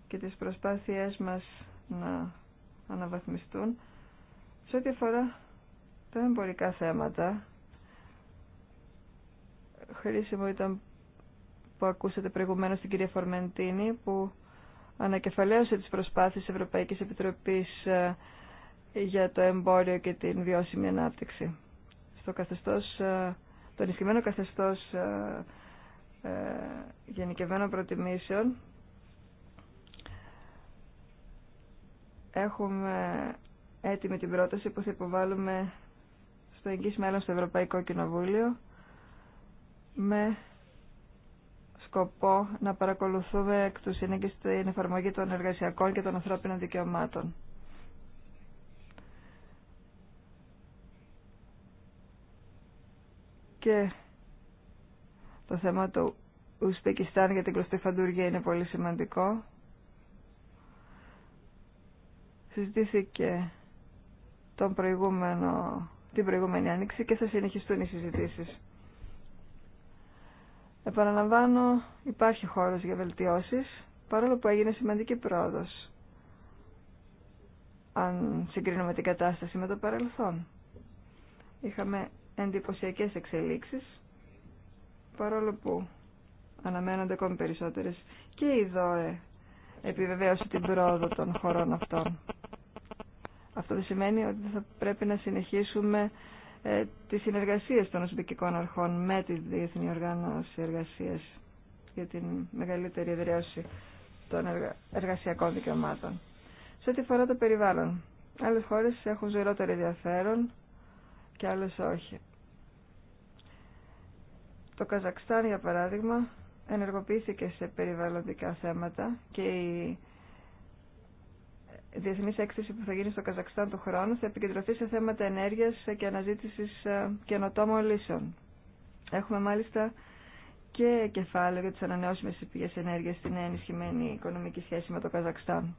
και τις προσπάθειές μας να αναβαθμιστούν, σε ό,τι αφορά τα εμπορικά θέματα, χρήσιμο ήταν που ακούσατε προηγουμένως την κυρία Φορμεντίνη που ανακεφαλαίωσε τις προσπάθειες Ευρωπαϊκής Επιτροπής ε, για το εμπόριο και την βιώσιμη ανάπτυξη. Στο καθεστώς, ε, το ενισχυμένο καθεστώς ε, γενικευμένων προτιμήσεων έχουμε έτοιμη την πρόταση που θα υποβάλουμε στο εγγύς μέλλον στο Ευρωπαϊκό Κοινοβούλιο με σκοπό να παρακολουθούμε εκ του συνήκη στην εφαρμογή των εργασιακών και των ανθρώπινων δικαιωμάτων. Και το θέμα του Ουσπικιστάν για την κλωστή φαντουργία είναι πολύ σημαντικό. Συζητήθηκε τον προηγούμενο, την προηγούμενη άνοιξη και θα συνεχιστούν οι συζητήσεις. Επαναλαμβάνω, υπάρχει χώρος για βελτιώσεις, παρόλο που έγινε σημαντική πρόοδος, αν συγκρίνουμε την κατάσταση με το παρελθόν. Είχαμε εντυπωσιακές εξελίξεις, παρόλο που αναμένονται ακόμη περισσότερες και η ΔΟΕ επιβεβαίωσε την πρόοδο των χωρών αυτών. Αυτό δεν σημαίνει ότι θα πρέπει να συνεχίσουμε ε, τις συνεργασίες των ουσμπικικών αρχών με τη Διεθνή Οργάνωση Εργασίας για την μεγαλύτερη εδραίωση των εργασιακών δικαιωμάτων. Σε ό,τι φορά το περιβάλλον, άλλες χώρες έχουν ζωηρότερο ενδιαφέρον και άλλες όχι. Το Καζακστάν, για παράδειγμα, ενεργοποιήθηκε σε περιβαλλοντικά θέματα και η διεθνή έκθεση που θα γίνει στο Καζακστάν του χρόνου θα επικεντρωθεί σε θέματα ενέργεια και αναζήτηση ε, καινοτόμων λύσεων. Έχουμε μάλιστα και κεφάλαιο για τι ανανεώσιμε πηγέ ενέργεια στην ενισχυμένη οικονομική σχέση με το Καζακστάν.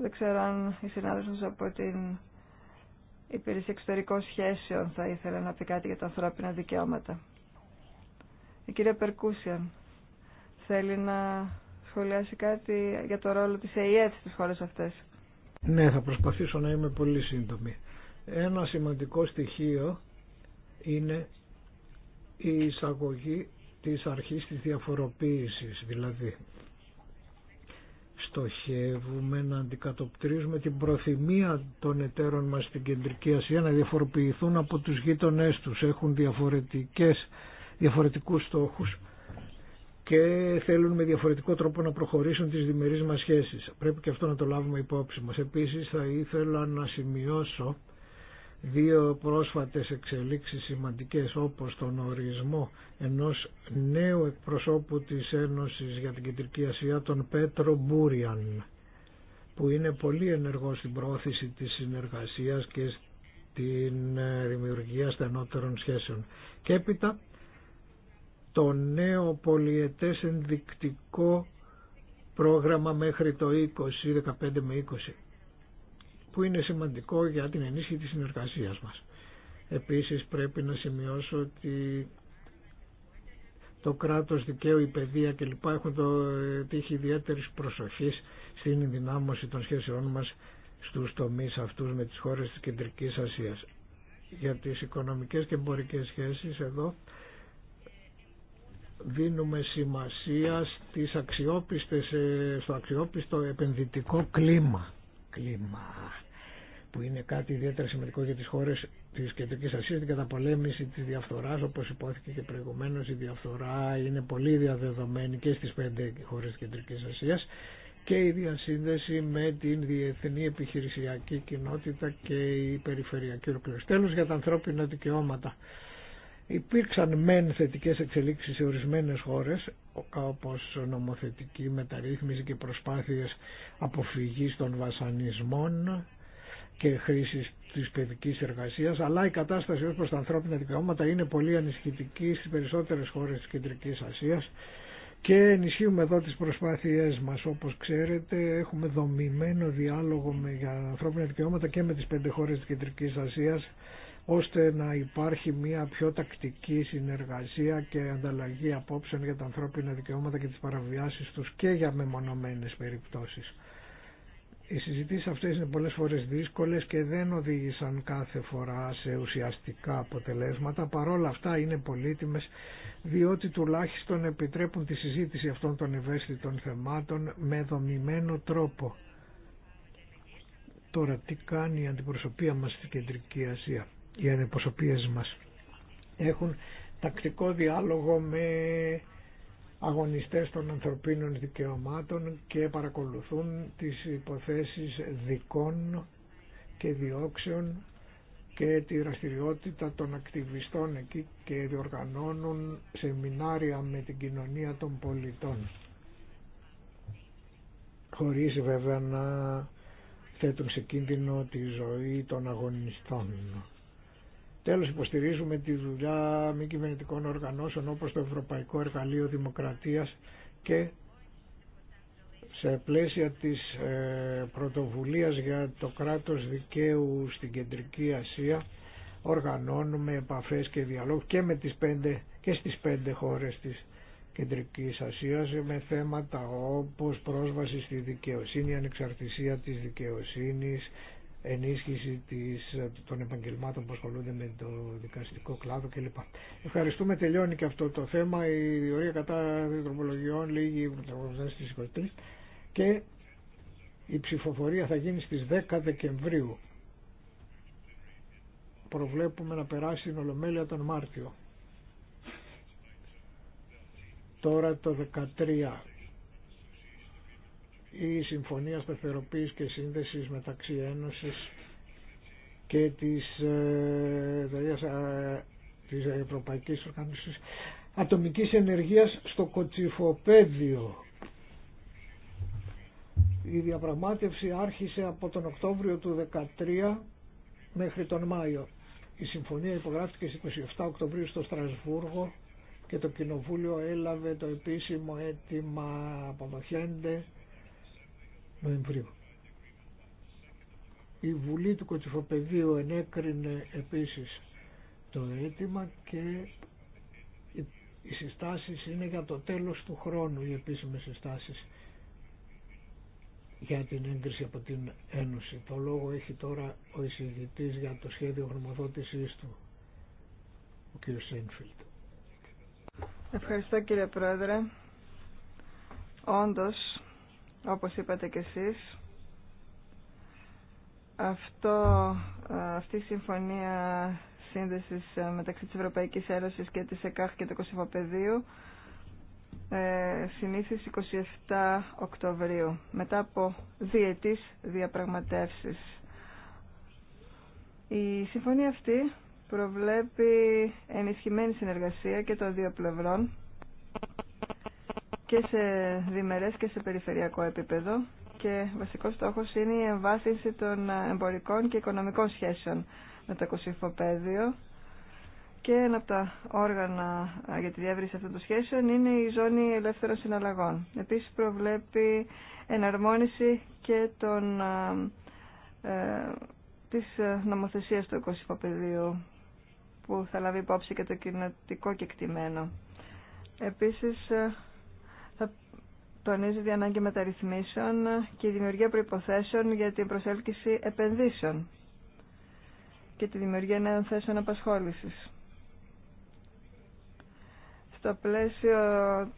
Δεν ξέρω αν οι συνάδελφοι από την υπηρεσία εξωτερικών σχέσεων θα ήθελα να πει κάτι για τα ανθρώπινα δικαιώματα. Η κυρία Περκούσιαν θέλει να σχολιάσει κάτι για το ρόλο της ΕΕΤ στις χώρες αυτές. Ναι, θα προσπαθήσω να είμαι πολύ σύντομη. Ένα σημαντικό στοιχείο είναι η εισαγωγή της αρχής της διαφοροποίησης, δηλαδή στοχεύουμε να αντικατοπτρίζουμε την προθυμία των εταίρων μας στην Κεντρική Ασία να διαφοροποιηθούν από τους γείτονές τους. Έχουν διαφορετικές, διαφορετικούς στόχους και θέλουν με διαφορετικό τρόπο να προχωρήσουν τις διμερείς μας σχέσεις. Πρέπει και αυτό να το λάβουμε υπόψη μας. Επίσης θα ήθελα να σημειώσω δύο πρόσφατες εξελίξεις σημαντικές όπως τον ορισμό ενός νέου εκπροσώπου της Ένωσης για την Κεντρική Ασία, τον Πέτρο Μπούριαν, που είναι πολύ ενεργός στην πρόθεση της συνεργασίας και στην ε, δημιουργία στενότερων σχέσεων. Και έπειτα το νέο πολιετές ενδεικτικό πρόγραμμα μέχρι το 2015 15 με 20 που είναι σημαντικό για την ενίσχυση της συνεργασίας μας. Επίσης πρέπει να σημειώσω ότι το κράτος δικαίου, η παιδεία κλπ. έχουν το, τύχει ιδιαίτερη προσοχή στην ενδυνάμωση των σχέσεών μας στους τομείς αυτούς με τις χώρες της Κεντρικής Ασίας. Για τις οικονομικές και εμπορικές σχέσεις εδώ δίνουμε σημασία αξιόπιστες, ε, στο αξιόπιστο επενδυτικό κλίμα. κλίμα που είναι κάτι ιδιαίτερα σημαντικό για τις χώρες της Κεντρικής Ασίας, την καταπολέμηση της διαφθοράς, όπως υπόθηκε και προηγουμένως η διαφθορά είναι πολύ διαδεδομένη και στις πέντε χώρες της Κεντρικής Ασίας και η διασύνδεση με την διεθνή επιχειρησιακή κοινότητα και η περιφερειακή ολοκλήρωση. Τέλος για τα ανθρώπινα δικαιώματα. Υπήρξαν μεν θετικέ εξελίξει σε ορισμένες χώρες, όπως νομοθετική μεταρρύθμιση και προσπάθειε αποφυγή των βασανισμών, και χρήση τη παιδική εργασία, αλλά η κατάσταση ω προ τα ανθρώπινα δικαιώματα είναι πολύ ανισχυτική στι περισσότερε χώρε τη Κεντρική Ασία και ενισχύουμε εδώ τι προσπάθειε μα, όπω ξέρετε έχουμε δομημένο διάλογο με, για ανθρώπινα δικαιώματα και με τι πέντε χώρε τη Κεντρική Ασία, ώστε να υπάρχει μια πιο τακτική συνεργασία και ανταλλαγή απόψεων για τα ανθρώπινα δικαιώματα και τις παραβιάσεις τους και για μεμονωμένες περιπτώσεις. Οι συζητήσεις αυτές είναι πολλές φορές δύσκολες και δεν οδήγησαν κάθε φορά σε ουσιαστικά αποτελέσματα. Παρόλα αυτά είναι πολύτιμες διότι τουλάχιστον επιτρέπουν τη συζήτηση αυτών των ευαίσθητων θεμάτων με δομημένο τρόπο. Τώρα τι κάνει η αντιπροσωπεία μας στην Κεντρική Ασία. Οι αντιπροσωπείες μας έχουν τακτικό διάλογο με αγωνιστές των ανθρωπίνων δικαιωμάτων και παρακολουθούν τις υποθέσεις δικών και διώξεων και τη δραστηριότητα των ακτιβιστών εκεί και διοργανώνουν σεμινάρια με την κοινωνία των πολιτών. Χωρίς βέβαια να θέτουν σε κίνδυνο τη ζωή των αγωνιστών. Τέλος υποστηρίζουμε τη δουλειά μη κυβερνητικών οργανώσεων όπως το Ευρωπαϊκό Εργαλείο Δημοκρατίας και σε πλαίσια της ε, πρωτοβουλίας για το κράτος δικαίου στην Κεντρική Ασία οργανώνουμε επαφές και διαλόγους και, με πέντε, και στις πέντε χώρες της Κεντρικής Ασίας με θέματα όπως πρόσβαση στη δικαιοσύνη, ανεξαρτησία της δικαιοσύνης, ενίσχυση της, των επαγγελμάτων που ασχολούνται με το δικαστικό κλάδο κλπ. Ευχαριστούμε, τελειώνει και αυτό το θέμα. Η διορία κατά διδρομολογιών λίγη στις 23 και η ψηφοφορία θα γίνει στις 10 Δεκεμβρίου. Προβλέπουμε να περάσει την Ολομέλεια τον Μάρτιο. Τώρα το 13 η Συμφωνία Σταθεροποίησης και Σύνδεσης μεταξύ Ένωσης και της, ε, της ε, Ευρωπαϊκής Οργάνωσης Ατομικής Ενεργείας στο Κοτσιφοπέδιο. Η διαπραγμάτευση άρχισε από τον Οκτώβριο του 2013 μέχρι τον Μάιο. Η συμφωνία υπογράφηκε στις 27 Οκτωβρίου στο Στρασβούργο και το Κοινοβούλιο έλαβε το επίσημο αίτημα από το Χέντε Νοεμβρίου. Η Βουλή του Κοτσιφοπεδίου ενέκρινε επίσης το αίτημα και οι συστάσεις είναι για το τέλος του χρόνου οι επίσημες συστάσεις για την έγκριση από την Ένωση. Το λόγο έχει τώρα ο εισηγητής για το σχέδιο γνωμοδότησής του, ο κ. Σένφιλτ. Ευχαριστώ κύριε Πρόεδρε. Όντως, όπως είπατε κι εσείς, αυτό, ε, αυτή η συμφωνία σύνδεσης ε, μεταξύ της Ευρωπαϊκής Ένωσης και της ΕΚΑΧ και του Κωσυφοπεδίου ε, 27 Οκτωβρίου μετά από διετής διαπραγματεύσεις. Η συμφωνία αυτή προβλέπει ενισχυμένη συνεργασία και των δύο πλευρών και σε διμερές και σε περιφερειακό επίπεδο και βασικός στόχος είναι η εμβάθυνση των ε, εμπορικών και οικονομικών σχέσεων με το κοσυφοπαίδιο και ένα από τα όργανα ε, για τη διεύρυνση αυτών των σχέσεων είναι η ζώνη ελεύθερων συναλλαγών. Επίσης προβλέπει εναρμόνιση και των, ε, ε της νομοθεσίας του οικοσυφοπεδίου που θα λάβει υπόψη και το κοινωτικό κεκτημένο. Επίσης τονίζει η ανάγκη μεταρρυθμίσεων και η δημιουργία προϋποθέσεων για την προσέλκυση επενδύσεων και τη δημιουργία νέων θέσεων απασχόλησης. Στο πλαίσιο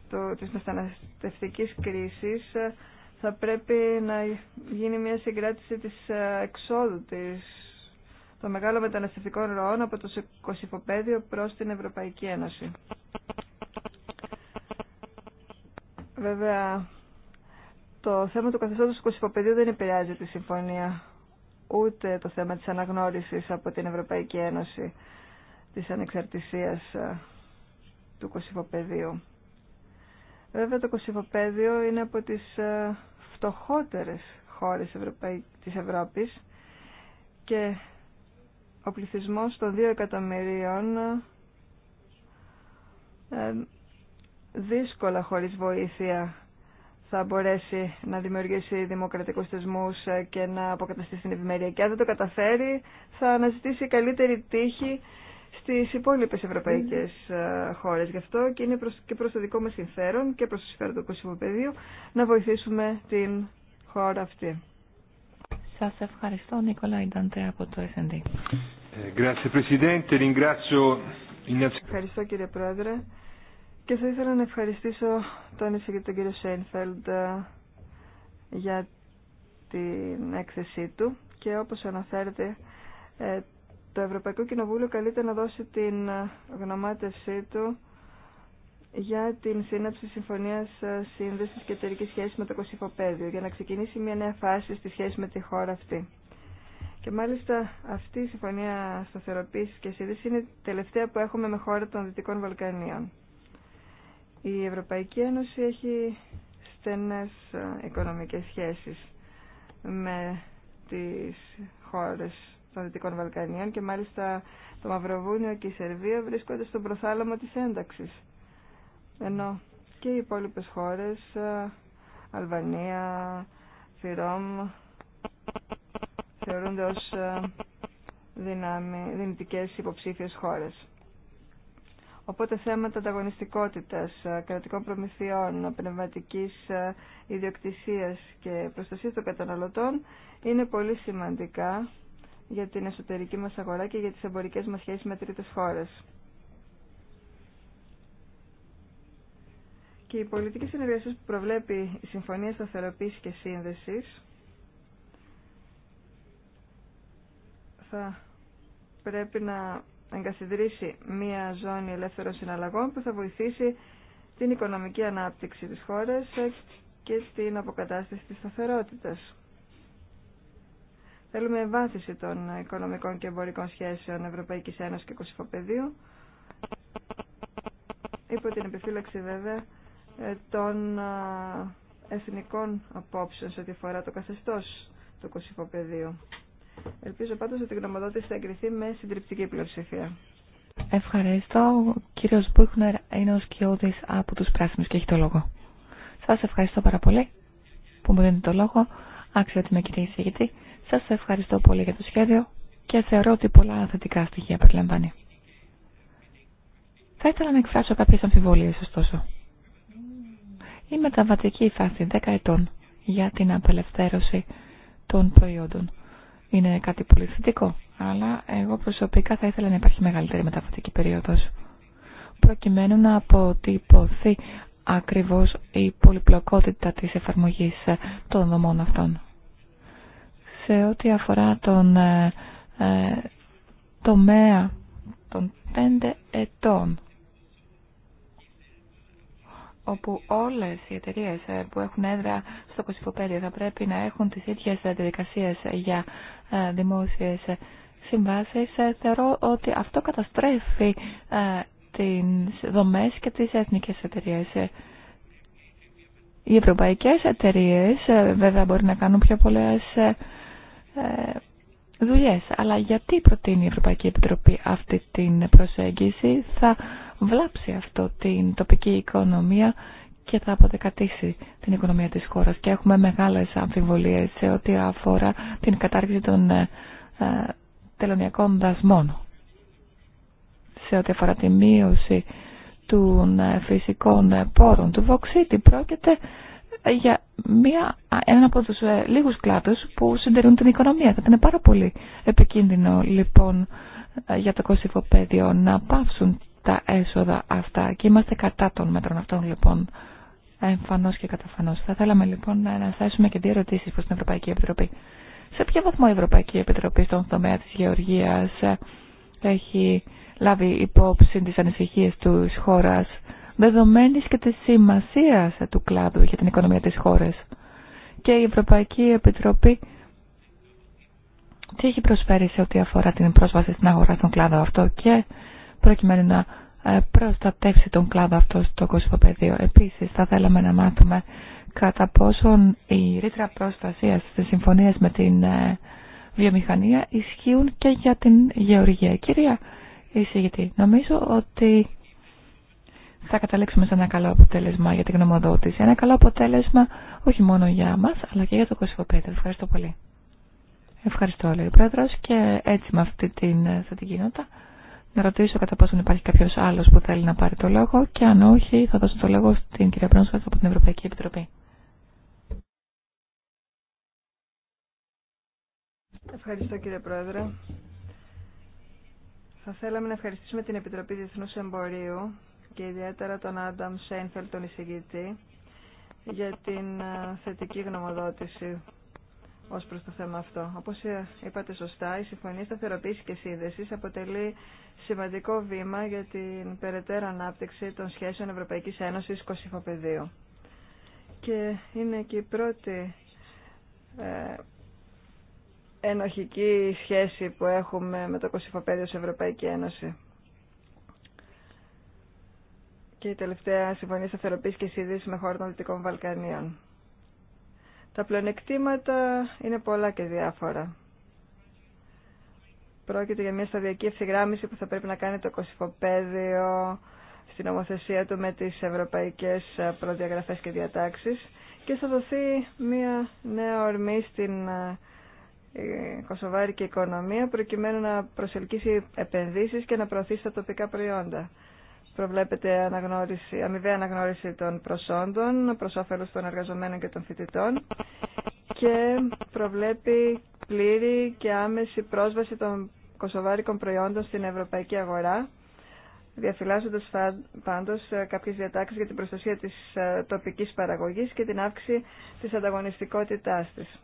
του, της μεταναστευτικής κρίσης θα πρέπει να γίνει μια συγκράτηση της ε, εξόδου της των μεγάλων μεταναστευτικών ροών από το Κωσυφοπαίδιο προς την Ευρωπαϊκή Ένωση. Βέβαια, το θέμα του καθεστώτος του Κωσυφοπεδίου δεν επηρεάζει τη συμφωνία, ούτε το θέμα της αναγνώρισης από την Ευρωπαϊκή Ένωση της ανεξαρτησίας ε, του κοσυφοπεδίου. Βέβαια, το κοσυφοπέδιο είναι από τις ε, φτωχότερες χώρες της Ευρώπης και ο πληθυσμός των 2 εκατομμυρίων ε, δύσκολα χωρίς βοήθεια θα μπορέσει να δημιουργήσει δημοκρατικούς θεσμούς και να αποκαταστήσει την ευημερία. Και αν δεν το καταφέρει θα αναζητήσει καλύτερη τύχη στις υπόλοιπες ευρωπαϊκές ε, χώρες. Γι' αυτό και είναι και προς το δικό μας συμφέρον και προς το συμφέρον του Κωσυφοπεδίου να βοηθήσουμε την χώρα αυτή. Σας ευχαριστώ Νίκολα Ιντάντε από το S&D. Ε, ευχαριστώ κύριε Πρόεδρε. Και θα ήθελα να ευχαριστήσω τον εισηγητή τον κύριο Σέινφελντ για την έκθεσή του και όπως αναφέρεται ε, το Ευρωπαϊκό Κοινοβούλιο καλείται να δώσει την γνωμάτευσή του για την σύναψη συμφωνίας ε, σύνδεσης και εταιρική σχέση με το Κωσυφοπαίδιο για να ξεκινήσει μια νέα φάση στη σχέση με τη χώρα αυτή. Και μάλιστα αυτή η συμφωνία σταθεροποίησης και σύνδεση είναι η τελευταία που έχουμε με χώρα των Δυτικών Βαλκανίων. Η Ευρωπαϊκή Ένωση έχει στενές ε, οικονομικές σχέσεις με τις χώρες των Δυτικών Βαλκανίων και μάλιστα το Μαυροβούνιο και η Σερβία βρίσκονται στον προθάλαμο της ένταξης. Ενώ και οι υπόλοιπες χώρες, ε, Αλβανία, Φιρόμ, θεωρούνται ως ε, δυνητικές υποψήφιες χώρες. Οπότε θέματα ανταγωνιστικότητας, ε, κρατικών προμηθειών, πνευματική ε, ιδιοκτησίας και προστασίας των καταναλωτών είναι πολύ σημαντικά για την εσωτερική μας αγορά και για τις εμπορικές μας σχέσεις με τρίτες χώρες. Και η πολιτική συνεργασία που προβλέπει η Συμφωνία σταθεροποίηση και Σύνδεσης θα πρέπει να εγκαθιδρύσει μία ζώνη ελεύθερων συναλλαγών που θα βοηθήσει την οικονομική ανάπτυξη της χώρας και την αποκατάσταση της σταθερότητας. Θέλουμε εμβάθυνση των οικονομικών και εμπορικών σχέσεων Ευρωπαϊκής Ένωσης και Κωσυφοπεδίου υπό την επιφύλαξη βέβαια των εθνικών απόψεων σε ό,τι αφορά το καθεστώς του Κωσυφοπεδίου. Ελπίζω πάντω ότι η γνωμοδότηση θα εγκριθεί με συντριπτική πλειοψηφία. Ευχαριστώ. Ο κύριο Μπούχνερ είναι ο σκιώδη από του πράσινου και έχει το λόγο. Σα ευχαριστώ πάρα πολύ που μου δίνετε το λόγο. Άξιο ότι με κύριε εισηγητή. Σα ευχαριστώ πολύ για το σχέδιο και θεωρώ ότι πολλά θετικά στοιχεία περιλαμβάνει. Θα ήθελα να εκφράσω κάποιε αμφιβολίε, ωστόσο. Η μεταβατική φάση 10 ετών για την απελευθέρωση των προϊόντων είναι κάτι πολύ θετικό. Αλλά εγώ προσωπικά θα ήθελα να υπάρχει μεγαλύτερη μεταβατική περίοδος προκειμένου να αποτυπωθεί ακριβώς η πολυπλοκότητα της εφαρμογής ε, των δομών αυτών. Σε ό,τι αφορά τον ε, ε, τομέα των πέντε ετών όπου όλες οι εταιρείες ε, που έχουν έδρα στο Κωσυφοπέδιο θα πρέπει να έχουν τις ίδιες ε, διαδικασίες ε, για δημόσιες συμβάσεις, θεωρώ ότι αυτό καταστρέφει τις δομές και τις εθνικές εταιρείες. Οι ευρωπαϊκές εταιρείε βέβαια μπορεί να κάνουν πιο πολλές δουλειές, αλλά γιατί προτείνει η Ευρωπαϊκή Επιτροπή αυτή την προσέγγιση θα βλάψει αυτό την τοπική οικονομία και θα αποδεκατήσει την οικονομία της χώρας και έχουμε μεγάλες αμφιβολίες σε ό,τι αφορά την κατάργηση των ε, ε τελωνιακών δασμών σε ό,τι αφορά τη μείωση των ε, φυσικών ε, πόρων του Βοξίτη πρόκειται για μια, ένα από τους λίγους κλάδους που συντηρούν την οικονομία. Θα ήταν πάρα πολύ επικίνδυνο λοιπόν για το κοσυφοπέδιο να πάυσουν τα έσοδα αυτά και είμαστε κατά των μέτρων αυτών λοιπόν εμφανώς και καταφανώς. Θα θέλαμε λοιπόν να θέσουμε και δύο ερωτήσεις προς την Ευρωπαϊκή Επιτροπή. Σε ποιο βαθμό η Ευρωπαϊκή Επιτροπή στον τομέα της γεωργίας έχει λάβει υπόψη τις ανησυχίες της χώρας δεδομένης και της σημασίας του κλάδου για την οικονομία της χώρας. Και η Ευρωπαϊκή Επιτροπή τι έχει προσφέρει σε ό,τι αφορά την πρόσβαση στην αγορά στον κλάδο αυτό και προκειμένου να ε, προστατεύσει τον κλάδο αυτό στο πεδίο. Επίσης θα θέλαμε να μάθουμε κατά πόσον η ρήτρα προστασία στις συμφωνίες με την ε, βιομηχανία ισχύουν και για την γεωργία. Κυρία Ισηγητή, νομίζω ότι θα καταλήξουμε σε ένα καλό αποτέλεσμα για την γνωμοδότηση. Ένα καλό αποτέλεσμα όχι μόνο για μας, αλλά και για το πεδίο. Ευχαριστώ πολύ. Ευχαριστώ, λέει ο Πρόεδρος, και έτσι με αυτή την ε, θετική νότα να ρωτήσω κατά πόσο υπάρχει κάποιος άλλος που θέλει να πάρει το λόγο και αν όχι θα δώσω το λόγο στην κυρία Πρόσφατα από την Ευρωπαϊκή Επιτροπή. Ευχαριστώ κύριε Πρόεδρε. Θα θέλαμε να ευχαριστήσουμε την Επιτροπή Διεθνούς Εμπορίου και ιδιαίτερα τον Άνταμ Σέινφελ, τον εισηγητή, για την ε, θετική γνωμοδότηση Ω προ το θέμα αυτό. Όπω ε, είπατε σωστά, η Συμφωνία Σταθεροποίηση και Σύνδεσης αποτελεί σημαντικό βήμα για την περαιτέρω ανάπτυξη των σχέσεων Ευρωπαϊκής Ένωσης Κωσυφοπεδίου. Και είναι και η πρώτη ε, ενοχική σχέση που έχουμε με το Κωσυφοπέδιο σε Ευρωπαϊκή Ένωση. Και η τελευταία συμφωνία σταθεροποίηση και σύνδεση με χώρα των Δυτικών Βαλκανίων. Τα πλεονεκτήματα είναι πολλά και διάφορα. Πρόκειται για μια σταδιακή ευθυγράμμιση που θα πρέπει να κάνει το κοσυφοπαίδιο στην ομοθεσία του με τις ευρωπαϊκές προδιαγραφές και διατάξεις και θα δοθεί μια νέα ορμή στην ε, κοσοβάρικη οικονομία προκειμένου να προσελκύσει επενδύσεις και να προωθήσει τα τοπικά προϊόντα προβλέπεται αναγνώριση, αμοιβαία αναγνώριση των προσόντων προς όφελος των εργαζομένων και των φοιτητών και προβλέπει πλήρη και άμεση πρόσβαση των κοσοβάρικων προϊόντων στην ευρωπαϊκή αγορά διαφυλάσσοντας πάντως ε, κάποιες διατάξεις για την προστασία της ε, τοπικής παραγωγής και την αύξηση της ανταγωνιστικότητάς της.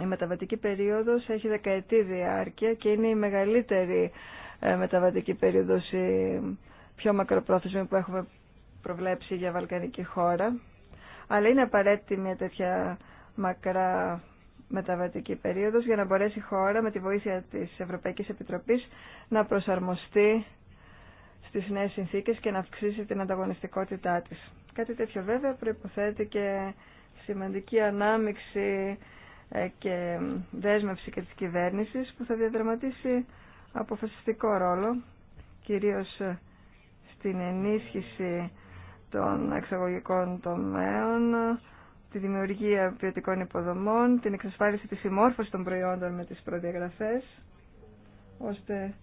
Η μεταβατική περίοδος έχει δεκαετή διάρκεια και είναι η μεγαλύτερη ε, μεταβατική περίοδος πιο μακροπρόθεσμη που έχουμε προβλέψει για βαλκανική χώρα. Αλλά είναι απαραίτητη μια τέτοια μακρά μεταβατική περίοδος για να μπορέσει η χώρα με τη βοήθεια της Ευρωπαϊκής Επιτροπής να προσαρμοστεί στις νέες συνθήκες και να αυξήσει την ανταγωνιστικότητά της. Κάτι τέτοιο βέβαια προϋποθέτει και σημαντική ανάμειξη ε, και δέσμευση και της κυβέρνησης που θα διαδραματίσει αποφασιστικό ρόλο κυρίως ε, την ενίσχυση των εξαγωγικών τομέων, τη δημιουργία ποιοτικών υποδομών, την εξασφάλιση της συμμόρφωσης των προϊόντων με τις προδιαγραφές, ώστε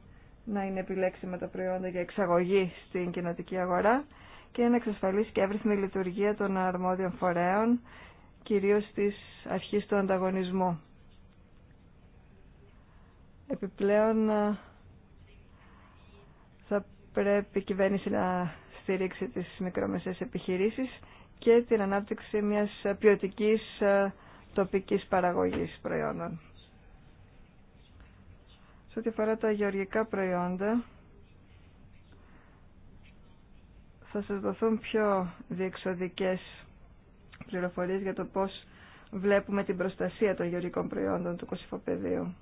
να είναι επιλέξιμα τα προϊόντα για εξαγωγή στην κοινοτική αγορά και να εξασφαλίσει και εύρυθμη λειτουργία των αρμόδιων φορέων, κυρίως της αρχής του ανταγωνισμού. Επιπλέον, πρέπει η κυβέρνηση να στηρίξει τις μικρομεσαίες επιχειρήσεις και την ανάπτυξη μιας ποιοτικής ε, τοπικής παραγωγής προϊόντων. Σε ό,τι αφορά τα γεωργικά προϊόντα, θα σας δοθούν πιο διεξοδικές πληροφορίες για το πώς βλέπουμε την προστασία των γεωργικών προϊόντων του κοσυφοπεδίου.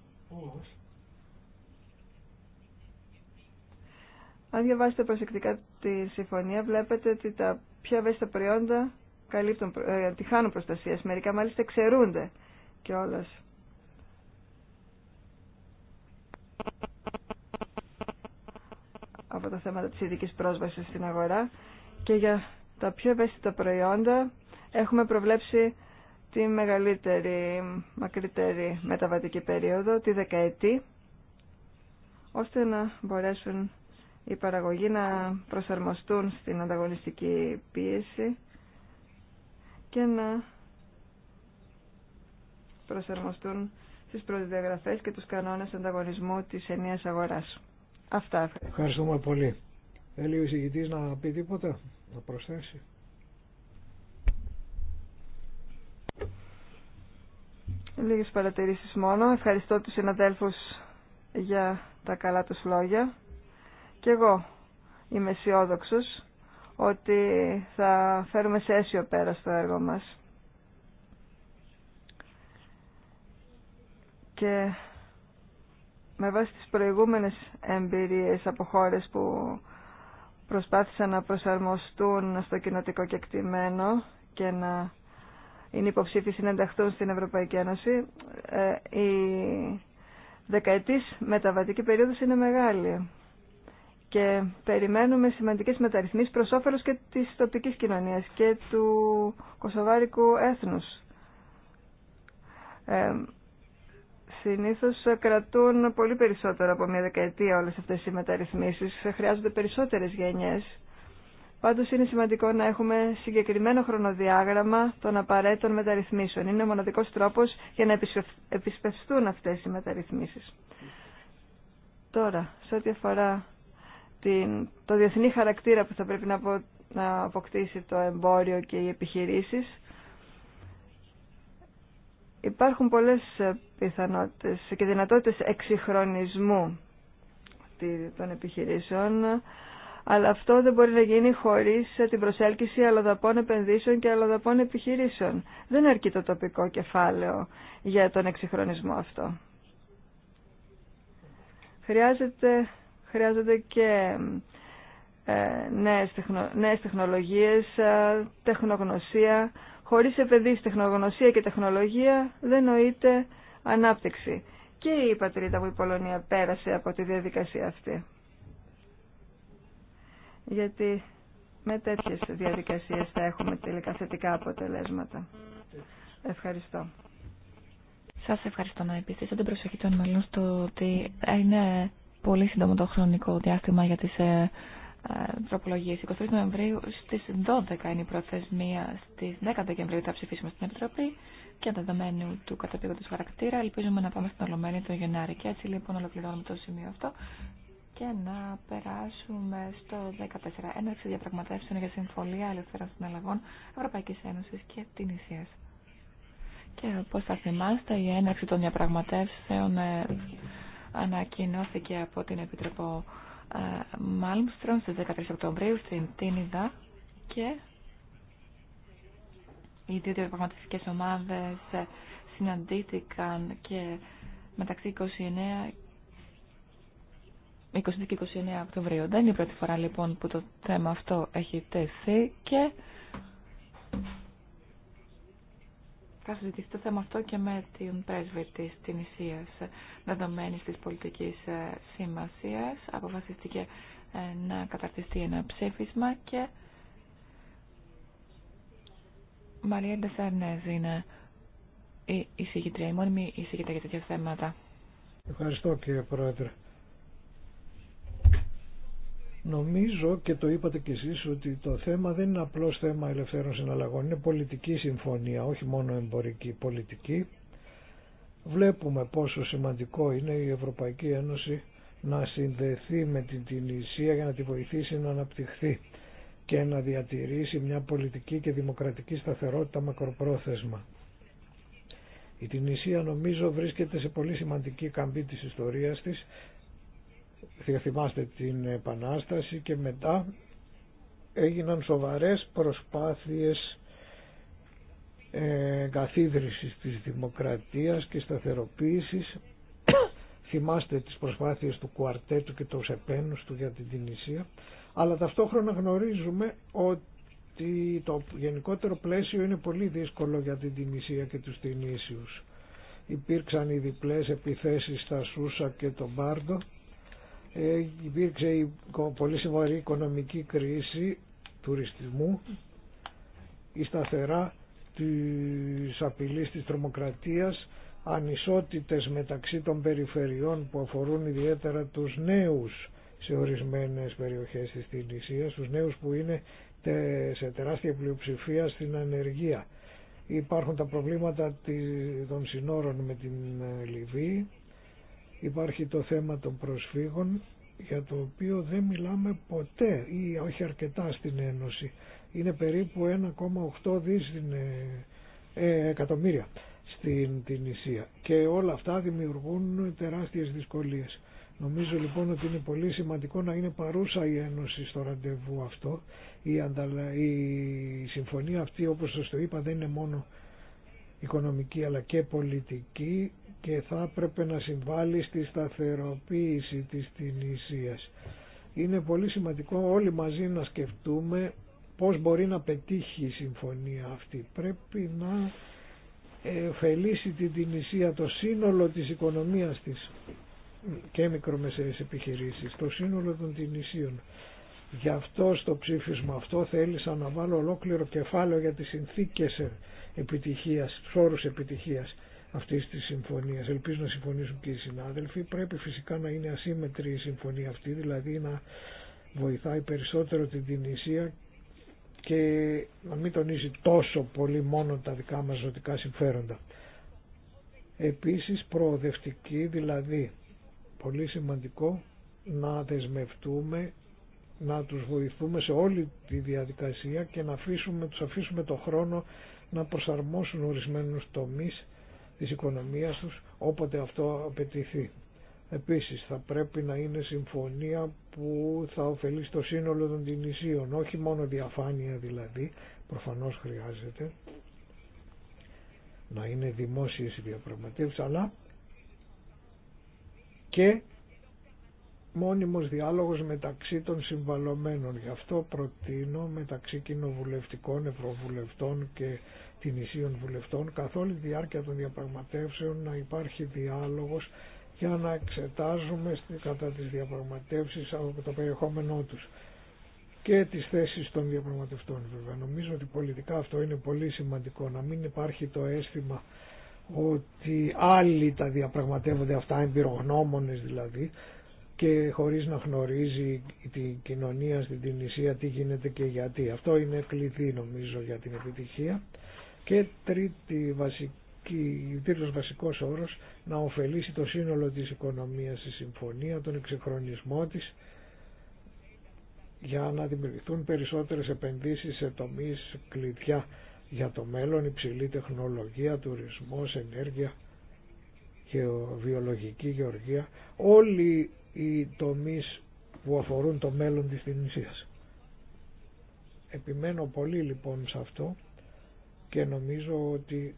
Αν διαβάσετε προσεκτικά τη συμφωνία, βλέπετε ότι τα πιο ευαίσθητα προϊόντα καλύπτουν, ε, τη χάνουν προστασία. Μερικά μάλιστα ξερούνται κιόλα. από τα θέματα της ειδικής πρόσβασης στην αγορά και για τα πιο ευαίσθητα προϊόντα έχουμε προβλέψει τη μεγαλύτερη, μακρύτερη μεταβατική περίοδο, τη δεκαετή, ώστε να μπορέσουν οι παραγωγοί να προσαρμοστούν στην ανταγωνιστική πίεση και να προσαρμοστούν στις προδιαγραφές και τους κανόνες ανταγωνισμού της ενίας αγοράς. Αυτά. Ευχαριστούμε πολύ. Θέλει ο εισηγητής να πει τίποτα, να προσθέσει. Λίγες παρατηρήσεις μόνο. Ευχαριστώ τους συναδέλφους για τα καλά τους λόγια. Και εγώ είμαι αισιόδοξο ότι θα φέρουμε σε αίσιο πέρα στο έργο μας. Και με βάση τις προηγούμενες εμπειρίες από χώρες που προσπάθησαν να προσαρμοστούν στο κοινοτικό κεκτημένο και να είναι υποψήφιοι να ενταχθούν στην Ευρωπαϊκή Ένωση, ε, η δεκαετής μεταβατική περίοδος είναι μεγάλη και περιμένουμε σημαντικές μεταρρυθμίσεις προς όφελος και της τοπικής κοινωνίας και του κοσοβάρικου έθνους. Ε, συνήθως κρατούν πολύ περισσότερο από μια δεκαετία όλες αυτές οι μεταρρυθμίσεις. Χρειάζονται περισσότερες γενιές. Πάντως είναι σημαντικό να έχουμε συγκεκριμένο χρονοδιάγραμμα των απαραίτητων μεταρρυθμίσεων. Είναι ο μοναδικός τρόπος για να επισπευστούν αυτές οι μεταρρυθμίσεις. Τώρα, σε ό,τι αφορά το διεθνή χαρακτήρα που θα πρέπει να, αποκτήσει το εμπόριο και οι επιχειρήσεις, υπάρχουν πολλές πιθανότητες και δυνατότητες εξυγχρονισμού των επιχειρήσεων, αλλά αυτό δεν μπορεί να γίνει χωρίς την προσέλκυση αλλοδαπών επενδύσεων και αλλοδαπών επιχειρήσεων. Δεν αρκεί το τοπικό κεφάλαιο για τον εξυγχρονισμό αυτό. Χρειάζεται χρειάζονται και ε, νέες, τεχνο, τεχνολογίες, ε, τεχνογνωσία. Χωρίς επενδύσεις τεχνογνωσία και τεχνολογία δεν νοείται ανάπτυξη. Και η πατρίδα που η Πολωνία πέρασε από τη διαδικασία αυτή. Γιατί με τέτοιες διαδικασίες θα έχουμε τελικά θετικά αποτελέσματα. Ευχαριστώ. Σας ευχαριστώ να την προσοχή των στο ότι είναι πολύ σύντομο το χρονικό διάστημα για τις ε, 23 ε, Νοεμβρίου στις 12 είναι η προθεσμία, στις 10 Δεκεμβρίου θα ψηφίσουμε στην Επιτροπή και δεδομένου του καταπήγοντος χαρακτήρα ελπίζουμε να πάμε στην Ολομένη το Γενάρη. Και έτσι λοιπόν ολοκληρώνουμε το σημείο αυτό και να περάσουμε στο 14. Έναρξη διαπραγματεύσεων για συμφωνία ελευθερών συναλλαγών Ευρωπαϊκής Ένωσης και την Ισίας. Και όπω θα θυμάστε, η έναρξη των διαπραγματεύσεων ε, ανακοινώθηκε από την Επιτροπό ε, Μάλμστρον στις 13 Οκτωβρίου στην Τίνιδα και οι δύο διαπραγματευτικές ομάδες συναντήθηκαν και μεταξύ 29 20 και 29 Οκτωβρίου. Δεν είναι η πρώτη φορά λοιπόν που το θέμα αυτό έχει τεθεί και θα συζητήσει το θέμα αυτό και με την πρέσβη τη Τινησία. Δεδομένη τη πολιτική ε, σημασία, αποφασίστηκε ε, να καταρτιστεί ένα ψήφισμα και Μαρία Ντεσσαρνέζ είναι η εισηγητρία, η μόνιμη εισηγητρία για τέτοια θέματα. Ευχαριστώ κύριε Πρόεδρε. Νομίζω και το είπατε κι εσείς ότι το θέμα δεν είναι απλώς θέμα ελευθέρων συναλλαγών, είναι πολιτική συμφωνία, όχι μόνο εμπορική πολιτική. Βλέπουμε πόσο σημαντικό είναι η Ευρωπαϊκή Ένωση να συνδεθεί με την Τινησία για να τη βοηθήσει να αναπτυχθεί και να διατηρήσει μια πολιτική και δημοκρατική σταθερότητα μακροπρόθεσμα. Η Τινησία νομίζω βρίσκεται σε πολύ σημαντική καμπή της ιστορίας της θυμάστε την Επανάσταση και μετά έγιναν σοβαρές προσπάθειες ε, καθίδρυσης της δημοκρατίας και σταθεροποίησης θυμάστε τις προσπάθειες του κουαρτέτου και του σεπένους του για την Τινησία αλλά ταυτόχρονα γνωρίζουμε ότι το γενικότερο πλαίσιο είναι πολύ δύσκολο για την Τινησία και τους Τινήσιους υπήρξαν οι διπλές επιθέσεις στα Σούσα και τον Μπάρντο υπήρξε η πολύ σημαντική οικονομική κρίση τουριστισμού η σταθερά της απειλής της τρομοκρατίας ανισότητες μεταξύ των περιφερειών που αφορούν ιδιαίτερα τους νέους σε ορισμένες περιοχές της Τινησίας, τους νέους που είναι σε τεράστια πλειοψηφία στην ανεργία. Υπάρχουν τα προβλήματα των συνόρων με την ε, Λιβύη Υπάρχει το θέμα των προσφύγων για το οποίο δεν μιλάμε ποτέ ή όχι αρκετά στην Ένωση. Είναι περίπου 1,8 δις ε, ε, εκατομμύρια στην την Ισία και όλα αυτά δημιουργούν τεράστιες δυσκολίες. Νομίζω λοιπόν ότι είναι πολύ σημαντικό να είναι παρούσα η Ένωση στο ραντεβού αυτό. Η, ανταλα... η συμφωνία αυτή όπως σας το είπα δεν είναι μόνο οικονομική αλλά και πολιτική και θα έπρεπε να συμβάλλει στη σταθεροποίηση της τηνήσίας. Είναι πολύ σημαντικό όλοι μαζί να σκεφτούμε πώς μπορεί να πετύχει η συμφωνία αυτή. Πρέπει να ωφελήσει την Τινησία το σύνολο της οικονομίας της και μικρομεσαίες επιχειρήσεις, το σύνολο των Τινησίων. Γι' αυτό στο ψήφισμα αυτό θέλησα να βάλω ολόκληρο κεφάλαιο για τις συνθήκες επιτυχίας, τους επιτυχίας αυτής της συμφωνίας. Ελπίζω να συμφωνήσουν και οι συνάδελφοι. Πρέπει φυσικά να είναι ασύμετρη η συμφωνία αυτή, δηλαδή να βοηθάει περισσότερο την Τινησία και να μην τονίζει τόσο πολύ μόνο τα δικά μας ζωτικά συμφέροντα. Επίσης προοδευτική, δηλαδή πολύ σημαντικό να δεσμευτούμε, να τους βοηθούμε σε όλη τη διαδικασία και να αφήσουμε, αφήσουμε το χρόνο να προσαρμόσουν ορισμένους τομείς της οικονομίας τους όποτε αυτό απαιτηθεί. Επίσης θα πρέπει να είναι συμφωνία που θα ωφελεί στο σύνολο των τυνησίων, όχι μόνο διαφάνεια δηλαδή, προφανώς χρειάζεται να είναι δημόσιες οι διαπραγματεύσεις, αλλά και μόνιμος διάλογος μεταξύ των συμβαλωμένων. Γι' αυτό προτείνω μεταξύ κοινοβουλευτικών, ευρωβουλευτών και την ισίων βουλευτών καθ' όλη τη διάρκεια των διαπραγματεύσεων να υπάρχει διάλογος για να εξετάζουμε κατά τις διαπραγματεύσεις από το περιεχόμενό τους και τις θέσεις των διαπραγματευτών βέβαια. Νομίζω ότι πολιτικά αυτό είναι πολύ σημαντικό να μην υπάρχει το αίσθημα ότι άλλοι τα διαπραγματεύονται αυτά, εμπειρογνώμονες δηλαδή, και χωρίς να γνωρίζει την κοινωνία στην Τινησία τι γίνεται και γιατί. Αυτό είναι κλειδί νομίζω για την επιτυχία και τρίτη βασική, τρίτος βασικός όρος να ωφελήσει το σύνολο της οικονομίας η συμφωνία, τον εξυγχρονισμό της για να δημιουργηθούν περισσότερες επενδύσεις σε τομείς κλειδιά για το μέλλον, υψηλή τεχνολογία, τουρισμός, ενέργεια και βιολογική γεωργία, όλοι οι τομείς που αφορούν το μέλλον της Τινησίας. Επιμένω πολύ λοιπόν σε αυτό και νομίζω ότι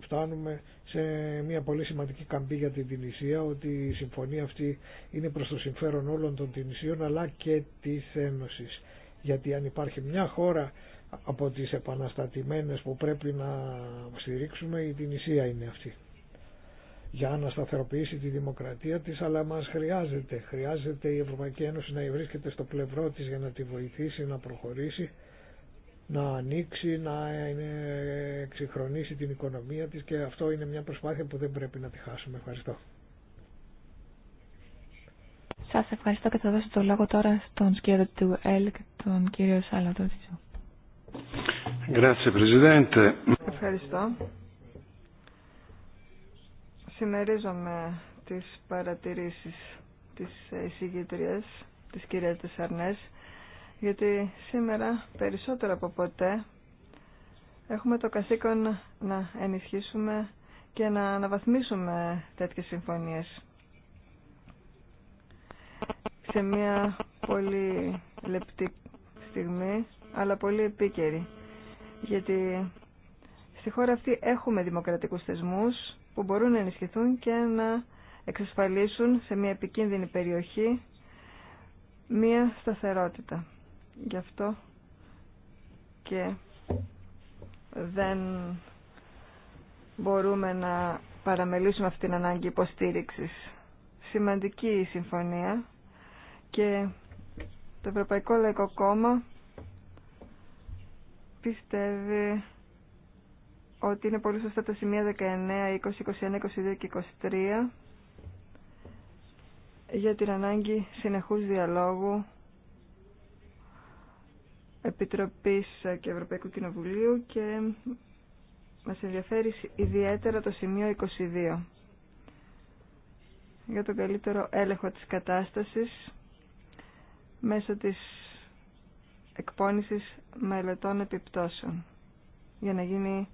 φτάνουμε σε μια πολύ σημαντική καμπή για την Τινησία ότι η συμφωνία αυτή είναι προς το συμφέρον όλων των Τινησίων αλλά και της Ένωσης γιατί αν υπάρχει μια χώρα από τις επαναστατημένες που πρέπει να στηρίξουμε η Τινησία είναι αυτή για να σταθεροποιήσει τη δημοκρατία της αλλά μας χρειάζεται χρειάζεται η Ευρωπαϊκή Ένωση να βρίσκεται στο πλευρό της για να τη βοηθήσει να προχωρήσει να ανοίξει, να εξυγχρονίσει την οικονομία της και αυτό είναι μια προσπάθεια που δεν πρέπει να τη χάσουμε. Ευχαριστώ. Σας ευχαριστώ και θα δώσω το λόγο τώρα στον κύριο του ΕΛΚ, τον κύριο Σαλατότσιο. Ευχαριστώ. Συμμερίζομαι τις παρατηρήσεις της εισηγήτριας, της κυρίας Τεσσαρνές γιατί σήμερα περισσότερο από ποτέ έχουμε το καθήκον να ενισχύσουμε και να αναβαθμίσουμε τέτοιες συμφωνίες σε μια πολύ λεπτή στιγμή αλλά πολύ επίκαιρη γιατί στη χώρα αυτή έχουμε δημοκρατικούς θεσμούς που μπορούν να ενισχυθούν και να εξασφαλίσουν σε μια επικίνδυνη περιοχή μια σταθερότητα. Γι' αυτό και δεν μπορούμε να παραμελήσουμε αυτήν την ανάγκη υποστήριξης. Σημαντική η συμφωνία και το Ευρωπαϊκό Λαϊκό Κόμμα πιστεύει ότι είναι πολύ σωστά τα σημεία 19, 20, 21, 22 και 23 για την ανάγκη συνεχούς διαλόγου Επιτροπής και Ευρωπαϊκού Κοινοβουλίου και μας ενδιαφέρει ιδιαίτερα το σημείο 22 για τον καλύτερο έλεγχο της κατάστασης μέσω της εκπόνησης μελετών επιπτώσεων για να γίνει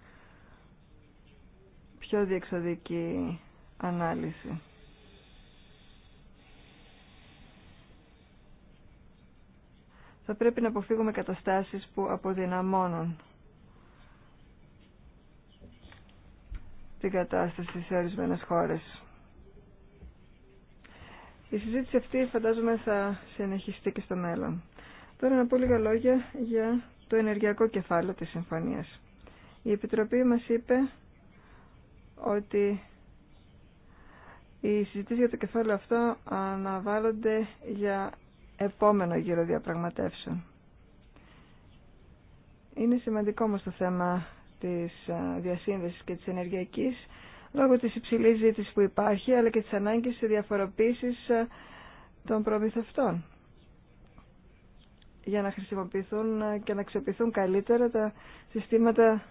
πιο διεξοδική ανάλυση. θα πρέπει να αποφύγουμε καταστάσεις που αποδυναμώνουν την κατάσταση σε ορισμένε χώρες. Η συζήτηση αυτή φαντάζομαι θα συνεχιστεί και στο μέλλον. Τώρα να πω λίγα λόγια για το ενεργειακό κεφάλαιο της συμφωνίας. Η Επιτροπή μας είπε ότι οι συζητήσεις για το κεφάλαιο αυτό αναβάλλονται για επόμενο γύρο διαπραγματεύσεων. Είναι σημαντικό όμως το θέμα της ε, διασύνδεσης και της ενεργειακής λόγω της υψηλής ζήτησης που υπάρχει αλλά και της ανάγκης της διαφοροποίησης ε, των προμηθευτών για να χρησιμοποιηθούν ε, και να αξιοποιηθούν καλύτερα τα συστήματα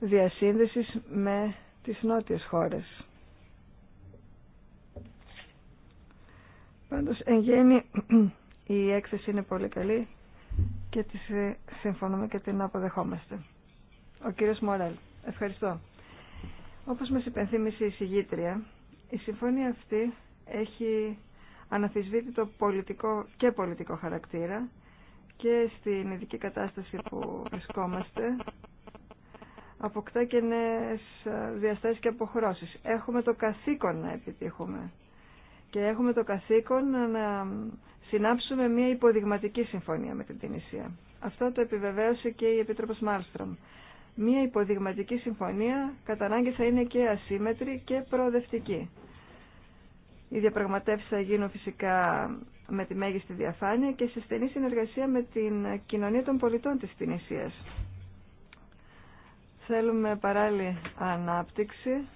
διασύνδεσης με τις νότιες χώρες. Πάντως, εν γέννη, η έκθεση είναι πολύ καλή και τη συμφωνούμε και την αποδεχόμαστε. Ο κύριος Μορέλ. Ευχαριστώ. Όπως μας υπενθύμησε η συγγήτρια, η συμφωνία αυτή έχει αναφυσβήτητο πολιτικό και πολιτικό χαρακτήρα και στην ειδική κατάσταση που βρισκόμαστε αποκτά και νέες ε, διαστάσεις και αποχρώσεις. Έχουμε το καθήκον να επιτύχουμε και έχουμε το καθήκον να συνάψουμε μια υποδειγματική συμφωνία με την Τινησία. Αυτό το επιβεβαίωσε και η Επίτροπος Μάλστρομ. Μια υποδειγματική συμφωνία κατά ανάγκη θα είναι και ασύμετρη και προοδευτική. Οι διαπραγματεύσει θα γίνουν φυσικά με τη μέγιστη διαφάνεια και σε στενή συνεργασία με την κοινωνία των πολιτών της Τινησίας. Θέλουμε παράλληλη ανάπτυξη,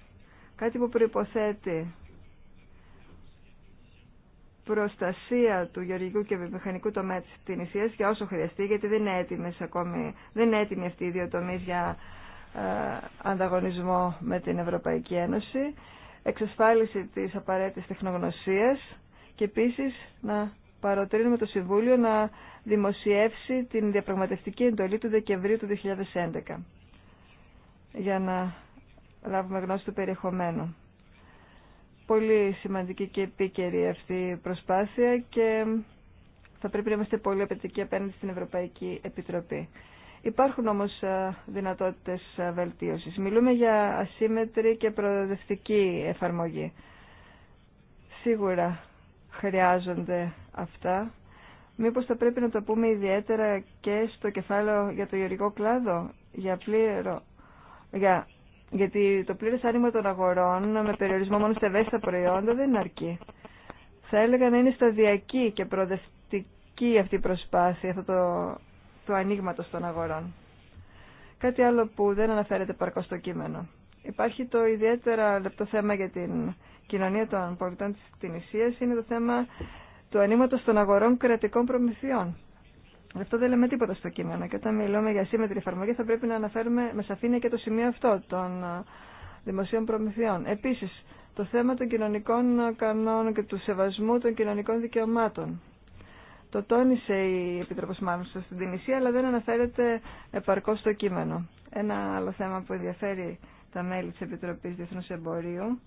κάτι που προϋποθέτει προστασία του γεωργικού και βιομηχανικού τομέα της Τινησίας για όσο χρειαστεί, γιατί δεν είναι, ακόμη, δεν είναι έτοιμοι αυτοί οι δύο για ε, ανταγωνισμό με την Ευρωπαϊκή Ένωση, εξασφάλιση της απαραίτητης τεχνογνωσίας και επίσης να παροτρύνουμε το Συμβούλιο να δημοσιεύσει την διαπραγματευτική εντολή του Δεκεμβρίου του 2011 για να λάβουμε γνώση του περιεχομένου πολύ σημαντική και επίκαιρη αυτή η προσπάθεια και θα πρέπει να είμαστε πολύ απαιτητικοί απέναντι στην Ευρωπαϊκή Επιτροπή. Υπάρχουν όμως ε, δυνατότητες ε, βελτίωσης. Μιλούμε για ασύμετρη και προοδευτική εφαρμογή. Σίγουρα χρειάζονται αυτά. Μήπως θα πρέπει να το πούμε ιδιαίτερα και στο κεφάλαιο για το γεωργικό κλάδο, για πλήρω, γιατί το πλήρες άνοιγμα των αγορών με περιορισμό μόνο στα ευαίσθητα προϊόντα δεν αρκεί. Θα έλεγα να είναι σταδιακή και προοδευτική αυτή η προσπάθεια, αυτό το, το ανοίγματο των αγορών. Κάτι άλλο που δεν αναφέρεται παρκώς στο κείμενο. Υπάρχει το ιδιαίτερα λεπτό θέμα για την κοινωνία των πολιτών της Τινησίας, είναι το θέμα του ανοίγματο των αγορών κρατικών προμηθειών. Γι' αυτό δεν λέμε τίποτα στο κείμενο. Και όταν μιλούμε για σύμμετρη εφαρμογή, θα πρέπει να αναφέρουμε με σαφήνεια και το σημείο αυτό των ε, δημοσίων προμηθειών. Επίση, το θέμα των κοινωνικών κανόνων και του σεβασμού των κοινωνικών δικαιωμάτων. Το τόνισε η Επιτροπή Μάνουσα στην Τινησία, αλλά δεν αναφέρεται επαρκώ στο κείμενο. Ένα άλλο θέμα που ενδιαφέρει τα μέλη τη Επιτροπή Διεθνού Εμπορίου.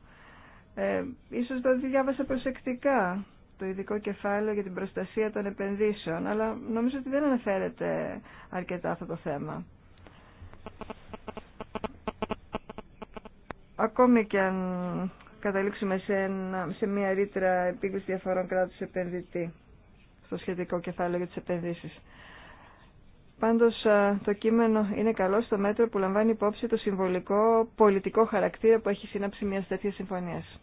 Ε, ίσως το διάβασα προσεκτικά το ειδικό κεφάλαιο για την προστασία των επενδύσεων, αλλά νομίζω ότι δεν αναφέρεται αρκετά αυτό το θέμα. Ακόμη και αν καταλήξουμε σε, μια ρήτρα επίκληση διαφορών κράτους επενδυτή στο σχετικό κεφάλαιο για τις επενδύσεις. Πάντως το κείμενο είναι καλό στο μέτρο που λαμβάνει υπόψη το συμβολικό πολιτικό χαρακτήρα που έχει σύναψη μια τέτοια συμφωνίας.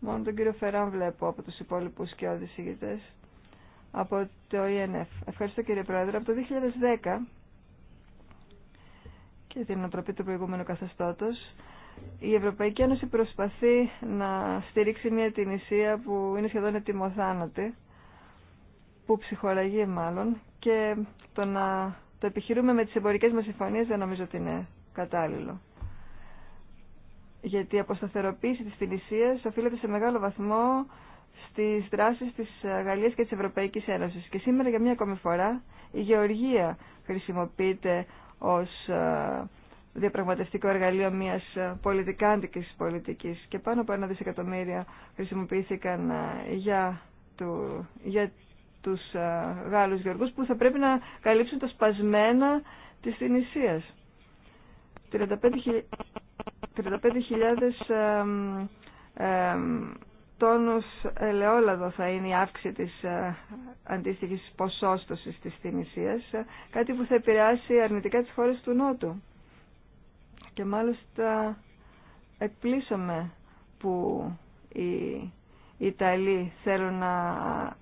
Μόνο τον κύριο Φεράν βλέπω από τους υπόλοιπους και ηγητές από το ΙΕΝΕΦ. E Ευχαριστώ κύριε Πρόεδρε. Από το 2010 και την ανατροπή του προηγούμενου καθεστώτος η Ευρωπαϊκή Ένωση προσπαθεί να στηρίξει μια Τινησία που είναι σχεδόν ετοιμοθάνατη που ψυχοραγεί μάλλον και το να το επιχειρούμε με τις εμπορικές μας συμφωνίες δεν νομίζω ότι είναι κατάλληλο γιατί η αποσταθεροποίηση της Τινησίας οφείλεται σε μεγάλο βαθμό στις δράσεις της Γαλλίας και της Ευρωπαϊκής Ένωσης. Και σήμερα για μια ακόμη φορά η γεωργία χρησιμοποιείται ως ε, διαπραγματευτικό εργαλείο μιας ε, πολιτικά αντικής πολιτικής και πάνω από ένα δισεκατομμύρια χρησιμοποιήθηκαν ε, για, του, για τους Γάλλους γεωργούς που θα πρέπει να καλύψουν τα σπασμένα της Τινησίας. 35.000 τόνους ελαιόλαδο θα είναι η αύξηση της ε, αντίστοιχης ποσόστοσης της θυμησίας, ε, κάτι που θα επηρεάσει αρνητικά τις χώρες του Νότου. Και μάλιστα εκπλήσαμε που οι Ιταλοί θέλουν να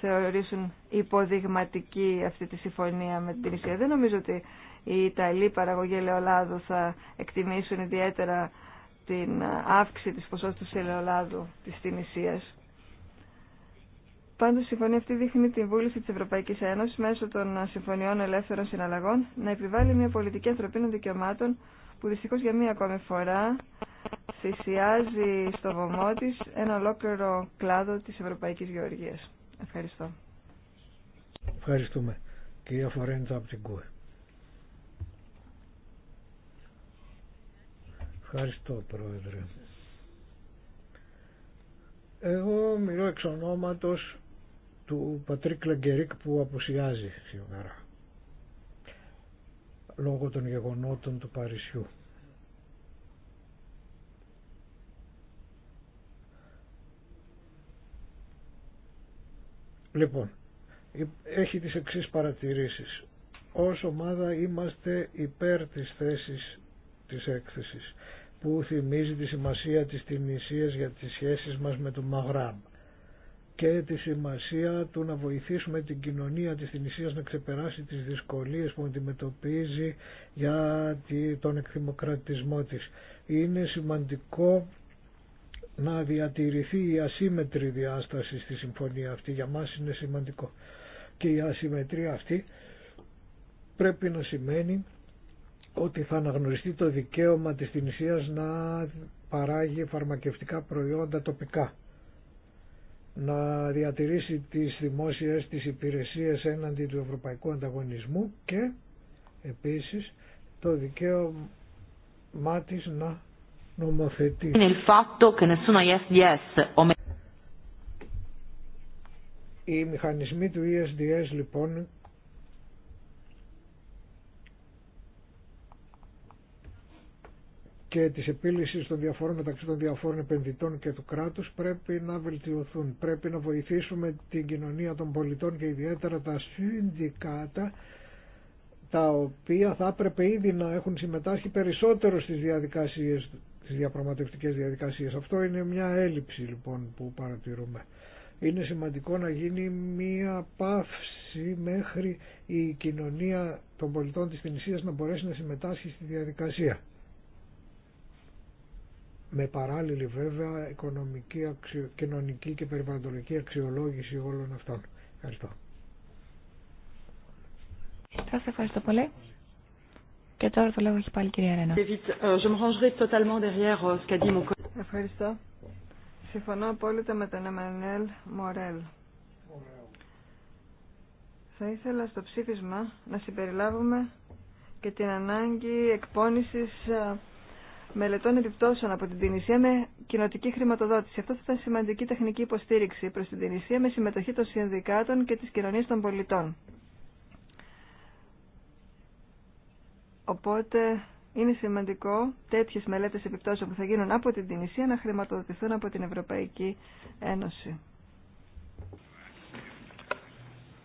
θεωρήσουν υποδειγματική αυτή τη συμφωνία με την Ισία. Δεν νομίζω ότι οι Ιταλοί παραγωγοί ελαιολάδου θα εκτιμήσουν ιδιαίτερα την αύξηση της ποσότητας ελαιολάδου της Τινησίας. Πάντως η συμφωνία αυτή δείχνει την βούληση της Ευρωπαϊκής Ένωσης μέσω των συμφωνιών ελεύθερων συναλλαγών να επιβάλλει μια πολιτική ανθρωπίνων δικαιωμάτων που δυστυχώς για μία ακόμη φορά θυσιάζει στο βωμό της ένα ολόκληρο κλάδο της Ευρωπαϊκής Γεωργίας. Ευχαριστώ. Ευχαριστούμε. Κυρία Ευχαριστώ Πρόεδρε. Εγώ μιλώ εξ ονόματος του Πατρίκ Λαγκερίκ που αποσιάζει σήμερα λόγω των γεγονότων του Παρισιού. Λοιπόν, έχει τις εξής παρατηρήσεις. Ως ομάδα είμαστε υπέρ της θέσης της έκθεσης που θυμίζει τη σημασία της Τινησίας για τις σχέσεις μας με τον Μαγράμ και τη σημασία του να βοηθήσουμε την κοινωνία της Τινησίας να ξεπεράσει τις δυσκολίες που αντιμετωπίζει για τον εκδημοκρατισμό της. Είναι σημαντικό να διατηρηθεί η ασύμετρη διάσταση στη συμφωνία αυτή. Για μας είναι σημαντικό. Και η ασυμμετρία αυτή πρέπει να σημαίνει ότι θα αναγνωριστεί το δικαίωμα της Τινησίας να παράγει φαρμακευτικά προϊόντα τοπικά να διατηρήσει τις δημόσιες τις υπηρεσίες έναντι του ευρωπαϊκού ανταγωνισμού και επίσης το δικαίωμά της να νομοθετεί. Οι μηχανισμοί του ESDS λοιπόν και της επίλυσης των διαφορών μεταξύ των διαφόρων επενδυτών και του κράτους πρέπει να βελτιωθούν. Πρέπει να βοηθήσουμε την κοινωνία των πολιτών και ιδιαίτερα τα συνδικάτα τα οποία θα έπρεπε ήδη να έχουν συμμετάσχει περισσότερο στις διαδικασίες στις διαπραγματευτικές διαδικασίες. Αυτό είναι μια έλλειψη λοιπόν που παρατηρούμε. Είναι σημαντικό να γίνει μια παύση μέχρι η κοινωνία των πολιτών της Τινησίας να μπορέσει να συμμετάσχει στη διαδικασία με παράλληλη βέβαια οικονομική, αξιο... κοινωνική και περιβαλλοντολογική αξιολόγηση όλων αυτών. Ευχαριστώ. Σας ευχαριστώ πολύ. Και τώρα το λόγο έχει πάλι η κυρία Ρένα. Euh, euh, ευχαριστώ. Συμφωνώ απόλυτα με τον Εμμανιέλ Μορέλ. Θα ήθελα στο ψήφισμα να συμπεριλάβουμε και την ανάγκη εκπόνησης ε, μελετών επιπτώσεων από την Τινησία με κοινοτική χρηματοδότηση. Αυτό θα ήταν σημαντική τεχνική υποστήριξη προς την Τινησία με συμμετοχή των συνδικάτων και της κοινωνίας των πολιτών. Οπότε είναι σημαντικό τέτοιες μελέτες επιπτώσεων που θα γίνουν από την Τινησία να χρηματοδοτηθούν από την Ευρωπαϊκή Ένωση.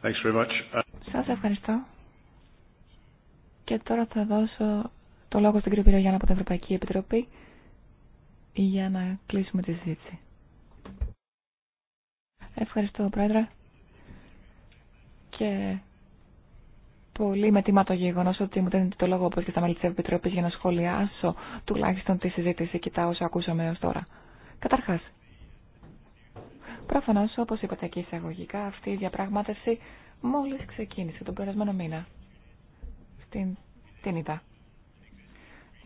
Σα Σας ευχαριστώ. Και τώρα θα δώσω το λόγο στην κύριο Πυρογιάννα από την Ευρωπαϊκή Επιτροπή για να κλείσουμε τη συζήτηση. Ευχαριστώ, Πρόεδρε. Και πολύ με τιμα το γεγονό ότι μου δίνετε το λόγο όπω και στα μέλη τη Επιτροπή για να σχολιάσω τουλάχιστον τη συζήτηση και τα όσα ακούσαμε έω τώρα. Καταρχά, προφανώ όπω είπατε και εισαγωγικά, αυτή η διαπραγμάτευση μόλι ξεκίνησε τον περασμένο μήνα. Στην την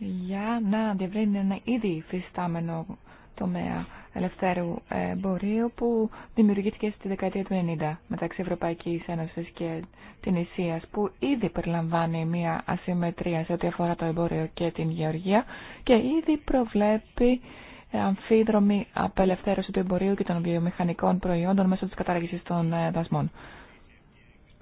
για να διευρύνει ένα ήδη φυστάμενο τομέα ελευθέρου ε, εμπορίου που δημιουργήθηκε στη δεκαετία του 90 μεταξύ Ευρωπαϊκής Ένωσης και την Ισίας που ήδη περιλαμβάνει μια ασυμμετρία σε ό,τι αφορά το εμπόριο και την γεωργία και ήδη προβλέπει αμφίδρομη απελευθέρωση του εμπορίου και των βιομηχανικών προϊόντων μέσω της κατάργησης των ε, δασμών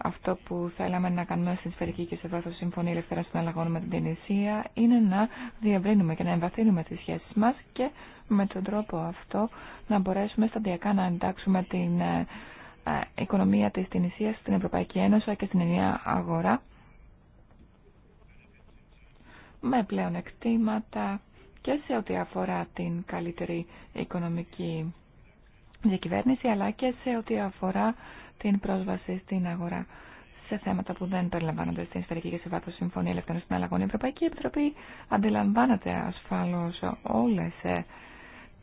αυτό που θέλαμε να κάνουμε στην Σφαιρική και σε βάθος Συμφωνία Ελευθερών των Αλλαγών με την Τινησία είναι να διευρύνουμε και να εμβαθύνουμε τις σχέσεις μας και με τον τρόπο αυτό να μπορέσουμε σταδιακά να εντάξουμε την ε, ε, οικονομία της Τινησίας στην Ευρωπαϊκή Ένωση και στην ενιαία αγορά με πλέον εκτήματα και σε ό,τι αφορά την καλύτερη οικονομική διακυβέρνηση αλλά και σε ό,τι αφορά την πρόσβαση στην αγορά σε θέματα που δεν περιλαμβάνονται στην Ιστορική και Συμβάθο Συμφωνία Ελευθερών Συναλλαγών. Η Ευρωπαϊκή Επιτροπή αντιλαμβάνεται ασφαλώ όλε ε,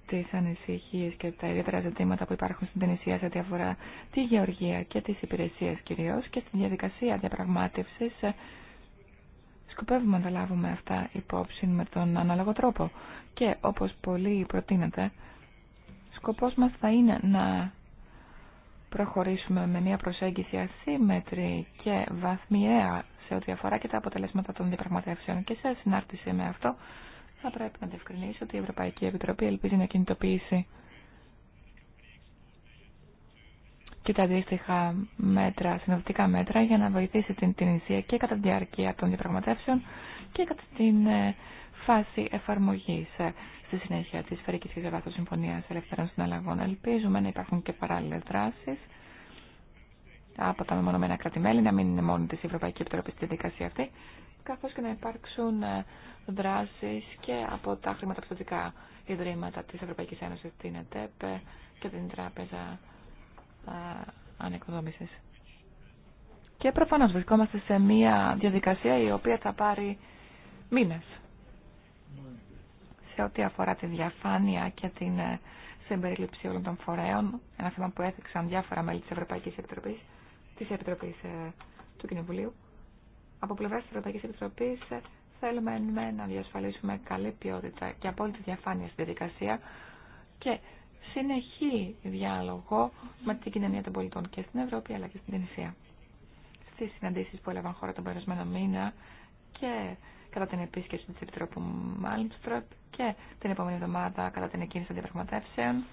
τι ανησυχίε και τα ιδιαίτερα ζητήματα που υπάρχουν στην Τινησία σε ό,τι αφορά τη γεωργία και τι υπηρεσίε κυρίω και στη διαδικασία διαπραγμάτευση. Ε, σκοπεύουμε να τα λάβουμε αυτά υπόψη με τον ανάλογο τρόπο. Και όπω πολύ προτείνεται, σκοπός μας θα είναι να προχωρήσουμε με μια προσέγγιση ασύμετρη και βαθμιαία σε ό,τι αφορά και τα αποτελέσματα των διαπραγματεύσεων. Και σε συνάρτηση με αυτό θα πρέπει να διευκρινίσω ότι η Ευρωπαϊκή Επιτροπή ελπίζει να κινητοποιήσει και τα αντίστοιχα μέτρα, συνοδευτικά μέτρα για να βοηθήσει την Τινησία και κατά τη διάρκεια των διαπραγματεύσεων και κατά την ε, φάση εφαρμογής στη συνέχεια τη Φερική και Ζεβαστος Συμφωνία Ελευθερών Συναλλαγών. Ελπίζουμε να υπάρχουν και παράλληλε δράσει από τα μεμονωμένα κράτη-μέλη, να μην είναι μόνο τη Ευρωπαϊκή Επιτροπή στη δικασία αυτή, καθώ και να υπάρξουν ε, δράσει και από τα χρηματοπιστωτικά ιδρύματα τη Ευρωπαϊκή Ένωση, την ΕΤΕΠ και την Τράπεζα ε, Ανεκοδόμηση. Και προφανώ βρισκόμαστε σε μια διαδικασία η οποία θα πάρει μήνε σε ό,τι αφορά τη διαφάνεια και την ε, συμπερίληψη όλων των φορέων, ένα θέμα που έθιξαν διάφορα μέλη της Ευρωπαϊκής Επιτροπής, της Επιτροπής ε, του Κοινοβουλίου. Από πλευράς της Ευρωπαϊκής Επιτροπής ε, θέλουμε ναι, να διασφαλίσουμε καλή ποιότητα και απόλυτη διαφάνεια στη διαδικασία και συνεχή διάλογο με την κοινωνία των πολιτών και στην Ευρώπη αλλά και στην Τινησία. Στις συναντήσεις που έλαβαν χώρα τον περασμένο μήνα και κατά την επίσκεψη της Επιτρόπου Μάλμστροπ και την επόμενη εβδομάδα κατά την εκείνη των διαπραγματεύσεων.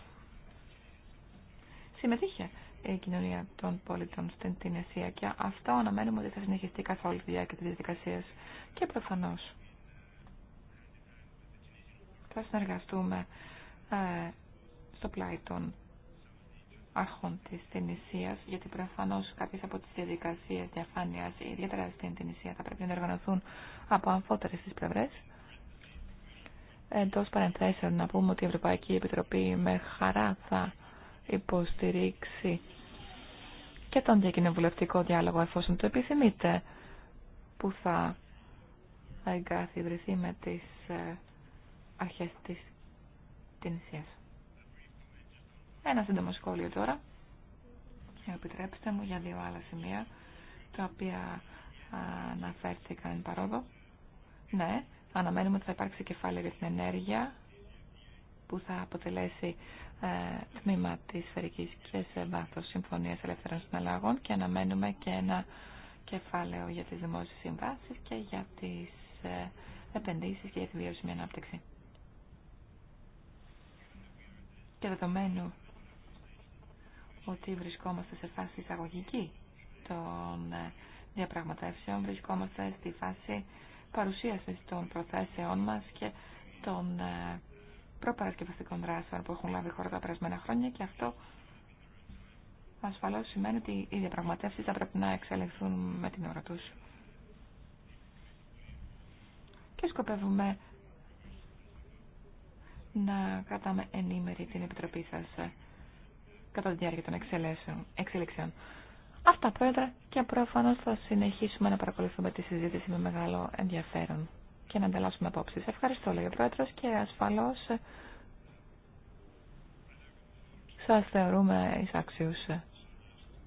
Συμμετείχε η κοινωνία των πολιτών στην την και αυτό αναμένουμε ότι θα συνεχιστεί καθ' όλη τη διάρκεια της διαδικασίας και προφανώς θα συνεργαστούμε ε, στο πλάι των αρχών της γιατί προφανώ κάποιε από τι διαδικασίε διαφάνεια ιδιαίτερα στην Τινησία, θα πρέπει να οργανωθούν από αμφότερε τι πλευρέ. Εντό παρενθέσεων να πούμε ότι η Ευρωπαϊκή Επιτροπή με χαρά θα υποστηρίξει και τον διακοινοβουλευτικό διάλογο εφόσον το επιθυμείτε που θα εγκαθιδρυθεί με τι ε, αρχέ τη Τινησίας. Ένα σύντομο σχόλιο τώρα. Επιτρέψτε μου για δύο άλλα σημεία, τα οποία αναφέρθηκαν εν παρόδο. Ναι, αναμένουμε ότι θα υπάρξει κεφάλαιο για την ενέργεια, που θα αποτελέσει ε, τμήμα της σφαιρικής και σε βάθος συμφωνίας ελεύθερων συναλλαγών και αναμένουμε και ένα κεφάλαιο για τις δημόσιες συμβάσεις και για τις ε, επενδύσεις και για τη βιώσιμη ανάπτυξη. Και δεδομένου ότι βρισκόμαστε σε φάση εισαγωγική των ε, διαπραγματεύσεων, βρισκόμαστε στη φάση παρουσίασης των προθέσεών μας και των ε, προπαρασκευαστικών δράσεων που έχουν λάβει χώρα τα περασμένα χρόνια και αυτό ασφαλώς σημαίνει ότι οι διαπραγματεύσεις θα πρέπει να εξελιχθούν με την ώρα τους. Και σκοπεύουμε να κρατάμε ενήμερη την Επιτροπή σας κατά τη διάρκεια των εξελίξεων. Αυτά, Πρόεδρε, και προφανώ θα συνεχίσουμε να παρακολουθούμε τη συζήτηση με μεγάλο ενδιαφέρον και να ανταλλάσσουμε απόψει. Ευχαριστώ, λέει ο Πρόεδρο, και ασφαλώ σα θεωρούμε εισάξιου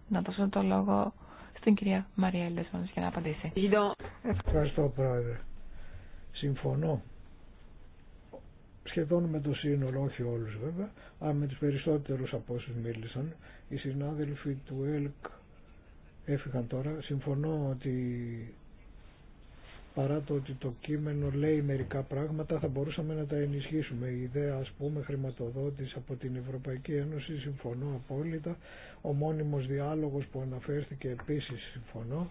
να δώσω το λόγο στην κυρία Μαρία Ελδεσόνης για να απαντήσει. Ευχαριστώ, Πρόεδρε. Συμφωνώ σχεδόν με το σύνολο, όχι όλους βέβαια, αλλά με τους περισσότερους από όσους μίλησαν. Οι συνάδελφοι του ΕΛΚ έφυγαν τώρα. Συμφωνώ ότι παρά το ότι το κείμενο λέει μερικά πράγματα θα μπορούσαμε να τα ενισχύσουμε. Η ιδέα ας πούμε χρηματοδότηση από την Ευρωπαϊκή Ένωση συμφωνώ απόλυτα. Ο μόνιμος διάλογος που αναφέρθηκε επίσης συμφωνώ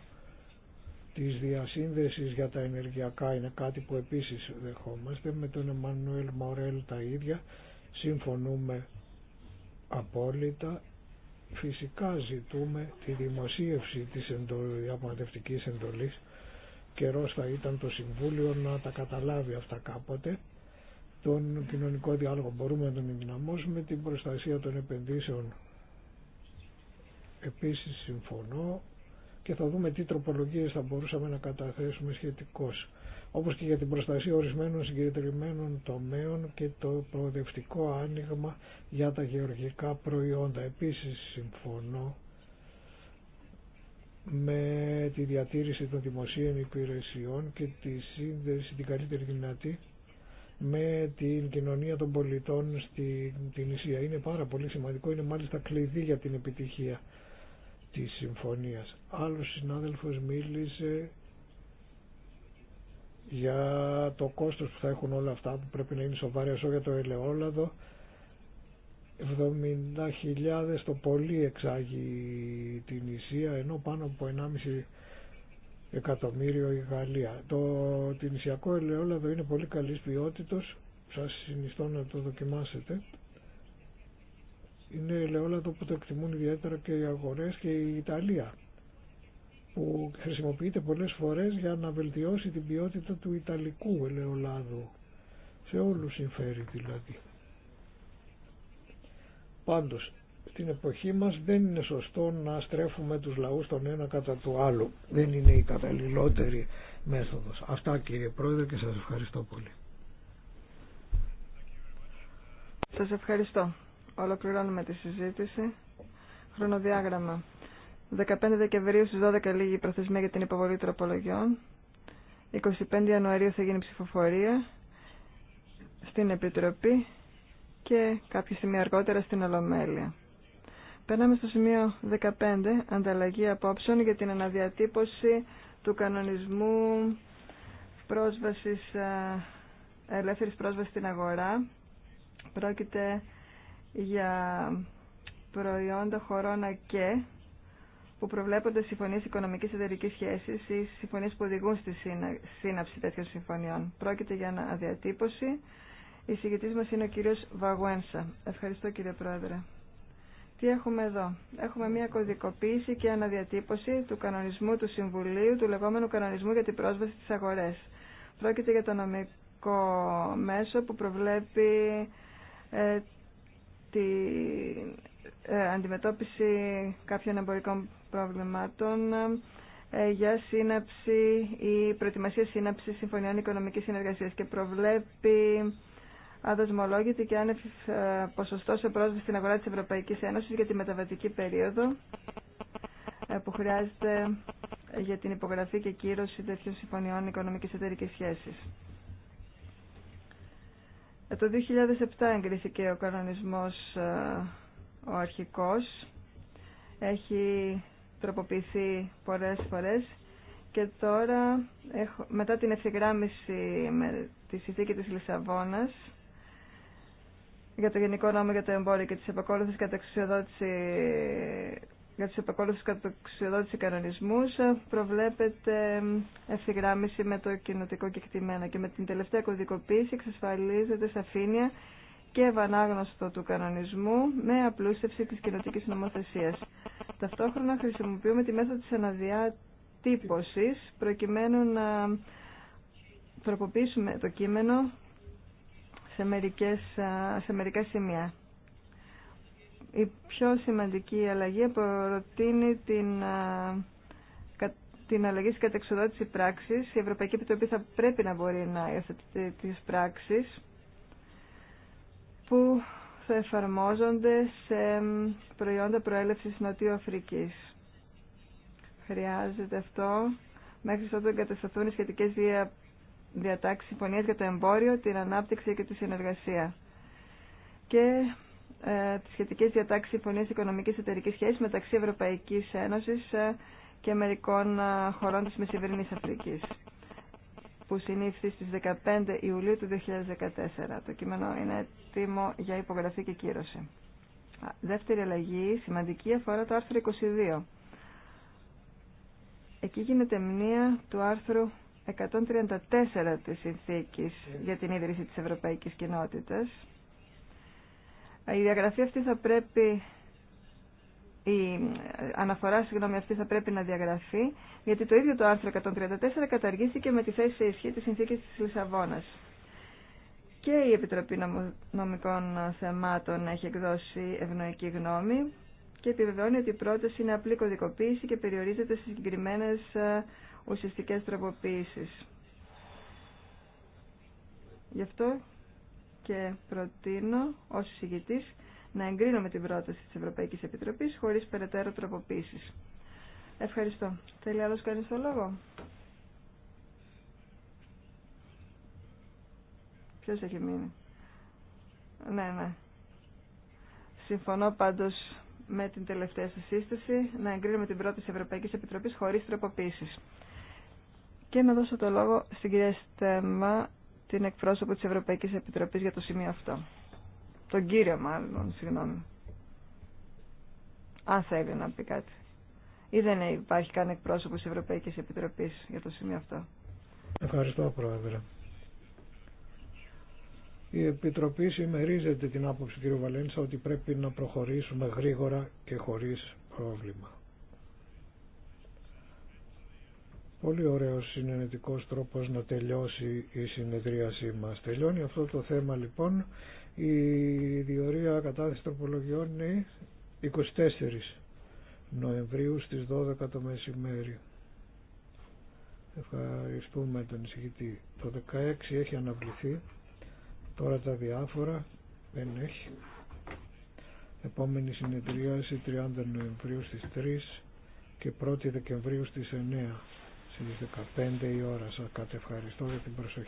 της διασύνδεσης για τα ενεργειακά είναι κάτι που επίσης δεχόμαστε. Με τον Εμμανουέλ Μορέλ τα ίδια συμφωνούμε απόλυτα. Φυσικά ζητούμε τη δημοσίευση της διαπραγματευτικής εντολής. Καιρός θα ήταν το Συμβούλιο να τα καταλάβει αυτά κάποτε. Τον κοινωνικό διάλογο μπορούμε να τον ενδυναμώσουμε, την προστασία των επενδύσεων επίσης συμφωνώ και θα δούμε τι τροπολογίες θα μπορούσαμε να καταθέσουμε σχετικώς όπως και για την προστασία ορισμένων συγκεκριμένων τομέων και το προοδευτικό άνοιγμα για τα γεωργικά προϊόντα. Επίσης συμφωνώ με τη διατήρηση των δημοσίων υπηρεσιών και τη σύνδεση την καλύτερη δυνατή με την κοινωνία των πολιτών στην Ισία. Είναι πάρα πολύ σημαντικό, είναι μάλιστα κλειδί για την επιτυχία της συμφωνίας. Άλλος συνάδελφος μίλησε για το κόστος που θα έχουν όλα αυτά που πρέπει να είναι σοβαρή όσο για το ελαιόλαδο 70.000 το πολύ εξάγει την Ισία ενώ πάνω από 1,5 εκατομμύριο η Γαλλία. Το την Ισιακό ελαιόλαδο είναι πολύ καλής ποιότητος, σας συνιστώ να το δοκιμάσετε είναι ελαιόλαδο που το εκτιμούν ιδιαίτερα και οι αγορές και η Ιταλία που χρησιμοποιείται πολλές φορές για να βελτιώσει την ποιότητα του Ιταλικού ελαιολάδου. Σε όλους συμφέρει δηλαδή. Πάντως, στην εποχή μας δεν είναι σωστό να στρέφουμε τους λαούς τον ένα κατά του άλλου. Δεν είναι η καταλληλότερη μέθοδος. Αυτά κύριε Πρόεδρε και σας ευχαριστώ πολύ. Σας ευχαριστώ. Ολοκληρώνουμε τη συζήτηση. Χρονοδιάγραμμα. 15 Δεκεμβρίου στις 12 λίγη προθεσμία για την υποβολή τροπολογιών. 25 Ιανουαρίου θα γίνει ψηφοφορία στην Επιτροπή και κάποια στιγμή αργότερα στην Ολομέλεια. Περνάμε στο σημείο 15, ανταλλαγή απόψεων για την αναδιατύπωση του κανονισμού πρόσβασης, ε, ελεύθερης πρόσβασης στην αγορά. Πρόκειται για προϊόντα χωρών και που προβλέπονται συμφωνίε οικονομική εταιρική σχέση ή συμφωνίε που οδηγούν στη σύναψη τέτοιων συμφωνιών. Πρόκειται για αναδιατύπωση. Η συγκεκριτή μα είναι ο κύριο Βαγουένσα. Ευχαριστώ κύριε Πρόεδρε. Τι έχουμε εδώ. Έχουμε μια κωδικοποίηση και αναδιατύπωση του κανονισμού του Συμβουλίου, του λεγόμενου κανονισμού για την πρόσβαση στι αγορέ. Πρόκειται για το νομικό μέσο που προβλέπει ε, την ε, αντιμετώπιση κάποιων εμπορικών προβλημάτων ε, για σύναψη ή προετοιμασία σύναψη συμφωνιών οικονομικής συνεργασίας και προβλέπει αδοσμολόγητη και άνευ ε, ποσοστό σε πρόσβαση στην αγορά της Ευρωπαϊκής Ένωσης για τη μεταβατική περίοδο που χρειάζεται για την υπογραφή και κύρωση τέτοιων συμφωνιών οικονομικής εταιρικής σχέσης. Ε, το 2007 εγκρίθηκε ο κανονισμός ε, ο αρχικός. Έχει τροποποιηθεί πολλές φορές και τώρα μετά την ευθυγράμμιση με τη συνθήκη της Λισαβόνας για το Γενικό Νόμο για το Εμπόριο και τις επακόλουθες εξουσιοδότηση για τους επακόλουθους κατοξιδότηση κανονισμούς ε, προβλέπεται ευθυγράμμιση με το κοινοτικό κεκτημένο και με την τελευταία κωδικοποίηση εξασφαλίζεται σαφήνεια και ευανάγνωστο του κανονισμού με απλούστευση της κοινοτικής νομοθεσίας. Ταυτόχρονα χρησιμοποιούμε τη μέθοδο της αναδιατύπωσης προκειμένου να τροποποιήσουμε το κείμενο σε, μερικές, ε, σε μερικά σημεία. Η πιο σημαντική αλλαγή προτείνει την, την αλλαγή στην κατεξοδότηση πράξης. Η Ευρωπαϊκή Επιτροπή θα πρέπει να μπορεί να υιοθετεί τις πράξεις που θα εφαρμόζονται σε προϊόντα προέλευσης Νοτιού Αφρικής. Χρειάζεται αυτό μέχρι όταν εγκατασταθούν οι σχετικές δια... διατάξεις για το εμπόριο, την ανάπτυξη και τη συνεργασία. Και ε, τις σχετικές διατάξεις Συμφωνίας Οικονομικής Εταιρικής Σχέσης μεταξύ Ευρωπαϊκής Ένωσης ε, και μερικών ε, χωρών της Μεσηβερινής Αφρικής που συνήθει στις 15 Ιουλίου του 2014. Το κείμενο είναι έτοιμο για υπογραφή και κύρωση. Δεύτερη αλλαγή σημαντική αφορά το άρθρο 22. Εκεί γίνεται μνήμα του άρθρου 134 της Συνθήκης για την ίδρυση της Ευρωπαϊκής Κοινότητας η διαγραφή αυτή θα πρέπει, η αναφορά συγγνώμη αυτή θα πρέπει να διαγραφεί, γιατί το ίδιο το άρθρο 134 καταργήθηκε με τη θέση σε ισχύ της συνθήκης της Λισαβόνας. Και η Επιτροπή Νομικών Θεμάτων έχει εκδώσει ευνοϊκή γνώμη και επιβεβαιώνει ότι η πρόταση είναι απλή κωδικοποίηση και περιορίζεται σε συγκεκριμένε ε, ουσιαστικές τροποποίησεις. Γι' αυτό και προτείνω ως εισηγητής να εγκρίνουμε την πρόταση της Ευρωπαϊκής Επιτροπής χωρίς περαιτέρω τροποποίησης. Ευχαριστώ. Θέλει άλλος κανείς το λόγο? Ποιος έχει μείνει? Ναι, ναι. Συμφωνώ πάντως με την τελευταία σας σύσταση να εγκρίνουμε την πρόταση Ευρωπαϊκής Επιτροπής χωρίς τροποποίησης. Και να δώσω το λόγο στην κυρία Στέμα την εκπρόσωπο της Ευρωπαϊκής Επιτροπής για το σημείο αυτό. Τον κύριο μάλλον, συγγνώμη. Αν θέλει να πει κάτι. Ή δεν υπάρχει καν εκπρόσωπο της Ευρωπαϊκής Επιτροπής για το σημείο αυτό. Ευχαριστώ Πρόεδρε. Η Επιτροπή συμμερίζεται την άποψη κ. Βαλέντσα, ότι πρέπει να προχωρήσουμε γρήγορα και χωρίς πρόβλημα. Πολύ ωραίος συνενετικός τρόπος να τελειώσει η συνεδρίασή μας. Τελειώνει αυτό το θέμα λοιπόν. Η διορία κατάθεση τροπολογιών είναι 24 Νοεμβρίου στις 12 το μεσημέρι. Ευχαριστούμε τον εισηγητή. Το 16 έχει αναβληθεί. Τώρα τα διάφορα δεν έχει. Επόμενη συνεδρίαση 30 Νοεμβρίου στις 3 και 1η Δεκεμβρίου στις 9 στις 15 η ώρα σας. Κατευχαριστώ για την προσοχή.